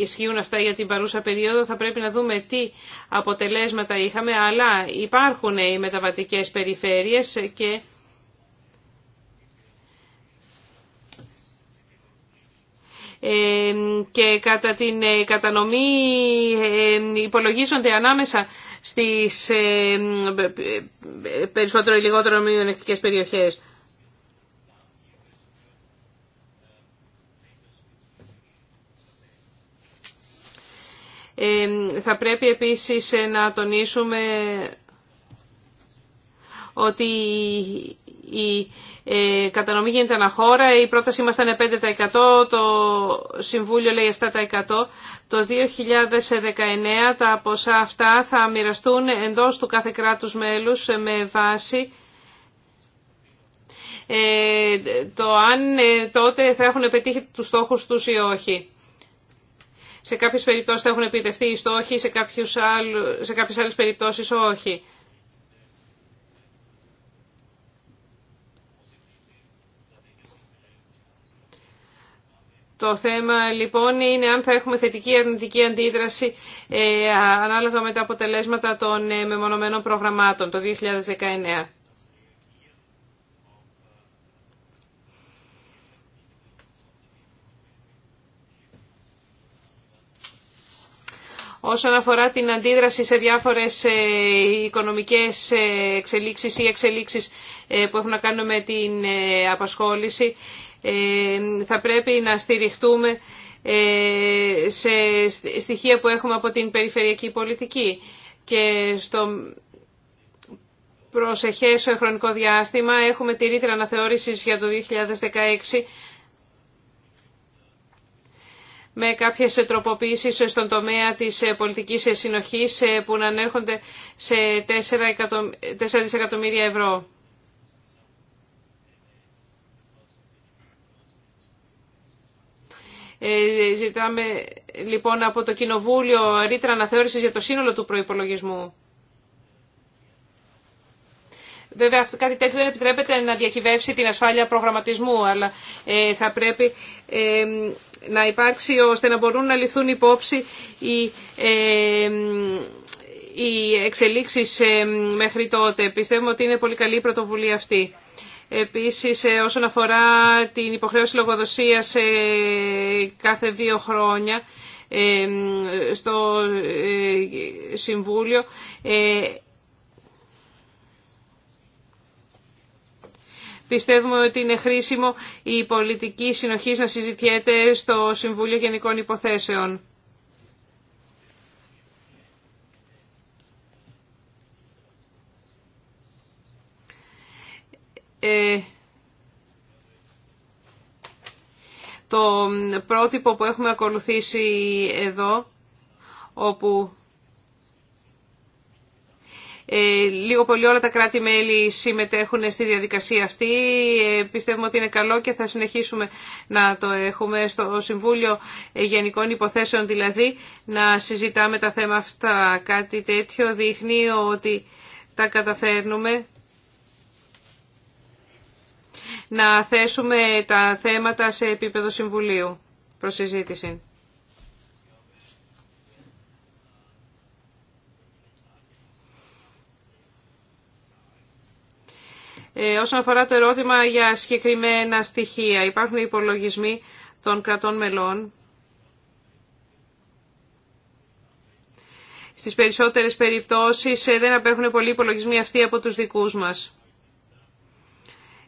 ισχύουν αυτά για την παρούσα περίοδο, θα πρέπει να δούμε τι αποτελέσματα είχαμε, αλλά υπάρχουν οι μεταβατικές περιφέρειες και... και κατά την ε, κατανομή υπολογίζονται ανάμεσα στις περισσότερο ή λιγότερο μειονεκτικές περιοχές. θα πρέπει επίσης ε, να τονίσουμε ότι η ε, κατανομή γίνεται αναχώρα. Η πρόταση ήταν 5%, το Συμβούλιο λέει 7%. Το 2019 τα ποσά αυτά θα μοιραστούν εντός του κάθε κράτους μέλους ε, με βάση το αν τότε θα έχουν πετύχει τους στόχους τους ή όχι. Σε κάποιες περιπτώσεις θα έχουν επιτευχθεί οι στόχοι, σε, κάποιους άλλους, σε κάποιες άλλες περιπτώσεις όχι. Το θέμα λοιπόν είναι αν θα έχουμε θετική ή αρνητική αντίδραση ε, ανάλογα με τα αποτελέσματα των ε, μεμονωμένων προγραμμάτων το 2019. Όσον αφορά την αντίδραση σε διάφορες ε, οικονομικές ε, εξελίξεις ή εξελίξεις ε, που έχουν να κάνουν με την απασχόληση, θα πρέπει να στηριχτούμε σε στοιχεία που έχουμε από την περιφερειακή πολιτική. Και στο προσεχές χρονικό διάστημα έχουμε τη ρήτρα αναθεώρησης για το 2016 με κάποιες τροποποιήσεις στον τομέα της ε, πολιτικής ε, συνοχής ε, που να ανέρχονται σε 4 δισεκατομμύρια ευρώ. Ζητάμε λοιπόν από το Κοινοβούλιο ρήτρα αναθεώρησης για το σύνολο του προϋπολογισμού. Βέβαια, κάτι τέτοιο δεν επιτρέπεται να διακυβεύσει την ασφάλεια προγραμματισμού, αλλά θα πρέπει να υπάρξει ώστε να μπορούν να ληφθούν υπόψη οι, ε, εξελίξεις ε, μέχρι τότε. Πιστεύουμε ότι είναι πολύ καλή η πρωτοβουλία αυτή. Επίσης, ε, όσον αφορά την υποχρέωση λογοδοσίας ε, κάθε δύο χρόνια στο Συμβούλιο, Πιστεύουμε ότι είναι χρήσιμο η πολιτική συνοχή να συζητιέται στο Συμβούλιο Γενικών Υποθέσεων. Ε, το πρότυπο που έχουμε ακολουθήσει εδώ, όπου ε, λίγο πολύ όλα τα κράτη-μέλη συμμετέχουν στη διαδικασία αυτή. Ε, πιστεύουμε ότι είναι καλό και θα συνεχίσουμε να το έχουμε στο Συμβούλιο Γενικών Υποθέσεων, δηλαδή να συζητάμε τα θέματα αυτά. Κάτι τέτοιο δείχνει ότι τα καταφέρνουμε να θέσουμε τα θέματα σε επίπεδο Συμβουλίου προς συζήτηση. Ε, όσον αφορά το ερώτημα για συγκεκριμένα στοιχεία, υπάρχουν υπολογισμοί των κρατών μελών. Στις περισσότερες περιπτώσεις ε, δεν απέχουν πολλοί υπολογισμοί αυτοί από τους δικούς μας.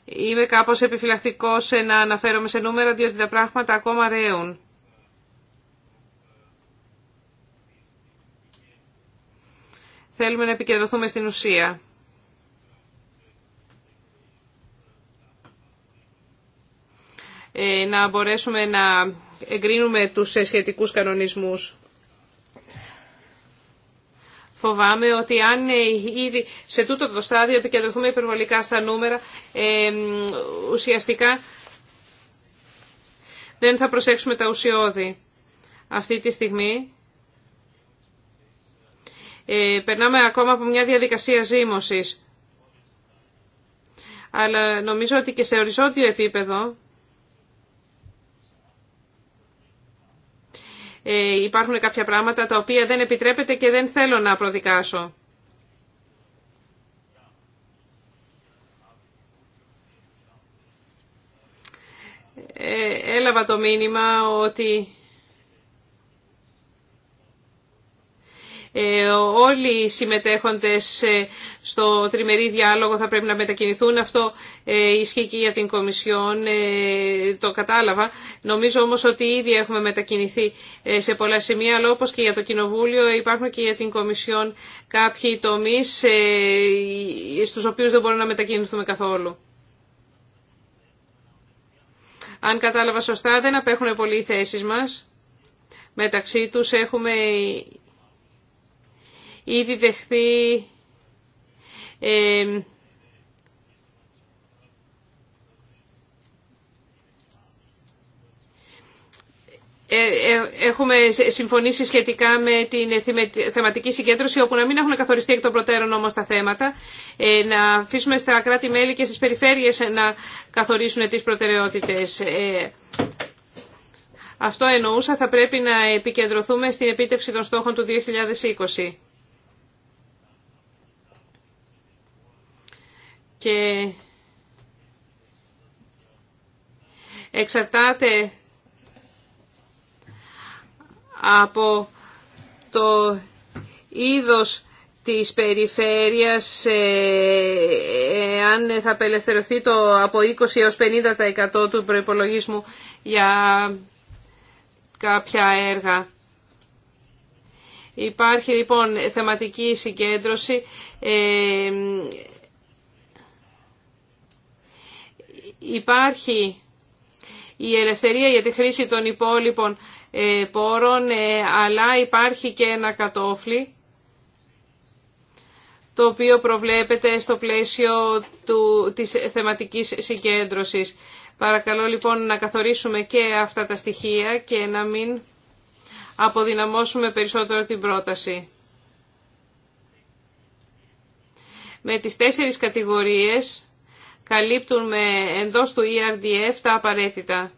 Είμαι κάπως επιφυλακτικός ε, να αναφέρομαι σε νούμερα, διότι τα πράγματα ακόμα ρέουν. Θέλουμε να επικεντρωθούμε στην ουσία. Ε, να μπορέσουμε να εγκρίνουμε τους ε, σχετικούς κανονισμούς. Φοβάμαι ότι αν ε, ήδη σε τούτο το στάδιο επικεντρωθούμε υπερβολικά στα νούμερα, ουσιαστικά δεν θα προσέξουμε τα ουσιώδη. Αυτή τη στιγμή περνάμε ακόμα από μια διαδικασία ζήμωσης. Αλλά νομίζω ότι και σε οριζόντιο επίπεδο Ε, υπάρχουν κάποια πράγματα τα οποία δεν επιτρέπεται και δεν θέλω να προδικάσω. Ε, έλαβα το μήνυμα ότι Ε, όλοι οι συμμετέχοντες ε, στο τριμερή διάλογο θα πρέπει να μετακινηθούν. Αυτό ε, ισχύει και για την Κομισιόν, το κατάλαβα. Νομίζω όμως ότι ήδη έχουμε μετακινηθεί σε πολλά σημεία, αλλά όπως και για το Κοινοβούλιο υπάρχουν και για την Κομισιόν κάποιοι τομείς στους οποίους δεν μπορούμε να μετακινηθούμε καθόλου. Αν κατάλαβα σωστά, δεν απέχουν πολύ οι θέσεις μας. Μεταξύ τους έχουμε ήδη δεχθεί ε, ε, ε, Έχουμε συμφωνήσει σχετικά με την θεματική συγκέντρωση, όπου να μην έχουν καθοριστεί εκ των προτέρων όμως τα θέματα, ε, να αφήσουμε στα κράτη-μέλη και στις περιφέρειες να καθορίσουν τις προτεραιότητες. Αυτό εννοούσα, θα πρέπει να επικεντρωθούμε στην επίτευξη των στόχων του 2020. και εξαρτάται από το είδος της περιφέρειας ε, ε, αν θα απελευθερωθεί το από 20 έως 50% του προϋπολογισμού για κάποια έργα. Υπάρχει λοιπόν θεματική συγκέντρωση ε, υπάρχει η ελευθερία για τη χρήση των υπόλοιπων ε, πόρων, ε, αλλά υπάρχει και ένα κατόφλι το οποίο προβλέπεται στο πλαίσιο του, της θεματικής συγκέντρωσης. Παρακαλώ λοιπόν να καθορίσουμε και αυτά τα στοιχεία και να μην αποδυναμώσουμε περισσότερο την πρόταση. Με τις τέσσερις κατηγορίες καλύπτουν με εντός του ERDF τα απαραίτητα.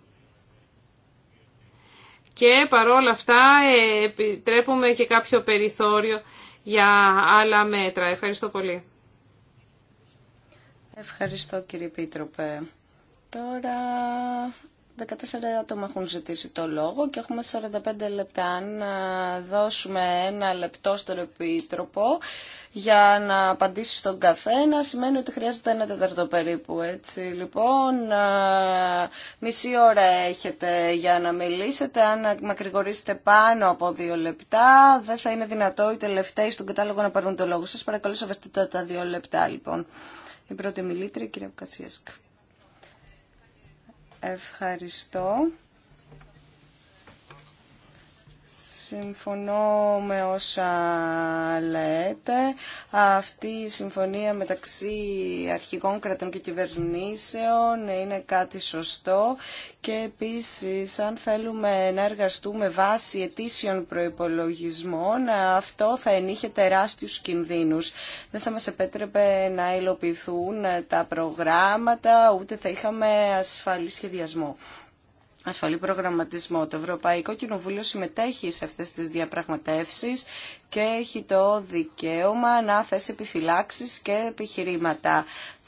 Και παρόλα αυτά ε, επιτρέπουμε και κάποιο περιθώριο για άλλα μέτρα. Ευχαριστώ πολύ. Ευχαριστώ κύριε Πίτροπε. Τώρα 14 άτομα έχουν ζητήσει το λόγο και έχουμε 45 λεπτά. Να δώσουμε ένα λεπτό στον Επίτροπο για να απαντήσει στον καθένα σημαίνει ότι χρειάζεται ένα τέταρτο περίπου. Έτσι λοιπόν, μισή ώρα έχετε για να μιλήσετε. Αν μακρηγορήσετε πάνω από δύο λεπτά, δεν θα είναι δυνατό οι τελευταίοι στον κατάλογο να παίρνουν το λόγο. Σας παρακαλώ, σεβαστείτε τα δύο λεπτά λοιπόν. Η πρώτη μιλήτρια, κυρία Κασιέσκα. Ευχαριστώ. Συμφωνώ με όσα λέτε. Αυτή η συμφωνία μεταξύ αρχηγών κρατών και κυβερνήσεων είναι κάτι σωστό και επίσης αν θέλουμε να εργαστούμε βάσει ετήσιων προϋπολογισμών αυτό θα ενείχε τεράστιους κινδύνους. Δεν θα μας επέτρεπε να υλοποιηθούν τα προγράμματα ούτε θα είχαμε ασφαλή σχεδιασμό ασφαλή προγραμματισμό. Το Ευρωπαϊκό Κοινοβούλιο συμμετέχει σε αυτές τις διαπραγματεύσεις και έχει το δικαίωμα να θέσει επιφυλάξεις και επιχειρήματα.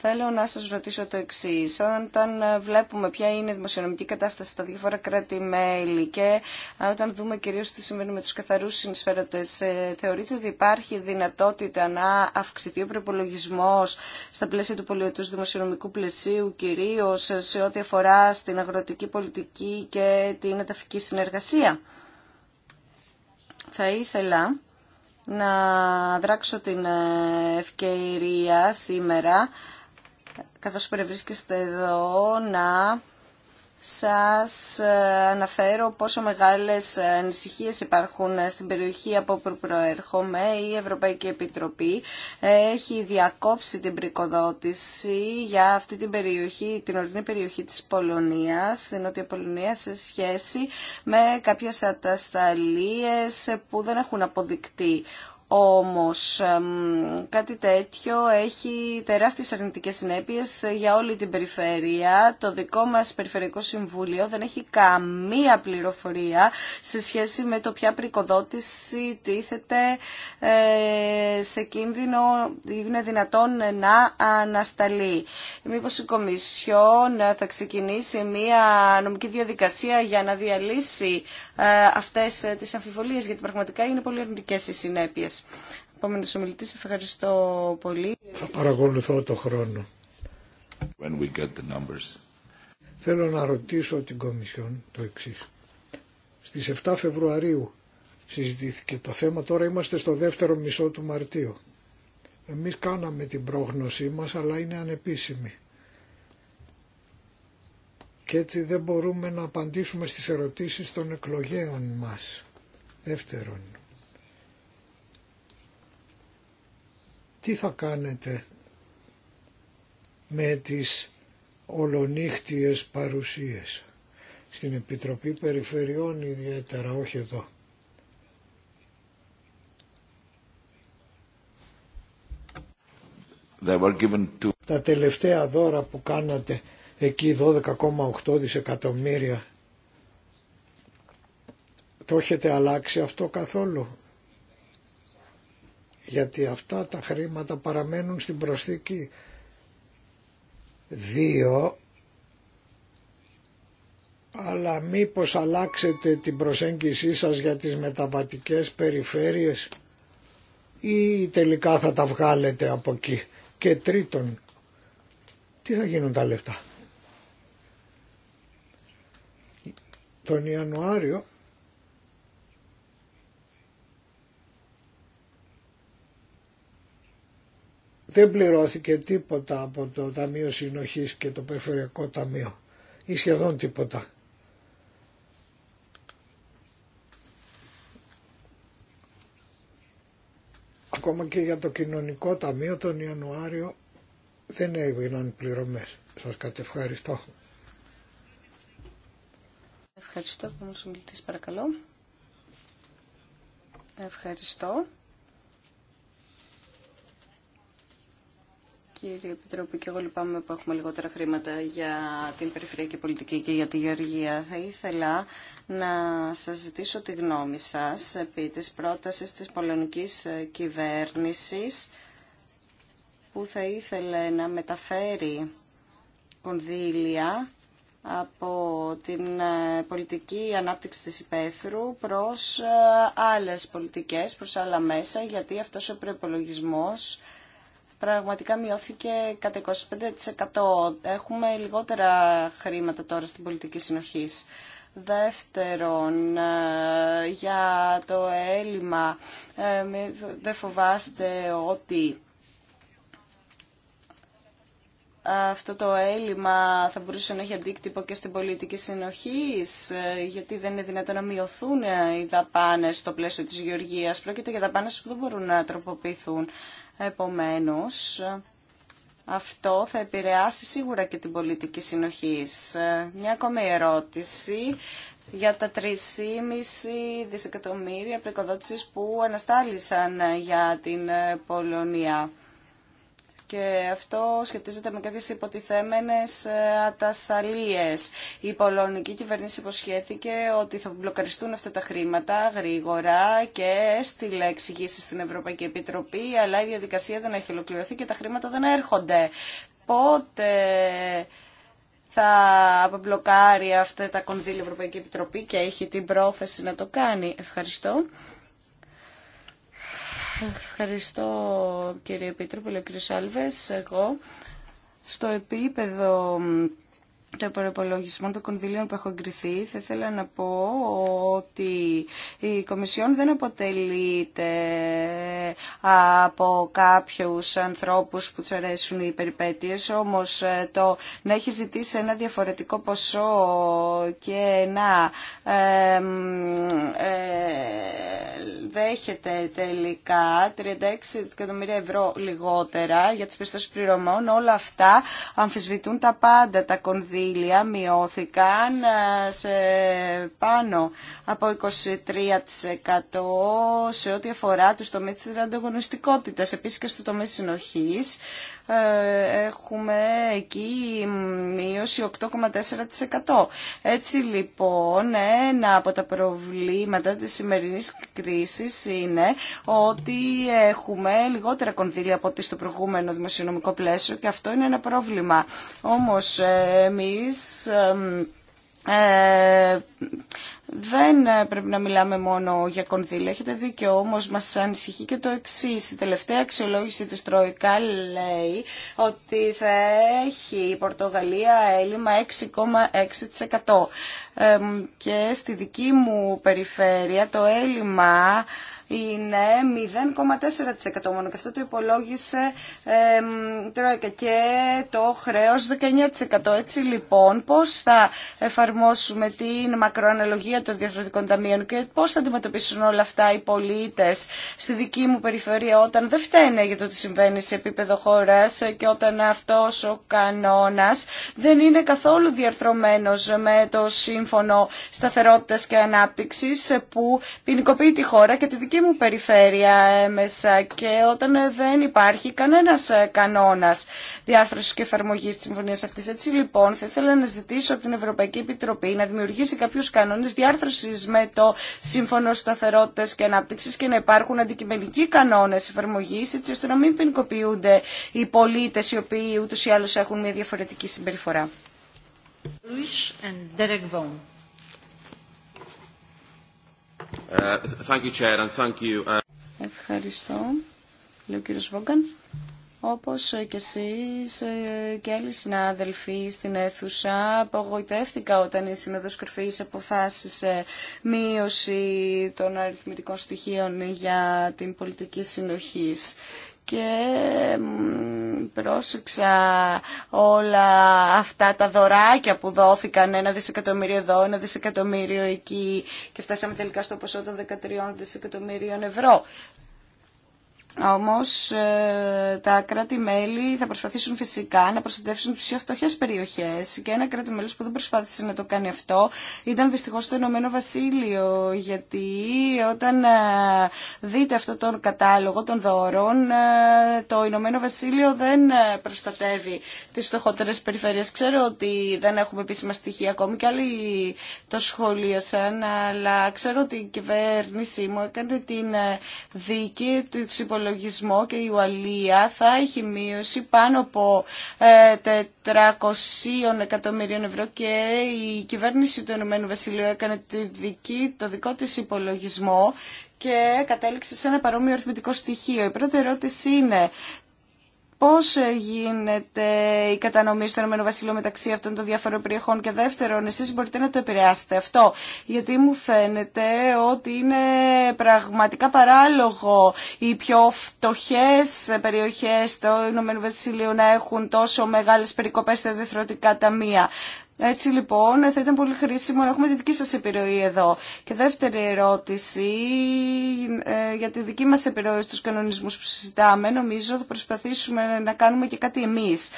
Θέλω να σας ρωτήσω το εξή. Όταν βλέπουμε ποια είναι η δημοσιονομική κατάσταση στα διάφορα κράτη-μέλη και όταν δούμε κυρίως τι συμβαίνει με τους καθαρούς συνεισφέροντες, ε, θεωρείτε ότι υπάρχει δυνατότητα να αυξηθεί ο προπολογισμό στα πλαίσια του πολιτικού δημοσιονομικού πλαισίου, κυρίως σε ό,τι αφορά στην αγροτική πολιτική και την εταφική συνεργασία. Θα ήθελα να δράξω την ε, ευκαιρία σήμερα καθώς περιβρίσκεστε εδώ να σας ε, αναφέρω πόσο μεγάλες ανησυχίες υπάρχουν ε, στην περιοχή από όπου προέρχομαι. Η Ευρωπαϊκή Επιτροπή έχει διακόψει την πρικοδότηση για αυτή την περιοχή, την ορεινή περιοχή της Πολωνίας, στην Νότια Πολωνία, σε σχέση με κάποιες ατασταλίες που δεν έχουν αποδεικτεί όμως κάτι τέτοιο έχει τεράστιες αρνητικές συνέπειες για όλη την περιφέρεια. Το δικό μας Περιφερειακό Συμβούλιο δεν έχει καμία πληροφορία σε σχέση με το ποια πρικοδότηση τίθεται ε, σε κίνδυνο είναι δυνατόν να ανασταλεί. Μήπως η Κομισιόν θα ξεκινήσει μια νομική διαδικασία για να διαλύσει ε, αυτές ε, τις αμφιβολίες, γιατί πραγματικά είναι πολύ αρνητικέ οι συνέπειες. Επόμενος ομιλητής, ευχαριστώ πολύ. Θα παρακολουθώ το χρόνο. When we get the numbers. Θέλω να ρωτήσω την Κομισιόν το εξή. Στις 7 Φεβρουαρίου συζητήθηκε το θέμα, τώρα είμαστε στο δεύτερο μισό του Μαρτίου. Εμείς κάναμε την πρόγνωσή μας, αλλά είναι ανεπίσημη και έτσι δεν μπορούμε να απαντήσουμε στις ερωτήσεις των εκλογέων μας. Δεύτερον, τι θα κάνετε με τις ολονύχτιες παρουσίες στην Επιτροπή Περιφερειών ιδιαίτερα, όχι εδώ. Τα τελευταία δώρα που κάνατε εκεί 12,8 δισεκατομμύρια. Το έχετε αλλάξει αυτό καθόλου. Γιατί αυτά τα χρήματα παραμένουν στην προσθήκη δύο αλλά μήπως αλλάξετε την προσέγγισή σας για τις μεταβατικές περιφέρειες ή τελικά θα τα βγάλετε από εκεί. Και τρίτον, τι θα γίνουν τα λεφτά. Τον Ιανουάριο δεν πληρώθηκε τίποτα από το Ταμείο Συνοχής και το Περιφερειακό Ταμείο ή σχεδόν τίποτα. Ακόμα και για το Κοινωνικό Ταμείο τον Ιανουάριο δεν έγιναν πληρωμές. Σας κατευχαριστώ. Ευχαριστώ. Επόμενος παρακαλώ. Ευχαριστώ. Κύριε Επιτροπή, και εγώ λυπάμαι που έχουμε λιγότερα χρήματα για την περιφερειακή πολιτική και για τη γεωργία. Θα ήθελα να σας ζητήσω τη γνώμη σας επί της πρότασης της πολωνικής κυβέρνησης που θα ήθελε να μεταφέρει κονδύλια από την ε, πολιτική ανάπτυξη της υπαίθρου προς ε, άλλες πολιτικές, προς άλλα μέσα, γιατί αυτός ο προϋπολογισμός πραγματικά μειώθηκε κατά 25%. Έχουμε λιγότερα χρήματα τώρα στην πολιτική συνοχής. Δεύτερον, ε, για το έλλειμμα, δεν φοβάστε ότι αυτό το έλλειμμα θα μπορούσε να έχει αντίκτυπο και στην πολιτική συνοχή, ε, γιατί δεν είναι δυνατόν να μειωθούν ε, οι δαπάνε στο πλαίσιο της γεωργίας. Πρόκειται για δαπάνε που δεν μπορούν να τροποποιηθούν. Επομένως, αυτό θα επηρεάσει σίγουρα και την πολιτική συνοχή. Ε, μια ακόμη ερώτηση για τα 3,5 δισεκατομμύρια προοικοδότησης που αναστάλησαν για την Πολωνία και αυτό σχετίζεται με κάποιες υποτιθέμενες ε, ατασταλίες. Η πολωνική κυβέρνηση υποσχέθηκε ότι θα μπλοκαριστούν αυτά τα χρήματα γρήγορα και έστειλε εξηγήσει στην Ευρωπαϊκή Επιτροπή, αλλά η διαδικασία δεν έχει ολοκληρωθεί και τα χρήματα δεν έρχονται. Πότε θα απομπλοκάρει αυτά τα κονδύλια Ευρωπαϊκή Επιτροπή και έχει την πρόθεση να το κάνει. Ευχαριστώ. Ευχαριστώ κύριε Επίτροπο, κύριε Σάλβες. Εγώ στο επίπεδο το υπεροπολογισμό των κονδυλίων που έχω εγκριθεί, θα ήθελα να πω ότι η Κομισιόν δεν αποτελείται από κάποιους ανθρώπους που τους αρέσουν οι περιπέτειες, όμως ε, το να έχει ζητήσει ένα διαφορετικό ποσό και να ε, ε, δέχεται τελικά 36 εκατομμύρια ευρώ λιγότερα για τις πιστώσεις πληρωμών, όλα αυτά αμφισβητούν τα πάντα τα κονδύλια κονδύλια μειώθηκαν ε, σε πάνω από 23% σε ό,τι αφορά τους τομείς της ανταγωνιστικότητας. Επίσης και στο τομείς συνοχής ε, έχουμε εκεί μείωση 8,4%. Έτσι λοιπόν ένα από τα προβλήματα της σημερινής κρίσης είναι ότι έχουμε λιγότερα κονδύλια από ό,τι στο προηγούμενο δημοσιονομικό πλαίσιο και αυτό είναι ένα πρόβλημα. Όμως ε, δεν πρέπει να μιλάμε μόνο για κονδύλια. Έχετε δίκιο όμως μας ανησυχεί και το εξή. Η τελευταία αξιολόγηση της Τροϊκά λέει ότι θα έχει η Πορτογαλία έλλειμμα 6,6%. και στη δική μου περιφέρεια το έλλειμμα είναι 0,4% μόνο και αυτό το υπολόγισε ε, και το χρέος 19%. Έτσι λοιπόν πώς θα εφαρμόσουμε την μακροαναλογία των διαφορετικών ταμείων και πώς θα αντιμετωπίσουν όλα αυτά οι πολίτες στη δική μου περιφέρεια όταν δεν φταίνε για το τι συμβαίνει σε επίπεδο χώρας και όταν αυτός ο κανόνας δεν είναι καθόλου διαρθρωμένος με το Σύμφωνο σταθερότητα και Ανάπτυξης που ποινικοποιεί τη χώρα και τη δική και μου περιφέρεια ε, έμεσα και όταν ε, δεν υπάρχει κανένας ε, κανόνας διάρθρωσης και εφαρμογή της συμφωνίας αυτής. Έτσι λοιπόν θα ήθελα να ζητήσω από την Ευρωπαϊκή Επιτροπή να δημιουργήσει κάποιους κανόνες διάρθρωσης με το Σύμφωνο Σταθερότητας και Ανάπτυξης και να υπάρχουν αντικειμενικοί κανόνες εφαρμογής έτσι ώστε να μην ποινικοποιούνται οι πολίτες οι οποίοι ούτως ή άλλως έχουν μια διαφορετική συμπεριφορά. Uh, uh, Ευχαριστώ, λέει ο κύριος Βόγκαν. Όπως και εσείς ε, και άλλοι συνάδελφοι στην αίθουσα, απογοητεύτηκα όταν η Συνοδός αποφάσισε μείωση των αριθμητικών στοιχείων για την πολιτική συνοχής και πρόσεξα όλα αυτά τα δωράκια που δόθηκαν, ένα δισεκατομμύριο εδώ, ένα δισεκατομμύριο εκεί και φτάσαμε τελικά στο ποσό των 13 δισεκατομμύριων ευρώ. Όμως ε, τα κράτη-μέλη θα προσπαθήσουν φυσικά να προστατεύσουν τις φτωχές περιοχές και ενα κρατη κράτο-μέλος που δεν προσπάθησε να το κάνει αυτό ήταν δυστυχώ το Ηνωμένο Βασίλειο γιατί όταν ε, δείτε αυτό τον κατάλογο των δώρων ε, το Ηνωμένο Βασίλειο δεν προστατεύει τις φτωχότερες περιφέρειες. Ξέρω ότι δεν έχουμε επίσημα στοιχεία ακόμη και άλλοι το σχολίασαν αλλά ξέρω ότι η κυβέρνησή μου έκανε την δίκη του και η Ουαλία θα έχει μείωση πάνω από 400 ε, εκατομμυρίων ευρώ και η κυβέρνηση του Ηνωμένου Βασιλείου έκανε το δικό της υπολογισμό και κατέληξε σε ένα παρόμοιο αριθμητικό στοιχείο. Η πρώτη ερώτηση είναι πώς ε, γίνεται η κατανομή στον Ηνωμένο Βασίλειο μεταξύ αυτών των διάφορων περιοχών και δεύτερον εσείς μπορείτε να το επηρεάσετε αυτό γιατί μου φαίνεται ότι είναι πραγματικά παράλογο οι πιο φτωχές περιοχές στο Ηνωμένο Βασιλείου να έχουν τόσο μεγάλες περικοπές στα διεθνωτικά ταμεία έτσι λοιπόν θα ήταν πολύ χρήσιμο να έχουμε τη δική σας επιρροή εδώ. Και δεύτερη ερώτηση ε, για τη δική μας επιρροή στους κανονισμούς που συζητάμε. Νομίζω θα προσπαθήσουμε να κάνουμε και κάτι εμείς.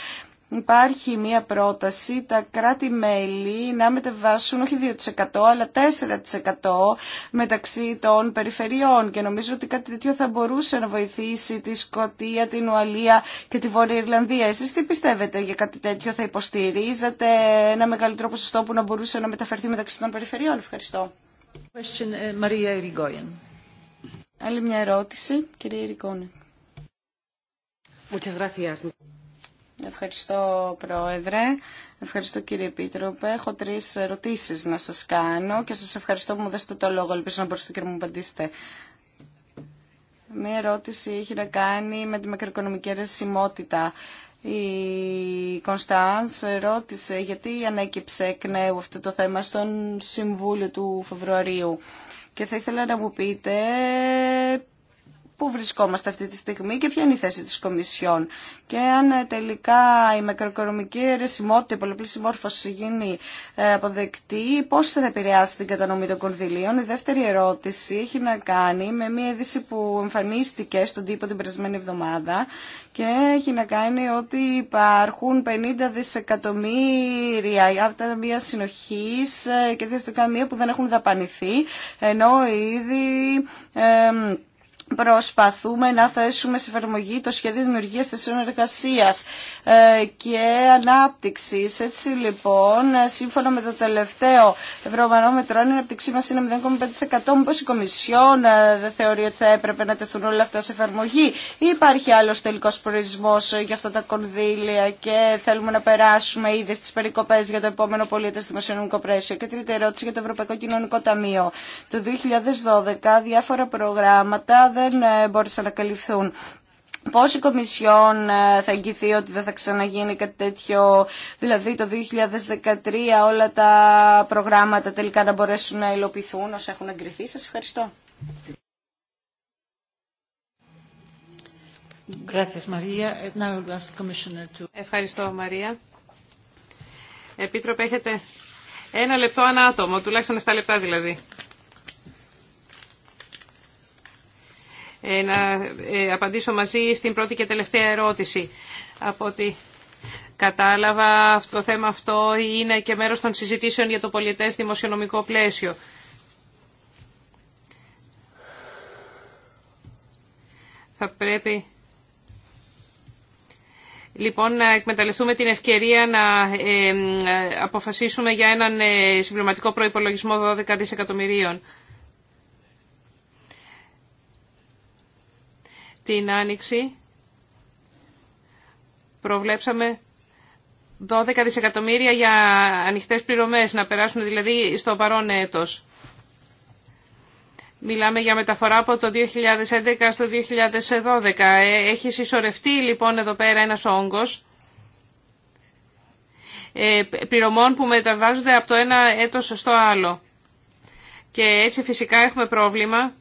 Υπάρχει μία πρόταση τα κράτη-μέλη να μετεβάσουν όχι 2% αλλά 4% μεταξύ των περιφερειών και νομίζω ότι κάτι τέτοιο θα μπορούσε να βοηθήσει τη Σκοτία, την Ουαλία και τη Βόρεια Ιρλανδία. Εσείς τι πιστεύετε για κάτι τέτοιο, θα υποστηρίζετε ένα μεγαλύτερο ποσοστό που να μπορούσε να μεταφερθεί μεταξύ των περιφερειών. Ευχαριστώ. Ε, Άλλη μια ερώτηση, κυρία Ερικόνη. Ευχαριστώ Πρόεδρε, ευχαριστώ κύριε Επίτροπε. Έχω τρεις ερωτήσεις να σας κάνω και σας ευχαριστώ που μου δώσετε το λόγο. Ελπίζω να μπορέσετε και να μου απαντήσετε. Μία ερώτηση έχει να κάνει με τη μακροοικονομική αιρεσιμότητα. Η Κωνσταντς ρώτησε γιατί ανέκυψε εκ νέου αυτό το θέμα στον Συμβούλιο του Φεβρουαρίου. Και θα ήθελα να μου πείτε πού βρισκόμαστε αυτή τη στιγμή και ποια είναι η θέση της Κομισιόν. Και αν ε, τελικά η μακροοικονομική αιρεσιμότητα, η πολλαπλή συμμόρφωση γίνει ε, αποδεκτή, πώς θα επηρεάσει την κατανομή των κονδυλίων. Η δεύτερη ερώτηση έχει να κάνει με μια είδηση που εμφανίστηκε στον τύπο την περασμένη εβδομάδα και έχει να κάνει ότι υπάρχουν 50 δισεκατομμύρια από τα μία συνοχή ε, και διευθυντικά μία που δεν έχουν δαπανηθεί, ενώ ήδη... Ε, προσπαθούμε να θέσουμε σε εφαρμογή το σχέδιο δημιουργία της εργασία ε, και ανάπτυξη. Έτσι λοιπόν, σύμφωνα με το τελευταίο ευρωμανόμετρο, αν η ανάπτυξή μα είναι 0,5%, μήπω η Κομισιόν ε, δεν θεωρεί ότι θα έπρεπε να τεθούν όλα αυτά σε εφαρμογή, ή υπάρχει άλλο τελικό προορισμό για αυτά τα κονδύλια και θέλουμε να περάσουμε ήδη στι περικοπέ για το επόμενο πολίτε δημοσιονομικό Και τρίτη ερώτηση για το Ευρωπαϊκό Κοινωνικό Ταμείο. Το 2012 διάφορα προγράμματα δεν ε, μπόρεσαν να καλυφθούν. Πώς η Κομισιόν ε, θα εγγυθεί ότι δεν θα ξαναγίνει κάτι τέτοιο, δηλαδή το 2013 όλα τα προγράμματα τελικά να μπορέσουν να υλοποιηθούν όσα έχουν εγκριθεί. Σας ευχαριστώ. Ευχαριστώ Μαρία. Επίτροπε έχετε ένα λεπτό ανά άτομο, τουλάχιστον 7 λεπτά δηλαδή. Ε, να ε, απαντήσω μαζί στην πρώτη και τελευταία ερώτηση. Από ότι κατάλαβα το θέμα αυτό είναι και μέρος των συζητήσεων για το πολιτές δημοσιονομικό πλαίσιο. Θα πρέπει λοιπόν να εκμεταλλευτούμε την ευκαιρία να ε, αποφασίσουμε για έναν συμπληρωματικό προϋπολογισμό 12 δισεκατομμυρίων. την Άνοιξη προβλέψαμε 12 δισεκατομμύρια για ανοιχτές πληρωμές, να περάσουν δηλαδή στο παρόν έτος. Μιλάμε για μεταφορά από το 2011 στο 2012. Ε, έχει συσσωρευτεί λοιπόν εδώ πέρα ένας όγκος ε, πληρωμών που μεταβάζονται από το ένα έτος στο άλλο. Και έτσι φυσικά έχουμε πρόβλημα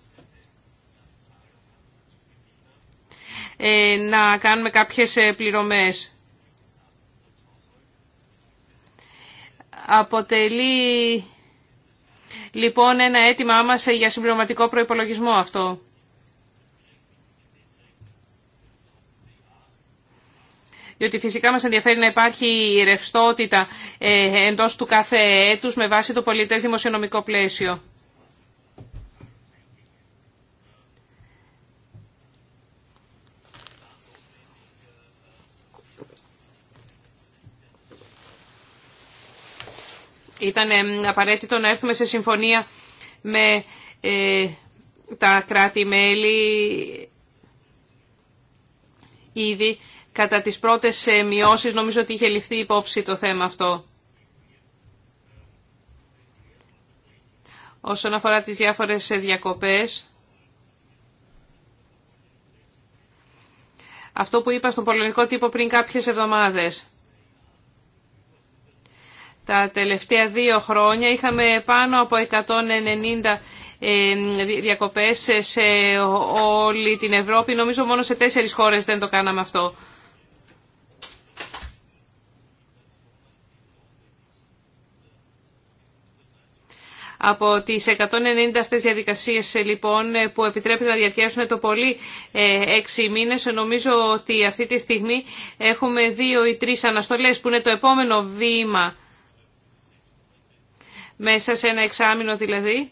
Ε, να κάνουμε κάποιες ε, πληρωμές. Αποτελεί λοιπόν ένα αίτημά μας για συμπληρωματικό προϋπολογισμό αυτό. διότι φυσικά μας ενδιαφέρει να υπάρχει ρευστότητα ε, εντός του κάθε έτους με βάση το πολιτές δημοσιονομικό πλαίσιο. Ήταν απαραίτητο να έρθουμε σε συμφωνία με ε, τα κράτη-μέλη ήδη κατά τις πρώτες ε, μειώσεις. Νομίζω ότι είχε ληφθεί υπόψη το θέμα αυτό. Όσον αφορά τις διάφορες ε, διακοπές, αυτό που είπα στον πολωνικό τύπο πριν κάποιες εβδομάδες. Τα τελευταία δύο χρόνια είχαμε πάνω από 190 ε, διακοπές σε όλη την Ευρώπη. Νομίζω μόνο σε τέσσερις χώρες δεν το κάναμε αυτό. Από τις 190 αυτές διαδικασίες λοιπόν που επιτρέπεται να διαρκέσουν το πολύ ε, έξι μήνες, νομίζω ότι αυτή τη στιγμή έχουμε δύο ή τρεις αναστολές που είναι το επόμενο βήμα μέσα σε ένα εξάμεινο δηλαδή.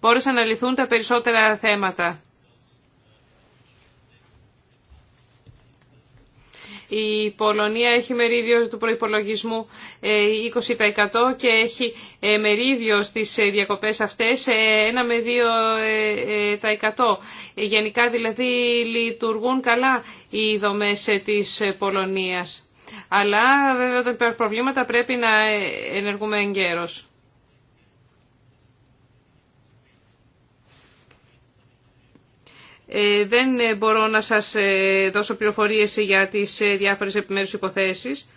Μπόρεσαν να λυθούν τα περισσότερα θέματα. Η Πολωνία έχει μερίδιο του προϋπολογισμού 20% ε, και έχει ε, μερίδιο στις ε, διακοπές αυτές 1 με 2%. Γενικά δηλαδή λειτουργούν καλά οι δομές της Πολωνίας. Αλλά βέβαια όταν υπάρχουν προβλήματα πρέπει να ενεργούμε εγκαίρως. Ε, δεν μπορώ να σας ε, δώσω πληροφορίες για τις ε, διάφορες επιμέρους υποθέσεις,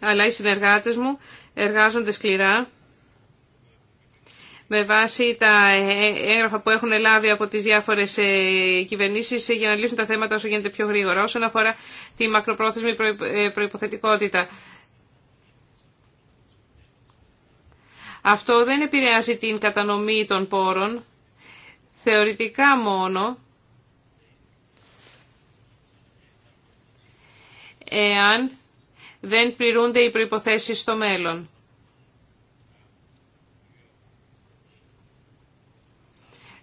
αλλά οι συνεργάτες μου εργάζονται σκληρά με βάση τα έγγραφα που έχουν λάβει από τις διάφορες ε, κυβερνήσεις για να λύσουν τα θέματα όσο γίνεται πιο γρήγορα. Όσον αφορά τη μακροπρόθεσμη ε, προϋποθετικότητα. Αυτό δεν επηρεάζει την κατανομή των πόρων, θεωρητικά μόνο, εάν δεν πληρούνται οι προϋποθέσεις στο μέλλον.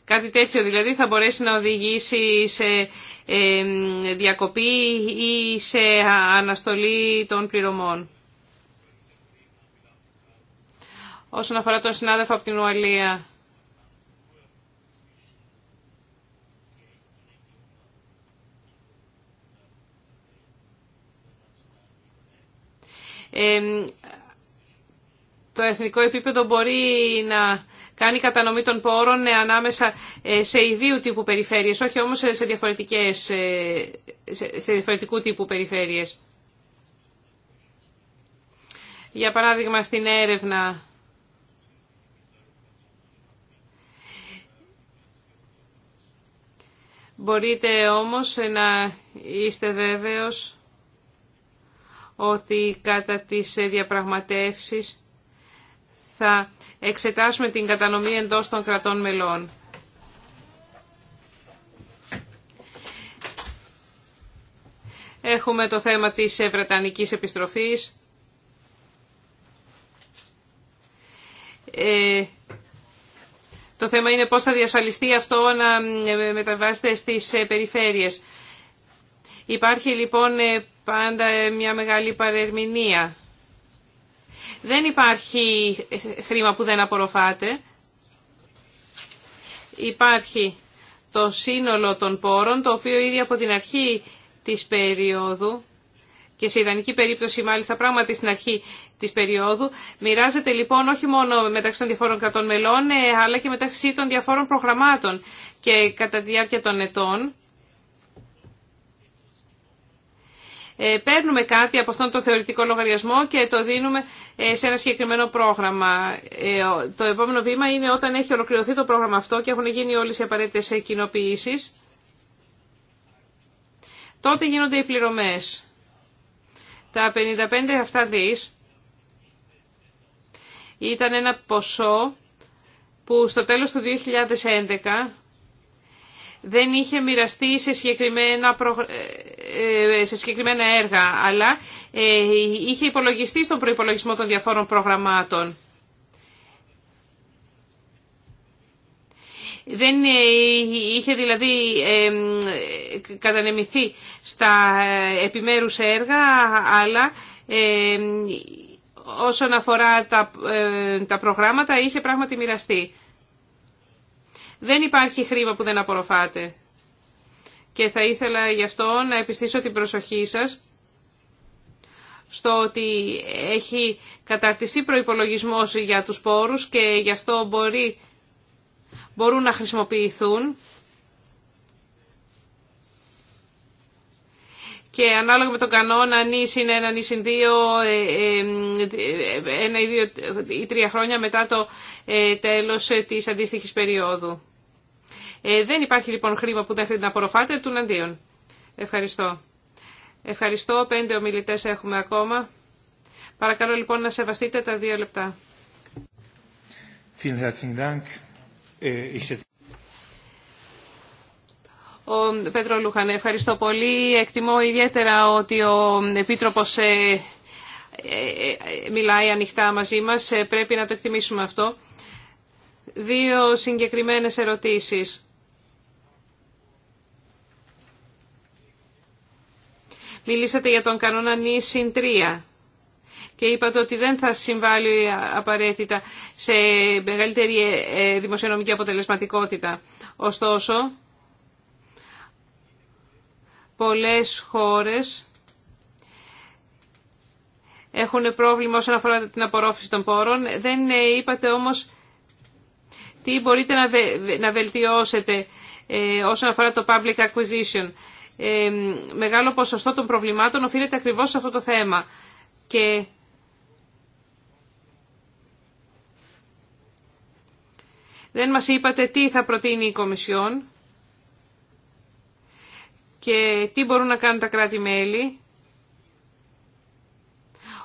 Κάτι τέτοιο δηλαδή θα μπορέσει να οδηγήσει σε διακοπή ή σε αναστολή των πληρωμών. Όσον αφορά τον συνάδελφο από την Ουαλία το εθνικό επίπεδο μπορεί να κάνει κατανομή των πόρων ε, ανάμεσα ε, σε ιδίου τύπου περιφέρειες, όχι όμως σε, διαφορετικές, ε, σε διαφορετικού τύπου περιφέρειες. Για παράδειγμα, στην έρευνα Μπορείτε όμως να είστε βέβαιος ότι κατά τις διαπραγματεύσεις θα εξετάσουμε την κατανομή εντός των κρατών μελών. Έχουμε το θέμα της Βρετανικής επιστροφής. Ε, το θέμα είναι πώς θα διασφαλιστεί αυτό να μεταβάσετε στις περιφέρειες. Υπάρχει λοιπόν ε, πάντα μια μεγάλη παρερμηνία. Δεν υπάρχει χρήμα που δεν απορροφάται. Υπάρχει το σύνολο των πόρων, το οποίο ήδη από την αρχή της περίοδου και σε ιδανική περίπτωση μάλιστα πράγματι στην αρχή της περίοδου. Μοιράζεται λοιπόν όχι μόνο μεταξύ των διαφόρων κρατών μελών, ε, αλλά και μεταξύ των διαφόρων προγραμμάτων. Και κατά τη διάρκεια των ετών Ε, παίρνουμε κάτι από αυτόν τον θεωρητικό λογαριασμό και το δίνουμε ε, σε ένα συγκεκριμένο πρόγραμμα. Ε, το επόμενο βήμα είναι όταν έχει ολοκληρωθεί το πρόγραμμα αυτό και έχουν γίνει όλες οι απαραίτητες κοινοποιήσεις, τότε γίνονται οι πληρωμές. Τα 55 αυτά δις ήταν ένα ποσό που στο τέλος του 2011 δεν είχε μοιραστεί σε συγκεκριμένα, ε, ε, έργα, αλλά ε, είχε υπολογιστεί στον προϋπολογισμό των διαφόρων προγραμμάτων. Δεν είχε δηλαδή κατανεμηθεί στα επιμέρους έργα, αλλά όσον αφορά τα, τα προγράμματα είχε πράγματι μοιραστεί. Δεν υπάρχει χρήμα που δεν απορροφάται. Και θα ήθελα γι' αυτό να επιστήσω την προσοχή σας στο ότι έχει καταρτιστεί προϋπολογισμός για τους πόρους και γι' αυτό μπορεί, μπορούν να χρησιμοποιηθούν. Και ανάλογα με τον κανόνα, νης είναι ένα, νης ε, ε, ε, ή δύο ή τρία χρόνια μετά το τέλος της αντίστοιχης περίοδου. Ε, δεν υπάρχει λοιπόν χρήμα που δεν να απορροφάτε του αντίον. Ευχαριστώ. Ευχαριστώ. Πέντε ομιλητές έχουμε ακόμα. Παρακαλώ λοιπόν να σεβαστείτε τα δύο λεπτά. Ε, ο Πέτρο Λούχαν, ευχαριστώ πολύ. Εκτιμώ ιδιαίτερα ότι ο Επίτροπος ε, μιλάει ανοιχτά μαζί μας. Πρέπει να το εκτιμήσουμε αυτό. Δύο συγκεκριμένες ερωτήσεις. Μιλήσατε για τον κανόνα νη συν και είπατε ότι δεν θα συμβάλλει απαραίτητα σε μεγαλύτερη ε, δημοσιονομική αποτελεσματικότητα. Ωστόσο, πολλές χώρες έχουν πρόβλημα όσον αφορά την απορρόφηση των πόρων. Δεν ε, είπατε όμως τι μπορείτε να βελτιώσετε ε, όσον αφορά το public acquisition μεγάλο ποσοστό των προβλημάτων οφείλεται ακριβώς σε αυτό το θέμα. Και δεν μας είπατε τι θα προτείνει η Κομισιόν και τι μπορούν να κάνουν τα κράτη-μέλη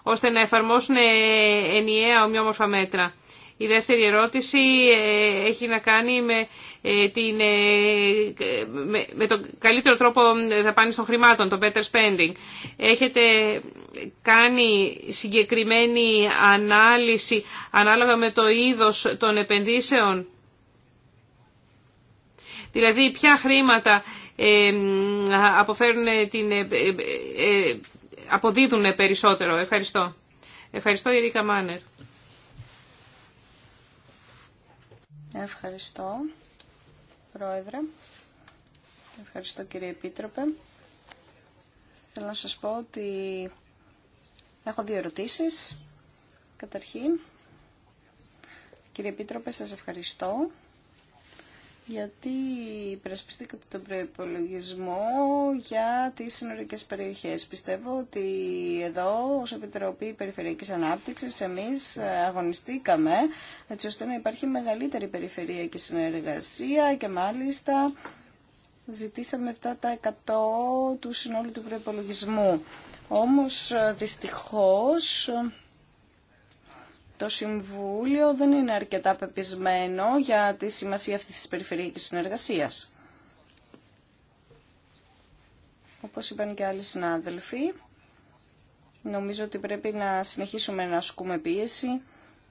ώστε να εφαρμόσουν ενιαία ομοιόμορφα μέτρα. Η δεύτερη ερώτηση ε, έχει να κάνει με, ε, την, ε, με, τον καλύτερο τρόπο δαπάνης των χρημάτων, το better spending. Έχετε κάνει συγκεκριμένη ανάλυση ανάλογα με το είδος των επενδύσεων. Δηλαδή, ποια χρήματα αποφέρουν την, αποδίδουν περισσότερο. Ευχαριστώ. Ευχαριστώ, Ερίκα Μάνερ. Ευχαριστώ, Πρόεδρε. Ευχαριστώ, κύριε Επίτροπε. Θέλω να σας πω ότι έχω δύο ερωτήσεις. Καταρχήν, κύριε Επίτροπε, σας ευχαριστώ γιατί υπερασπιστήκατε τον προπολογισμό για τις συνορικές περιοχές. Πιστεύω ότι εδώ ως Επιτροπή Περιφερειακής Ανάπτυξης εμείς αγωνιστήκαμε έτσι ώστε να υπάρχει μεγαλύτερη περιφερειακή συνεργασία και μάλιστα ζητήσαμε 7% του συνόλου του προπολογισμού. Όμως δυστυχώς το Συμβούλιο δεν είναι αρκετά πεπισμένο για τη σημασία αυτής της περιφερειακής συνεργασίας. Όπως είπαν και άλλοι συνάδελφοι, νομίζω ότι πρέπει να συνεχίσουμε να ασκούμε πίεση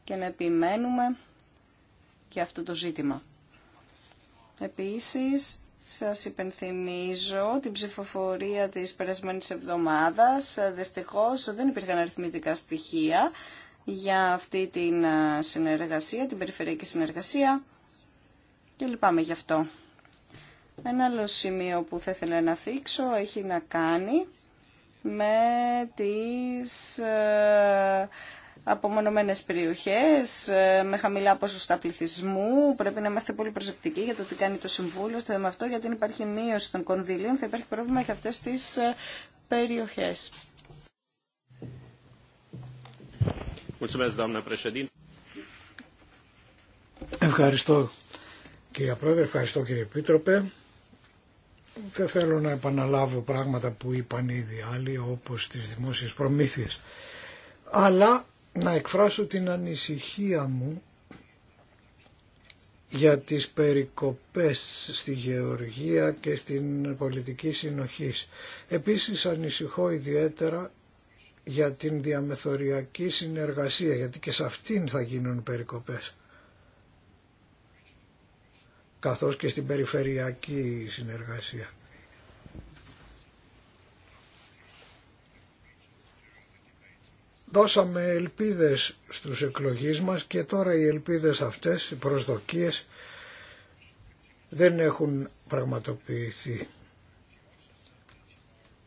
και να επιμένουμε για αυτό το ζήτημα. Επίσης, σας υπενθυμίζω την ψηφοφορία της περασμένης εβδομάδας. Δυστυχώς δεν υπήρχαν αριθμητικά στοιχεία για αυτή την ε, συνεργασία, την περιφερειακή συνεργασία και λυπάμαι γι' αυτό. Ένα άλλο σημείο που θα ήθελα να θίξω έχει να κάνει με τις ε, απομονωμένες περιοχές, ε, με χαμηλά ποσοστά πληθυσμού. Πρέπει να είμαστε πολύ προσεκτικοί για το τι κάνει το Συμβούλιο στο θέμα αυτό, γιατί αν υπάρχει μείωση των κονδυλίων θα υπάρχει πρόβλημα για αυτές τις περιοχές. Ευχαριστώ κύριε Πρόεδρε, ευχαριστώ κύριε Επίτροπε. Δεν θέλω να επαναλάβω πράγματα που είπαν ήδη άλλοι όπως τις δημόσιες προμήθειες. Αλλά να εκφράσω την ανησυχία μου για τις περικοπές στη γεωργία και στην πολιτική συνοχής. Επίσης ανησυχώ ιδιαίτερα για την διαμεθοριακή συνεργασία, γιατί και σε αυτήν θα γίνουν περικοπές. Καθώς και στην περιφερειακή συνεργασία. Δώσαμε ελπίδες στους εκλογείς μας και τώρα οι ελπίδες αυτές, οι προσδοκίες δεν έχουν πραγματοποιηθεί.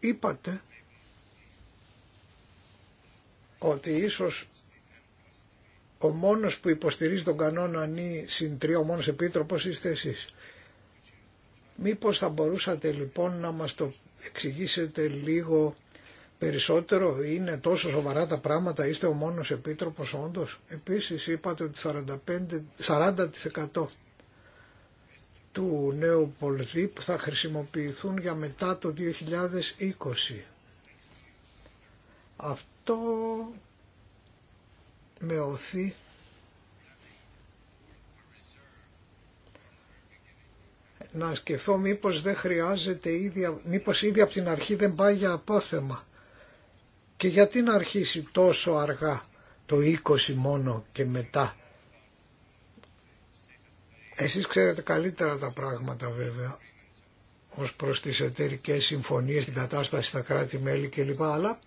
Είπατε ότι ίσως ο μόνος που υποστηρίζει τον κανόνα νη συν ο μόνος επίτροπος είστε εσείς. Μήπως θα μπορούσατε λοιπόν να μας το εξηγήσετε λίγο περισσότερο, είναι τόσο σοβαρά τα πράγματα, είστε ο μόνος επίτροπος όντως. Επίσης είπατε ότι 45, 40% του νέου πολιτή θα χρησιμοποιηθούν για μετά το 2020. Αυτό αυτό με οθεί να σκεφτώ μήπως δεν χρειάζεται ήδη, μήπως ήδη από την αρχή δεν πάει για απόθεμα. Και γιατί να αρχίσει τόσο αργά το 20 μόνο και μετά. Εσείς ξέρετε καλύτερα τα πράγματα βέβαια ως προς τις εταιρικές συμφωνίες, την κατάσταση στα κράτη-μέλη κλπ. Αλλά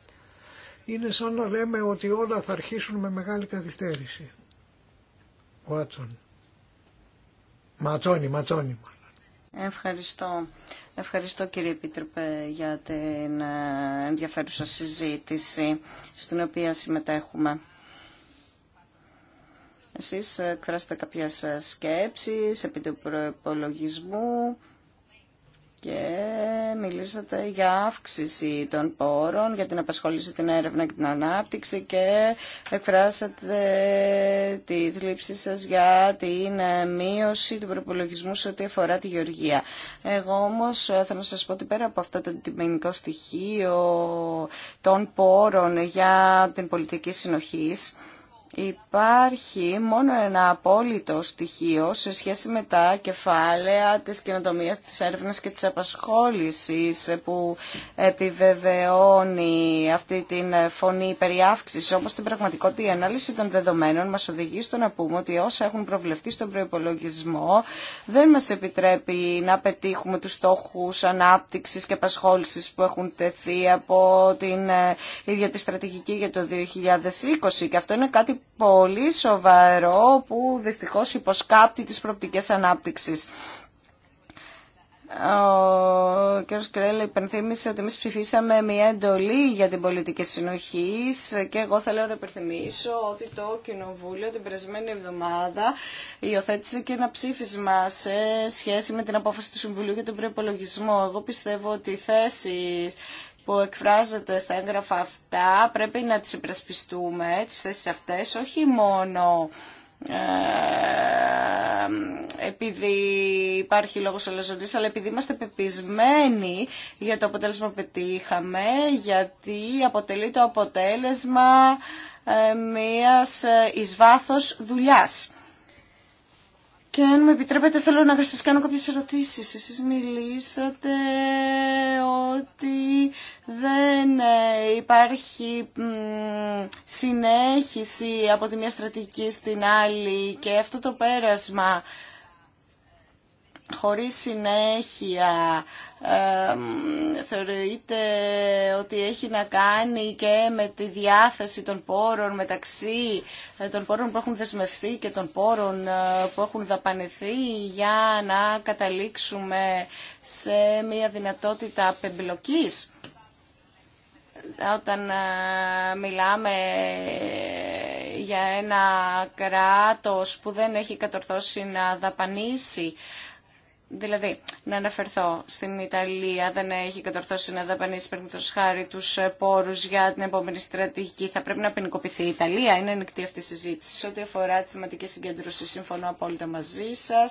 είναι σαν να λέμε ότι όλα θα αρχίσουν με μεγάλη καθυστέρηση. Βάτσον. Ματσόνι, ματσόνι Ευχαριστώ. Ευχαριστώ κύριε Επίτροπε για την ε, ενδιαφέρουσα συζήτηση στην οποία συμμετέχουμε. Εσείς ε, εκφράσετε κάποιες ε, σκέψεις επί του προϋπολογισμού και μιλήσατε για αύξηση των πόρων, για την απασχόληση, την έρευνα και την ανάπτυξη και εκφράσατε τη θλίψη σας για την μείωση του προπολογισμού σε ό,τι αφορά τη γεωργία. Εγώ όμως θα να σας πω ότι πέρα από αυτό το αντιμενικό στοιχείο των πόρων για την πολιτική συνοχής, Υπάρχει μόνο ένα απόλυτο στοιχείο σε σχέση με τα κεφάλαια της καινοτομίας, της έρευνας και της απασχόλησης που επιβεβαιώνει αυτή την φωνή περί αύξηση Όμως στην πραγματικότητα η ανάλυση των δεδομένων μας οδηγεί στο να πούμε ότι όσα έχουν προβλεφθεί στον προϋπολογισμό δεν μας επιτρέπει να πετύχουμε τους στόχους ανάπτυξης και απασχόλησης που έχουν τεθεί από την ε, ίδια τη στρατηγική για το 2020 και αυτό είναι κάτι πολύ σοβαρό που δυστυχώς υποσκάπτει τις προπτικές ανάπτυξης. Ο κ. Κρέλ υπενθύμησε ότι εμεί ψηφίσαμε μια εντολή για την πολιτική συνοχή και εγώ θέλω να υπενθυμίσω ότι το Κοινοβούλιο την περασμένη εβδομάδα υιοθέτησε και ένα ψήφισμα σε σχέση με την απόφαση του Συμβουλίου για τον προπολογισμό. Εγώ πιστεύω ότι η θέση που εκφράζεται στα έγγραφα αυτά πρέπει να τις υπερασπιστούμε, τις θέσεις αυτές, όχι μόνο ε, επειδή υπάρχει λόγος ολοζωντής, αλλά επειδή είμαστε πεπισμένοι για το αποτέλεσμα που πετύχαμε, γιατί αποτελεί το αποτέλεσμα ε, μιας ε, εις βάθος δουλειάς. Και αν με επιτρέπετε θέλω να σας κάνω κάποιες ερωτήσεις. Εσείς μιλήσατε ότι δεν ε, υπάρχει συνέχιση από τη μία στρατηγική στην άλλη και αυτό το πέρασμα χωρίς συνέχεια ε, θεωρείται ότι έχει να κάνει και με τη διάθεση των πόρων μεταξύ ε, των πόρων που έχουν δεσμευθεί και των πόρων ε, που έχουν δαπανηθεί για να καταλήξουμε σε μια δυνατότητα απεμπλοκής όταν ε, μιλάμε για ένα κράτος που δεν έχει κατορθώσει να δαπανίσει Δηλαδή, να αναφερθώ στην Ιταλία, δεν έχει κατορθώσει να δαπανίσει παραδείγματο χάρη του ε, πόρου για την επόμενη στρατηγική. Θα πρέπει να ποινικοποιηθεί η Ιταλία. Είναι ανοιχτή αυτή η συζήτηση. Σε ό,τι αφορά τη θεματική συγκέντρωση, συμφωνώ απόλυτα μαζί σα.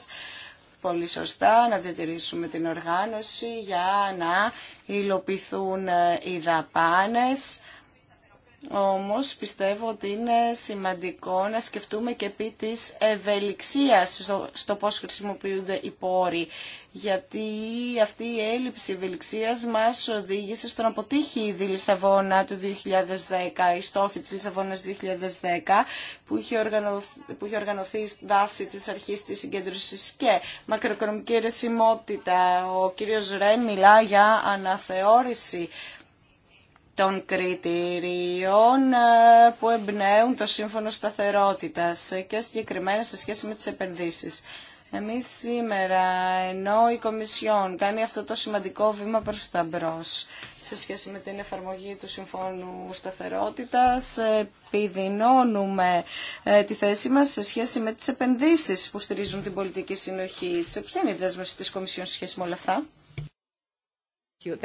Πολύ σωστά να διατηρήσουμε την οργάνωση για να υλοποιηθούν ε, οι δαπάνες όμως πιστεύω ότι είναι σημαντικό να σκεφτούμε και επί της ευελιξίας στο, στο πώς χρησιμοποιούνται οι πόροι. Γιατί αυτή η έλλειψη ευελιξίας μας οδήγησε στον αποτύχει η Λισαβόνα του 2010, η στόχη της Λισαβόνας 2010 που είχε, οργανωθεί, που είχε οργανωθεί βάση της αρχής της συγκέντρωσης και μακροοικονομική ρεσιμότητα. Ο κύριος Ρέ μιλά για αναθεώρηση των κριτηρίων ε, που εμπνέουν το Σύμφωνο Σταθερότητας ε, και συγκεκριμένα σε σχέση με τις επενδύσεις. Εμείς σήμερα, ενώ η Κομισιόν κάνει αυτό το σημαντικό βήμα προς τα μπρος σε σχέση με την εφαρμογή του Συμφώνου Σταθερότητας, επιδεινώνουμε ε, τη θέση μας σε σχέση με τις επενδύσεις που στηρίζουν την πολιτική συνοχή. Σε ποια είναι η δέσμευση της Κομισιόν σε σχέση με όλα αυτά? Ο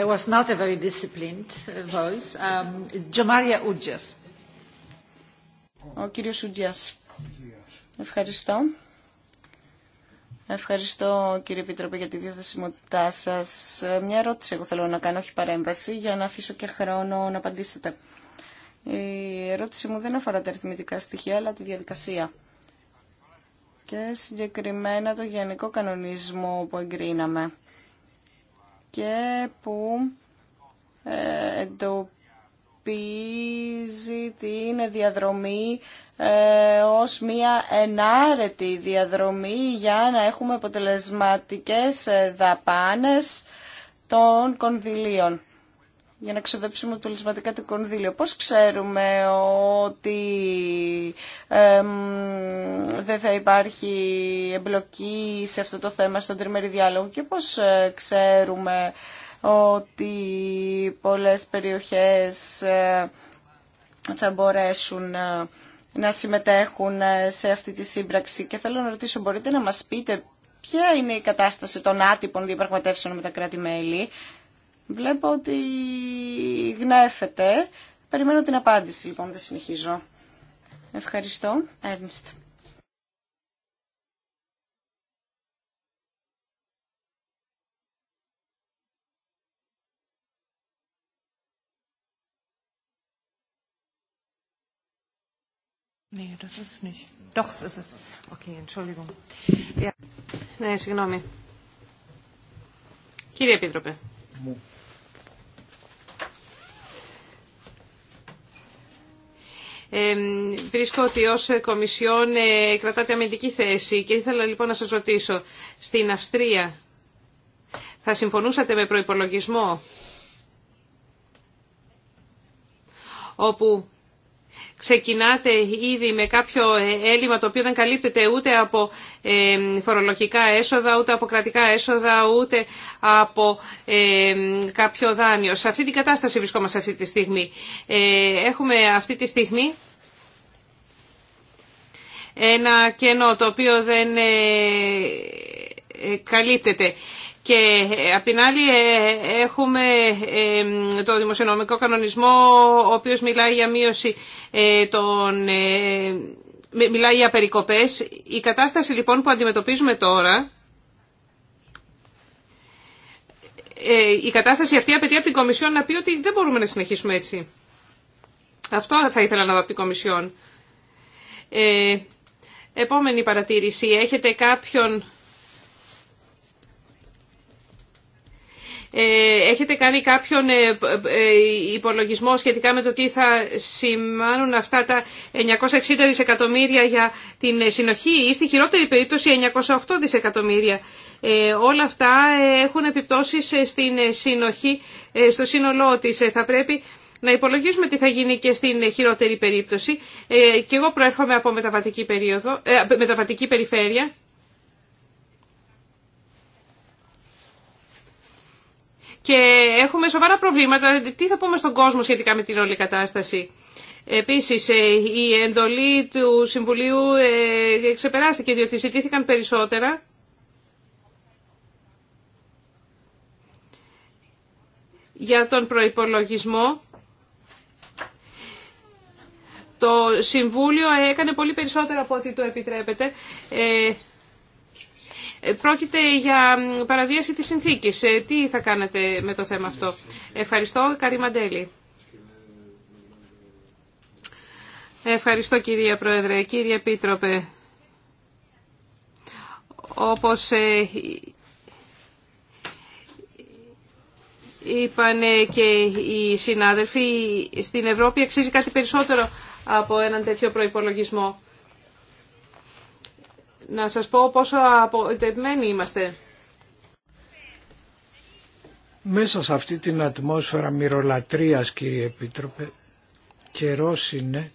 κύριος Ουντιάς. Ευχαριστώ. Ευχαριστώ κύριε Επίτροπε για τη διαθεσιμότητά σας. Ε, μια ερώτηση εγώ θέλω να κάνω, όχι παρέμβαση, για να αφήσω και χρόνο να απαντήσετε. Η ερώτηση μου δεν αφορά τα αριθμητικά στοιχεία, αλλά τη διαδικασία. Και συγκεκριμένα το γενικό κανονισμό που εγκρίναμε και που ε, εντοπίζει την διαδρομή ε, ως μια ενάρετη διαδρομή για να έχουμε αποτελεσματικές ε, δαπάνες των κονδυλίων για να ξοδέψουμε πολιτισματικά το κονδύλιο. Πώς ξέρουμε ότι δεν θα υπάρχει εμπλοκή σε αυτό το θέμα στον τριμερή διάλογο και πώς ε, ξέρουμε ότι πολλές περιοχές ε, θα μπορέσουν ε, να συμμετέχουν σε αυτή τη σύμπραξη. Και θέλω να ρωτήσω, μπορείτε να μας πείτε ποια είναι η κατάσταση των άτυπων διαπραγματεύσεων με τα κράτη-μέλη Βλέπω ότι γνέφεται. Περιμένω την απάντηση, λοιπόν, δεν συνεχίζω. Ευχαριστώ. Ernst. Nee, das ist nicht. Doch, es ist es. Okay, Entschuldigung. Ja. Nein, Sie genommen. Kiri, Petrope. βρίσκω ότι ως Κομισιόν ε, κρατάτε αμυντική θέση και ήθελα λοιπόν να σας ρωτήσω, στην Αυστρία θα συμφωνούσατε με προϋπολογισμό όπου ξεκινάτε ήδη με κάποιο ε, έλλειμμα το οποίο δεν καλύπτεται ούτε από ε, φορολογικά έσοδα, ούτε από κρατικά έσοδα, ούτε από ε, κάποιο δάνειο. Σε αυτή την κατάσταση βρισκόμαστε αυτή τη στιγμή. Έχουμε αυτή τη στιγμή ένα κενό το οποίο δεν καλύπτεται. Και ε, απ' την άλλη ε, έχουμε ε, το δημοσιονομικό κανονισμό, ο οποίος μιλάει για μείωση των... Μιλάει για περικοπές. Η κατάσταση λοιπόν που αντιμετωπίζουμε τώρα, η κατάσταση αυτή απαιτεί από την Κομισιόν να πει ότι δεν μπορούμε να συνεχίσουμε έτσι. Αυτό θα ήθελα να δω από την Κομισιόν. επόμενη παρατήρηση. Έχετε κάποιον Ε, έχετε κάνει κάποιον ε, ε, υπολογισμό σχετικά με το τι θα σημάνουν αυτά τα 960 δισεκατομμύρια για την συνοχή ή στη χειρότερη περίπτωση 908 δισεκατομμύρια. όλα αυτά έχουν επιπτώσεις στην συνοχή, στο σύνολό της. θα πρέπει να υπολογίσουμε τι θα γίνει και στην χειρότερη περίπτωση. και εγώ προέρχομαι από μεταβατική, περίοδο, μεταβατική περιφέρεια. και έχουμε σοβαρά προβλήματα. Τι θα πούμε στον κόσμο σχετικά με την όλη κατάσταση. Επίσης, ε, η εντολή του Συμβουλίου ε, ξεπεράστηκε διότι ζητήθηκαν περισσότερα. για τον προϋπολογισμό. Το Συμβούλιο έκανε πολύ περισσότερα από ό,τι του επιτρέπεται. Ε, ε, πρόκειται για παραβίαση της συνθήκης. Ε, τι θα κάνετε με το θέμα αυτό. Ευχαριστώ, Καρή Μαντέλη. Ευχαριστώ, κυρία Πρόεδρε. Κύριε Επίτροπε, όπως ε, είπαν και οι συνάδελφοι, στην Ευρώπη αξίζει κάτι περισσότερο από έναν τέτοιο προϋπολογισμό να σας πω πόσο απογοητευμένοι είμαστε. Μέσα σε αυτή την ατμόσφαιρα μυρολατρείας κύριε Επίτροπε, καιρός είναι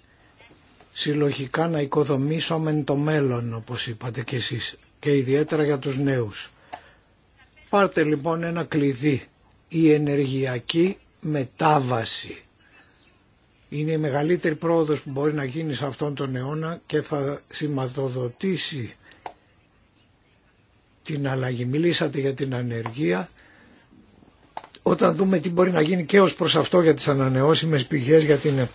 συλλογικά να οικοδομήσουμε το μέλλον όπως είπατε και εσείς και ιδιαίτερα για τους νέους. Πάρτε λοιπόν ένα κλειδί, η ενεργειακή μετάβαση. Είναι η μεγαλύτερη πρόοδος που μπορεί να γίνει σε αυτόν τον αιώνα και θα σηματοδοτήσει την αλλαγή. Μιλήσατε για την ανεργία. Όταν δούμε τι μπορεί να γίνει και ως προς αυτό για τις ανανεώσιμες πηγές, για την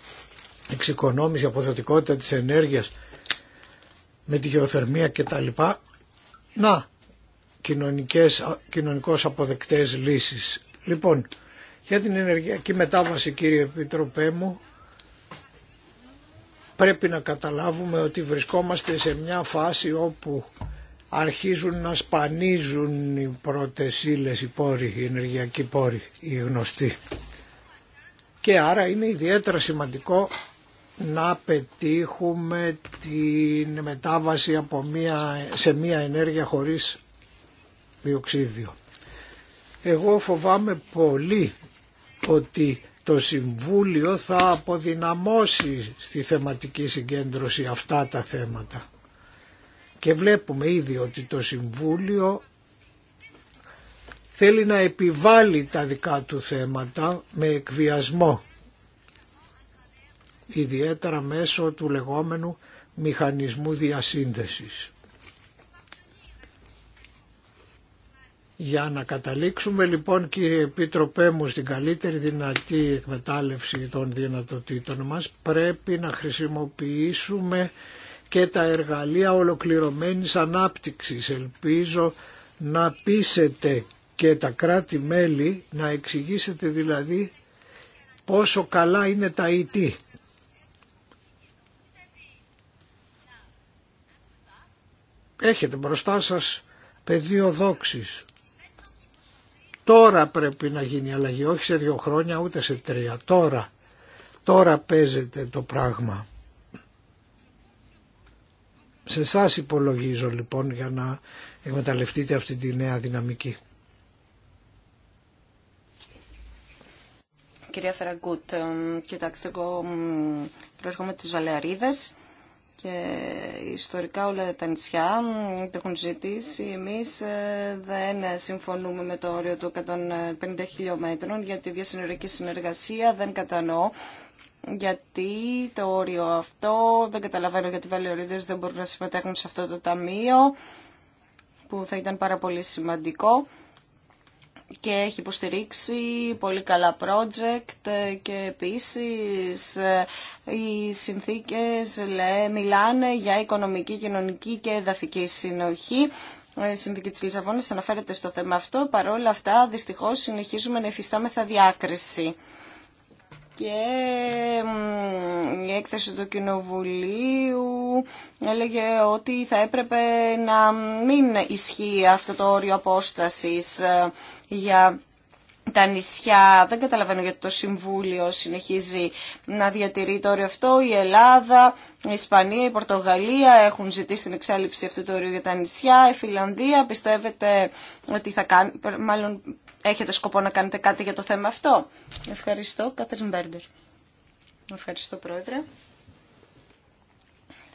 εξοικονόμηση, αποδοτικότητα της ενέργειας με τη γεωθερμία κτλ. Να, κοινωνικές, κοινωνικώς αποδεκτές λύσεις. Λοιπόν, για την ενεργειακή μετάβαση κύριε Επιτροπέ μου, πρέπει να καταλάβουμε ότι βρισκόμαστε σε μια φάση όπου αρχίζουν να σπανίζουν οι πρώτες ύλες, οι πόροι, οι ενεργειακοί πόροι, οι γνωστοί. Και άρα είναι ιδιαίτερα σημαντικό να πετύχουμε την μετάβαση από μία, σε μία ενέργεια χωρίς διοξίδιο. Εγώ φοβάμαι πολύ ότι το Συμβούλιο θα αποδυναμώσει στη θεματική συγκέντρωση αυτά τα θέματα. Και βλέπουμε ήδη ότι το Συμβούλιο θέλει να επιβάλλει τα δικά του θέματα με εκβιασμό, ιδιαίτερα μέσω του λεγόμενου μηχανισμού διασύνδεσης. Για να καταλήξουμε λοιπόν κύριε Επίτροπέ μου στην καλύτερη δυνατή εκμετάλλευση των δυνατοτήτων μας πρέπει να χρησιμοποιήσουμε και τα εργαλεία ολοκληρωμένης ανάπτυξης. Ελπίζω να πείσετε και τα κράτη-μέλη, να εξηγήσετε δηλαδή πόσο καλά είναι τα IT. Ε Έχετε μπροστά σας πεδίο δόξης. Τώρα πρέπει να γίνει αλλαγή, όχι σε δύο χρόνια ούτε σε τρία. Τώρα, τώρα παίζεται το πράγμα. Σε εσά υπολογίζω λοιπόν για να εκμεταλλευτείτε αυτή τη νέα δυναμική. Κυρία Φεραγκούτ, ε, κοιτάξτε, εγώ προέρχομαι τις Βαλεαρίδες και ιστορικά όλα τα νησιά το έχουν ζητήσει. Εμείς ε, δεν συμφωνούμε με το όριο του 150 χιλιόμετρων για τη διασυνορική συνεργασία δεν κατανοώ γιατί το όριο αυτό, δεν καταλαβαίνω γιατί οι Βελαιορίδες δεν μπορούν να συμμετέχουν σε αυτό το ταμείο, που θα ήταν πάρα πολύ σημαντικό και έχει υποστηρίξει πολύ καλά project ε, και επίσης ε, οι συνθήκες λέ, μιλάνε για οικονομική, κοινωνική και εδαφική συνοχή. Ε, η συνθήκη της Λισαβόνας αναφέρεται στο θέμα αυτό, παρόλα αυτά δυστυχώς συνεχίζουμε να υφιστάμεθα διάκριση και η έκθεση του Κοινοβουλίου έλεγε ότι θα έπρεπε να μην ισχύει αυτό το όριο απόστασης ε, για τα νησιά. Δεν καταλαβαίνω γιατί το Συμβούλιο συνεχίζει να διατηρεί το όριο αυτό. Η Ελλάδα, η Ισπανία, η Πορτογαλία έχουν ζητήσει την εξάλληψη αυτού του όριου για τα νησιά. Η Φιλανδία πιστεύετε ότι θα κάνει, μάλλον Έχετε σκοπό να κάνετε κάτι για το θέμα αυτό. Ευχαριστώ, Κάτριν Μπέρντερ. Ευχαριστώ, Πρόεδρε.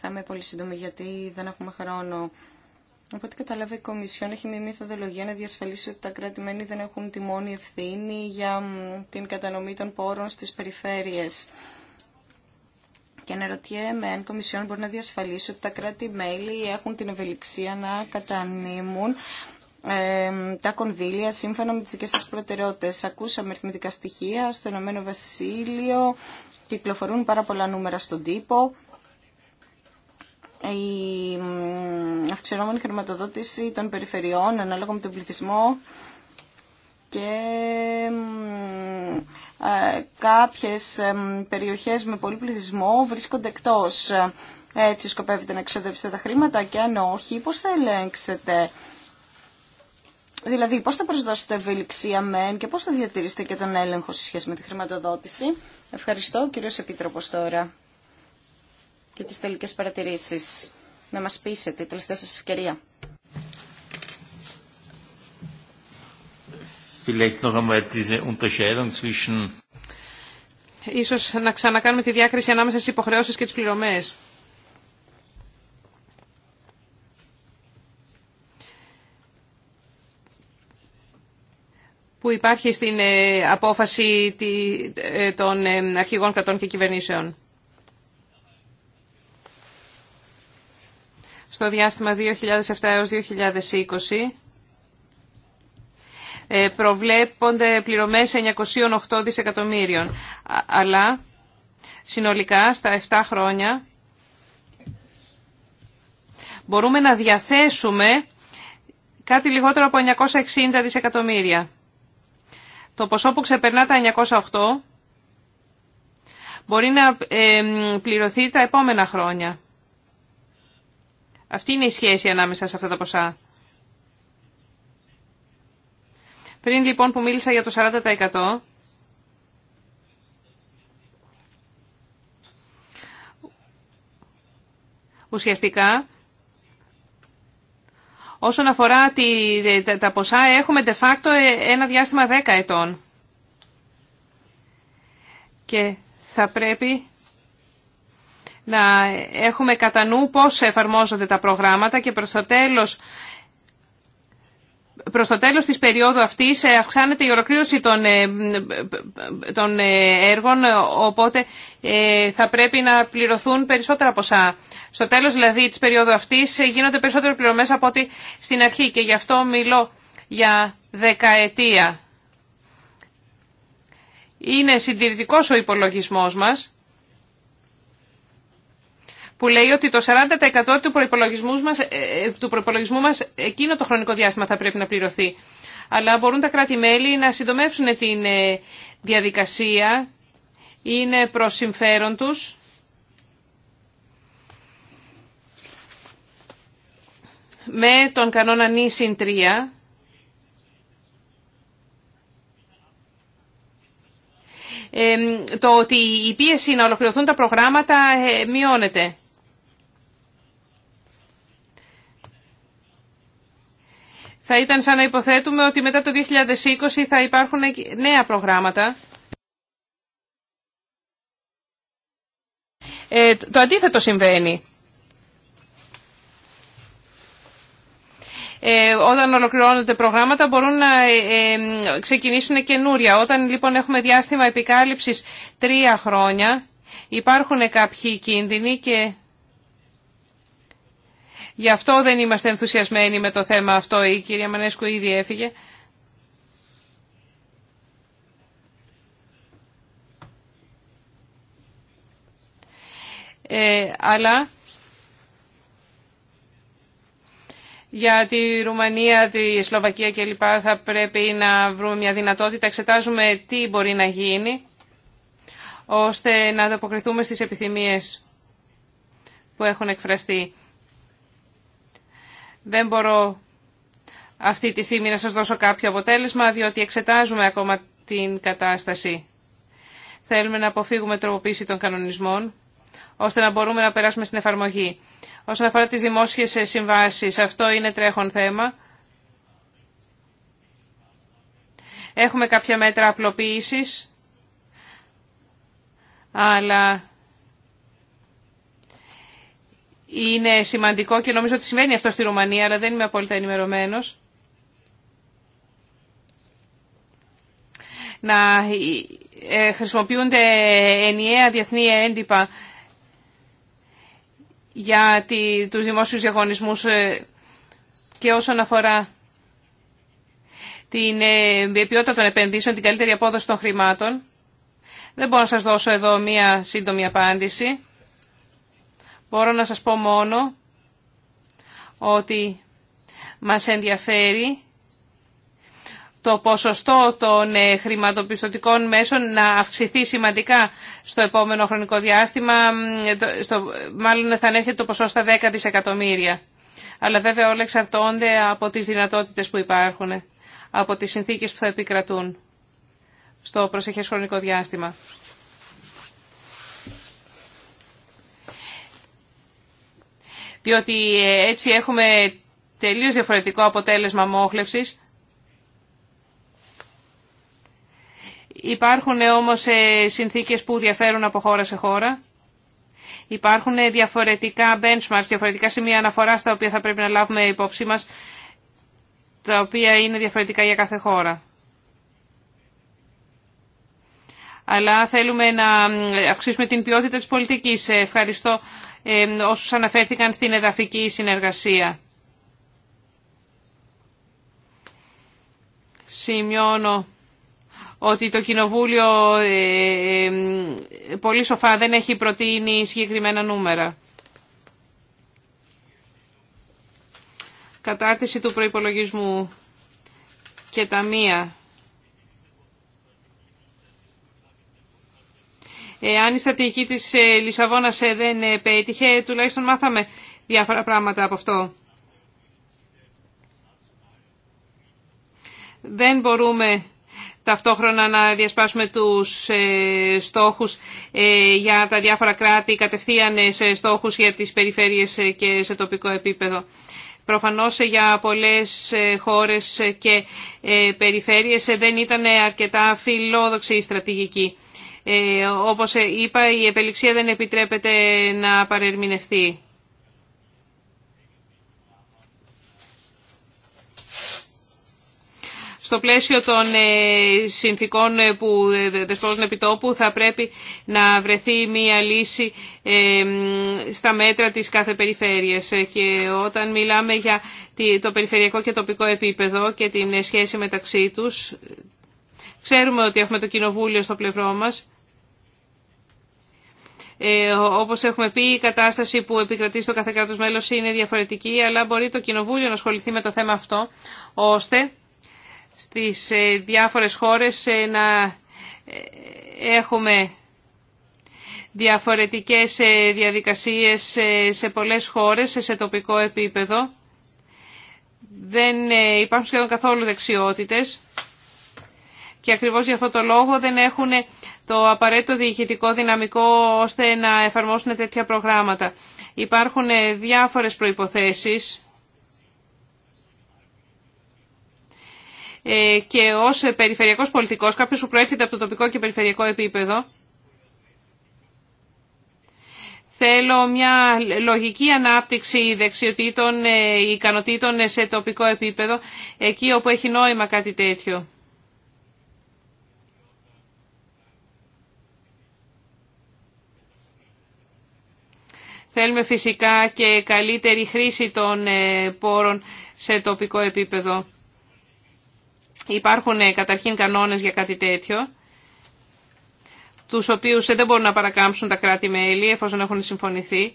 Θα είμαι πολύ σύντομη γιατί δεν έχουμε χρόνο. Οπότε καταλάβει η Κομισιόν έχει μια μυθοδολογία να διασφαλίσει ότι τα κρατη δεν έχουν τη μόνη ευθύνη για την κατανομή των πόρων στις περιφέρειες. Και αναρωτιέμαι αν η Κομισιόν μπορεί να διασφαλίσει ότι τα κράτη-μέλη έχουν την ευελιξία να κατανείμουν τα κονδύλια σύμφωνα με τις δικές σας προτεραιότητες. Ακούσαμε αριθμητικά στοιχεία στο Ηνωμένο Βασίλειο, κυκλοφορούν πάρα πολλά νούμερα στον τύπο. Η αυξανόμενη χρηματοδότηση των περιφερειών ανάλογα με τον πληθυσμό και ε, κάποιες περιοχές με πολύ πληθυσμό βρίσκονται εκτός. Έτσι σκοπεύετε να εξοδεύσετε τα χρήματα και αν όχι, πώς θα ελέγξετε Δηλαδή, πώς θα προσδώσετε ευελιξία μεν και πώς θα διατηρήσετε και τον έλεγχο σε σχέση με τη χρηματοδότηση. Ευχαριστώ, κύριο Επίτροπο τώρα και τις τελικές παρατηρήσεις. Να μας πείσετε, τελευταία σα ευκαιρία. Ίσως να ξανακάνουμε τη διάκριση ανάμεσα στις υποχρεώσεις και τις πληρωμές. που υπάρχει στην ε, απόφαση ε, των ε, αρχηγών κρατών και κυβερνήσεων. Στο διάστημα 2007 έως 2020 προβλέπονται πληρωμές 908 δισεκατομμύριων. Αλλά συνολικά στα 7 χρόνια μπορούμε να διαθέσουμε κάτι λιγότερο από 960 δισεκατομμύρια το ποσό που ξεπερνά τα 908 μπορεί να πληρωθεί τα επόμενα χρόνια. Αυτή είναι η σχέση ανάμεσα σε αυτά τα ποσά. Πριν λοιπόν που μίλησα για το 40% ουσιαστικά Όσον αφορά τα ποσά, έχουμε de facto ε, ένα διάστημα 10 ετών. Και θα πρέπει να έχουμε κατά νου πώς εφαρμόζονται τα προγράμματα και προς το τέλος προς το τέλος της περίοδου αυτής ε, αυξάνεται η ολοκλήρωση των, ε, των ε, έργων, οπότε θα πρέπει να πληρωθούν περισσότερα ποσά. Στο τέλος δηλαδή της περίοδου αυτής γίνονται περισσότερο πληρωμές από ό,τι στην αρχή και γι' αυτό μιλώ για δεκαετία. Είναι συντηρητικός ο υπολογισμός μας που λέει ότι το 40% του προπολογισμού μας, ε, ε, του προϋπολογισμού μας εκείνο το χρονικό διάστημα θα πρέπει να πληρωθεί. Αλλά μπορούν τα κράτη-μέλη να συντομεύσουν την ε, διαδικασία, είναι προς συμφέρον τους. Με τον κανόνα νη συν το ότι η πίεση να ολοκληρωθούν τα προγράμματα μειώνεται. θα ήταν σαν να υποθέτουμε ότι μετά το 2020 θα υπάρχουν νέα προγράμματα. Ε, το αντίθετο συμβαίνει. Ε, όταν ολοκληρώνονται προγράμματα μπορούν να ε, ε, ξεκινήσουν καινούρια. Όταν λοιπόν έχουμε διάστημα επικάλυψης τρία χρόνια υπάρχουν κάποιοι κίνδυνοι και Γι' αυτό δεν είμαστε ενθουσιασμένοι με το θέμα αυτό. Η κυρία Μανέσκου ήδη έφυγε. Ε, αλλά για τη Ρουμανία, τη Σλοβακία κλπ. θα πρέπει να βρούμε μια δυνατότητα. Εξετάζουμε τι μπορεί να γίνει ώστε να ανταποκριθούμε στις επιθυμίες που έχουν εκφραστεί. Δεν μπορώ αυτή τη στιγμή να σας δώσω κάποιο αποτέλεσμα, διότι εξετάζουμε ακόμα την κατάσταση. Θέλουμε να αποφύγουμε τροποποίηση των κανονισμών, ώστε να μπορούμε να περάσουμε στην εφαρμογή. Όσον αφορά τις δημόσιες συμβάσεις, αυτό είναι τρέχον θέμα. Έχουμε κάποια μέτρα απλοποίησης, αλλά είναι σημαντικό και νομίζω ότι σημαίνει αυτό στη Ρουμανία, αλλά δεν είμαι απόλυτα ενημερωμένο. Να ε, χρησιμοποιούνται ενιαία διεθνή έντυπα για τους δημόσιους διαγωνισμούς ε, και όσον αφορά την ε, ποιότητα των επενδύσεων, την καλύτερη απόδοση των χρημάτων. Δεν μπορώ να σας δώσω εδώ μία σύντομη απάντηση. Μπορώ να σας πω μόνο ότι μας ενδιαφέρει το ποσοστό των ε, χρηματοπιστωτικών μέσων να αυξηθεί σημαντικά στο επόμενο χρονικό διάστημα, ε, στο, μάλλον θα ανέρχεται το ποσό στα 10 δισεκατομμύρια. Αλλά βέβαια όλα εξαρτώνται από τις δυνατότητες που υπάρχουν, ε, από τις συνθήκες που θα επικρατούν στο προσεχές χρονικό διάστημα. διότι ε, έτσι έχουμε τελείως διαφορετικό αποτέλεσμα μόχλευσης. Υπάρχουν ε, όμως ε, συνθήκες που διαφέρουν από χώρα σε χώρα. Υπάρχουν διαφορετικά benchmarks, διαφορετικά σημεία αναφοράς τα οποία θα πρέπει να λάβουμε υπόψη μας, τα οποία είναι διαφορετικά για κάθε χώρα. Αλλά θέλουμε να αυξήσουμε την ποιότητα της πολιτικής. Ευχαριστώ όσους αναφέρθηκαν στην εδαφική συνεργασία. Σημειώνω ότι το Κοινοβούλιο ε, πολύ σοφά δεν έχει προτείνει συγκεκριμένα νούμερα. Κατάρτιση του προϋπολογισμού και ταμεία. Αν η στρατηγική της ε, Λισαβόνας ε, δεν ε, πέτυχε, τουλάχιστον μάθαμε διάφορα πράγματα από αυτό. Δεν μπορούμε ταυτόχρονα να διασπάσουμε τους στόχους για τα διάφορα κράτη κατευθείαν σε στόχους για τις περιφέρειες και σε τοπικό επίπεδο. Προφανώς για πολλές χώρες και περιφέρειες δεν ήταν αρκετά φιλόδοξη η στρατηγική. Ε, όπως ε, είπα, η επελιξία δεν επιτρέπεται να παρερμηνευτεί. στο πλαίσιο των ε, συνθήκων που δεσπόζουν επιτόπου θα πρέπει να βρεθεί μία λύση στα μέτρα της κάθε περιφέρειας. Και όταν μιλάμε για το περιφερειακό και τοπικό επίπεδο και την σχέση μεταξύ τους, ξέρουμε ότι έχουμε το Κοινοβούλιο στο πλευρό μας ε, όπως έχουμε πει η κατάσταση που επικρατεί στο κάθε κράτο μέλος είναι διαφορετική αλλά μπορεί το Κοινοβούλιο να ασχοληθεί με το θέμα αυτό ώστε στις ε, διάφορες χώρες ε, να έχουμε διαφορετικές διαδικασίες σε πολλές χώρες, σε τοπικό επίπεδο. Δεν υπάρχουν σχεδόν καθόλου δεξιότητες και ακριβώς για αυτό το λόγο δεν έχουν το απαραίτητο διοικητικό δυναμικό ώστε να εφαρμόσουν τέτοια προγράμματα. Υπάρχουν ε, διάφορες προϋποθέσεις ε, και ως ε, περιφερειακός πολιτικός, κάποιος που προέρχεται από το τοπικό και περιφερειακό επίπεδο, θέλω μια λογική ανάπτυξη δεξιοτήτων, ικανοτήτων σε τοπικό επίπεδο, εκεί όπου έχει νόημα κάτι τέτοιο. Θέλουμε φυσικά και καλύτερη χρήση των ε, πόρων σε τοπικό επίπεδο. Υπάρχουν ε, καταρχήν κανόνες για κάτι τέτοιο, τους οποίους ε, δεν μπορούν να παρακάμψουν τα κράτη-μέλη εφόσον έχουν συμφωνηθεί.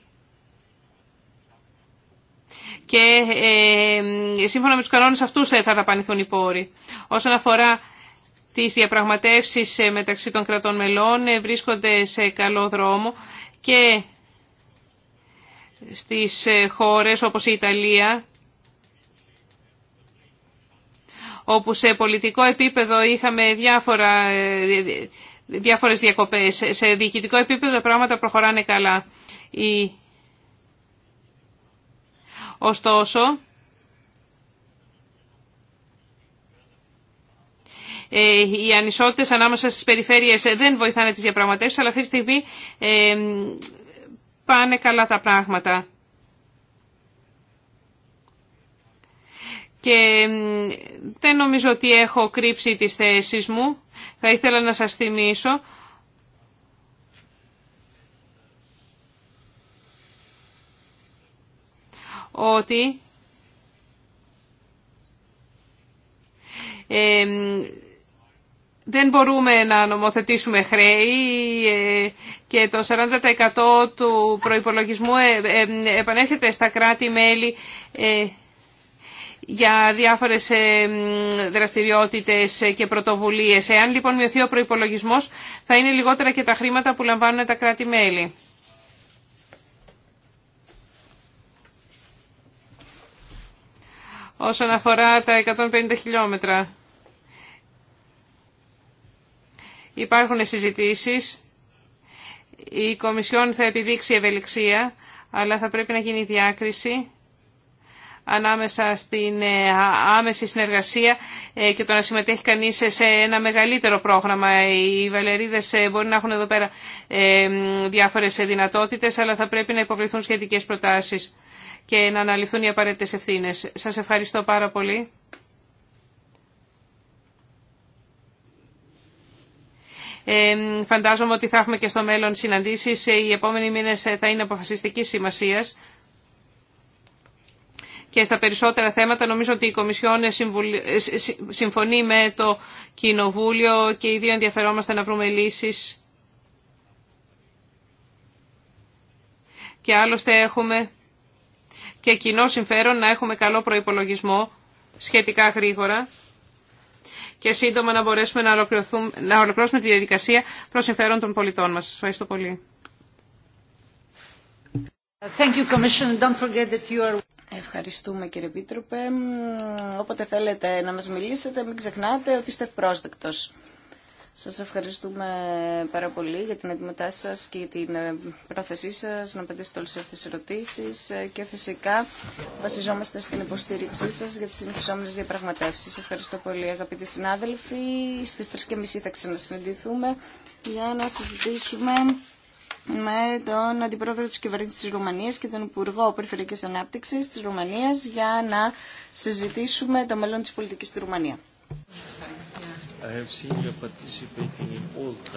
Και σύμφωνα με τους κανόνες αυτούς θα δαπανηθούν οι πόροι. Όσον αφορά τις διαπραγματεύσεις μεταξύ των κρατών μελών βρίσκονται σε καλό δρόμο και στις ε, χώρες όπως η Ιταλία, όπου σε πολιτικό επίπεδο είχαμε διάφορα, ε, διάφορες διακοπές. Σε διοικητικό επίπεδο τα πράγματα προχωράνε καλά. Η... Ωστόσο, ε, οι ανισότητες ανάμεσα στις περιφέρειες δεν βοηθάνε τις διαπραγματεύσεις, αλλά αυτή τη στιγμή πάνε καλά τα πράγματα. Και δεν νομίζω ότι έχω κρύψει τις θέσεις μου. Θα ήθελα να σας θυμίσω ότι ε, δεν μπορούμε να νομοθετήσουμε χρέη ε, και το 40% του προϋπολογισμού ε, ε, επανέρχεται στα κράτη-μέλη για διάφορες δραστηριότητες και πρωτοβουλίες. Εάν λοιπόν μειωθεί ο προϋπολογισμός θα είναι λιγότερα και τα χρήματα που λαμβάνουν τα κράτη-μέλη. Όσον αφορά τα 150 χιλιόμετρα. Υπάρχουν συζητήσεις. Η Κομισιόν θα επιδείξει ευελιξία, αλλά θα πρέπει να γίνει διάκριση ανάμεσα στην ε, άμεση συνεργασία ε, και το να συμμετέχει κανείς σε ένα μεγαλύτερο πρόγραμμα. Οι βαλερίδες ε, μπορεί να έχουν εδώ πέρα διάφορες δυνατότητες, αλλά θα πρέπει να υποβληθούν σχετικές προτάσεις και να αναλυθούν οι απαραίτητες ευθύνες. Σας ευχαριστώ πάρα πολύ. φαντάζομαι ότι θα έχουμε και στο μέλλον συναντήσεις. Ε, οι επόμενοι μήνες ε, θα είναι αποφασιστική σημασίας. Και στα περισσότερα θέματα νομίζω ότι η Κομισιόν ε, συμφωνεί με το Κοινοβούλιο και οι δύο ενδιαφερόμαστε να βρούμε λύσεις. Και άλλωστε έχουμε και κοινό συμφέρον να έχουμε καλό προϋπολογισμό σχετικά γρήγορα και σύντομα να μπορέσουμε να, να ολοκληρώσουμε τη διαδικασία προς συμφέρον των πολιτών μας. ευχαριστώ πολύ. Thank you, Don't forget that you are... Ευχαριστούμε κύριε Επίτροπε. Όποτε θέλετε να μας μιλήσετε, μην ξεχνάτε ότι είστε πρόσδεκτος. Σας ευχαριστούμε πάρα πολύ για την ετοιμότητά σας και την ε, πρόθεσή σας να απαντήσετε όλες αυτές τις ερωτήσεις ε, και φυσικά βασιζόμαστε στην υποστήριξή σας για τις συνεχιζόμενες διαπραγματεύσεις. Ευχαριστώ πολύ αγαπητοί συνάδελφοι. Στις 3.30 θα ξανασυναντηθούμε για να συζητήσουμε με τον Αντιπρόεδρο της Κυβέρνησης της Ρουμανίας και τον Υπουργό Περιφερειακής Ανάπτυξης της Ρουμανίας για να συζητήσουμε το μέλλον της πολιτικής στη Ρουμανία. I have seen you participating in all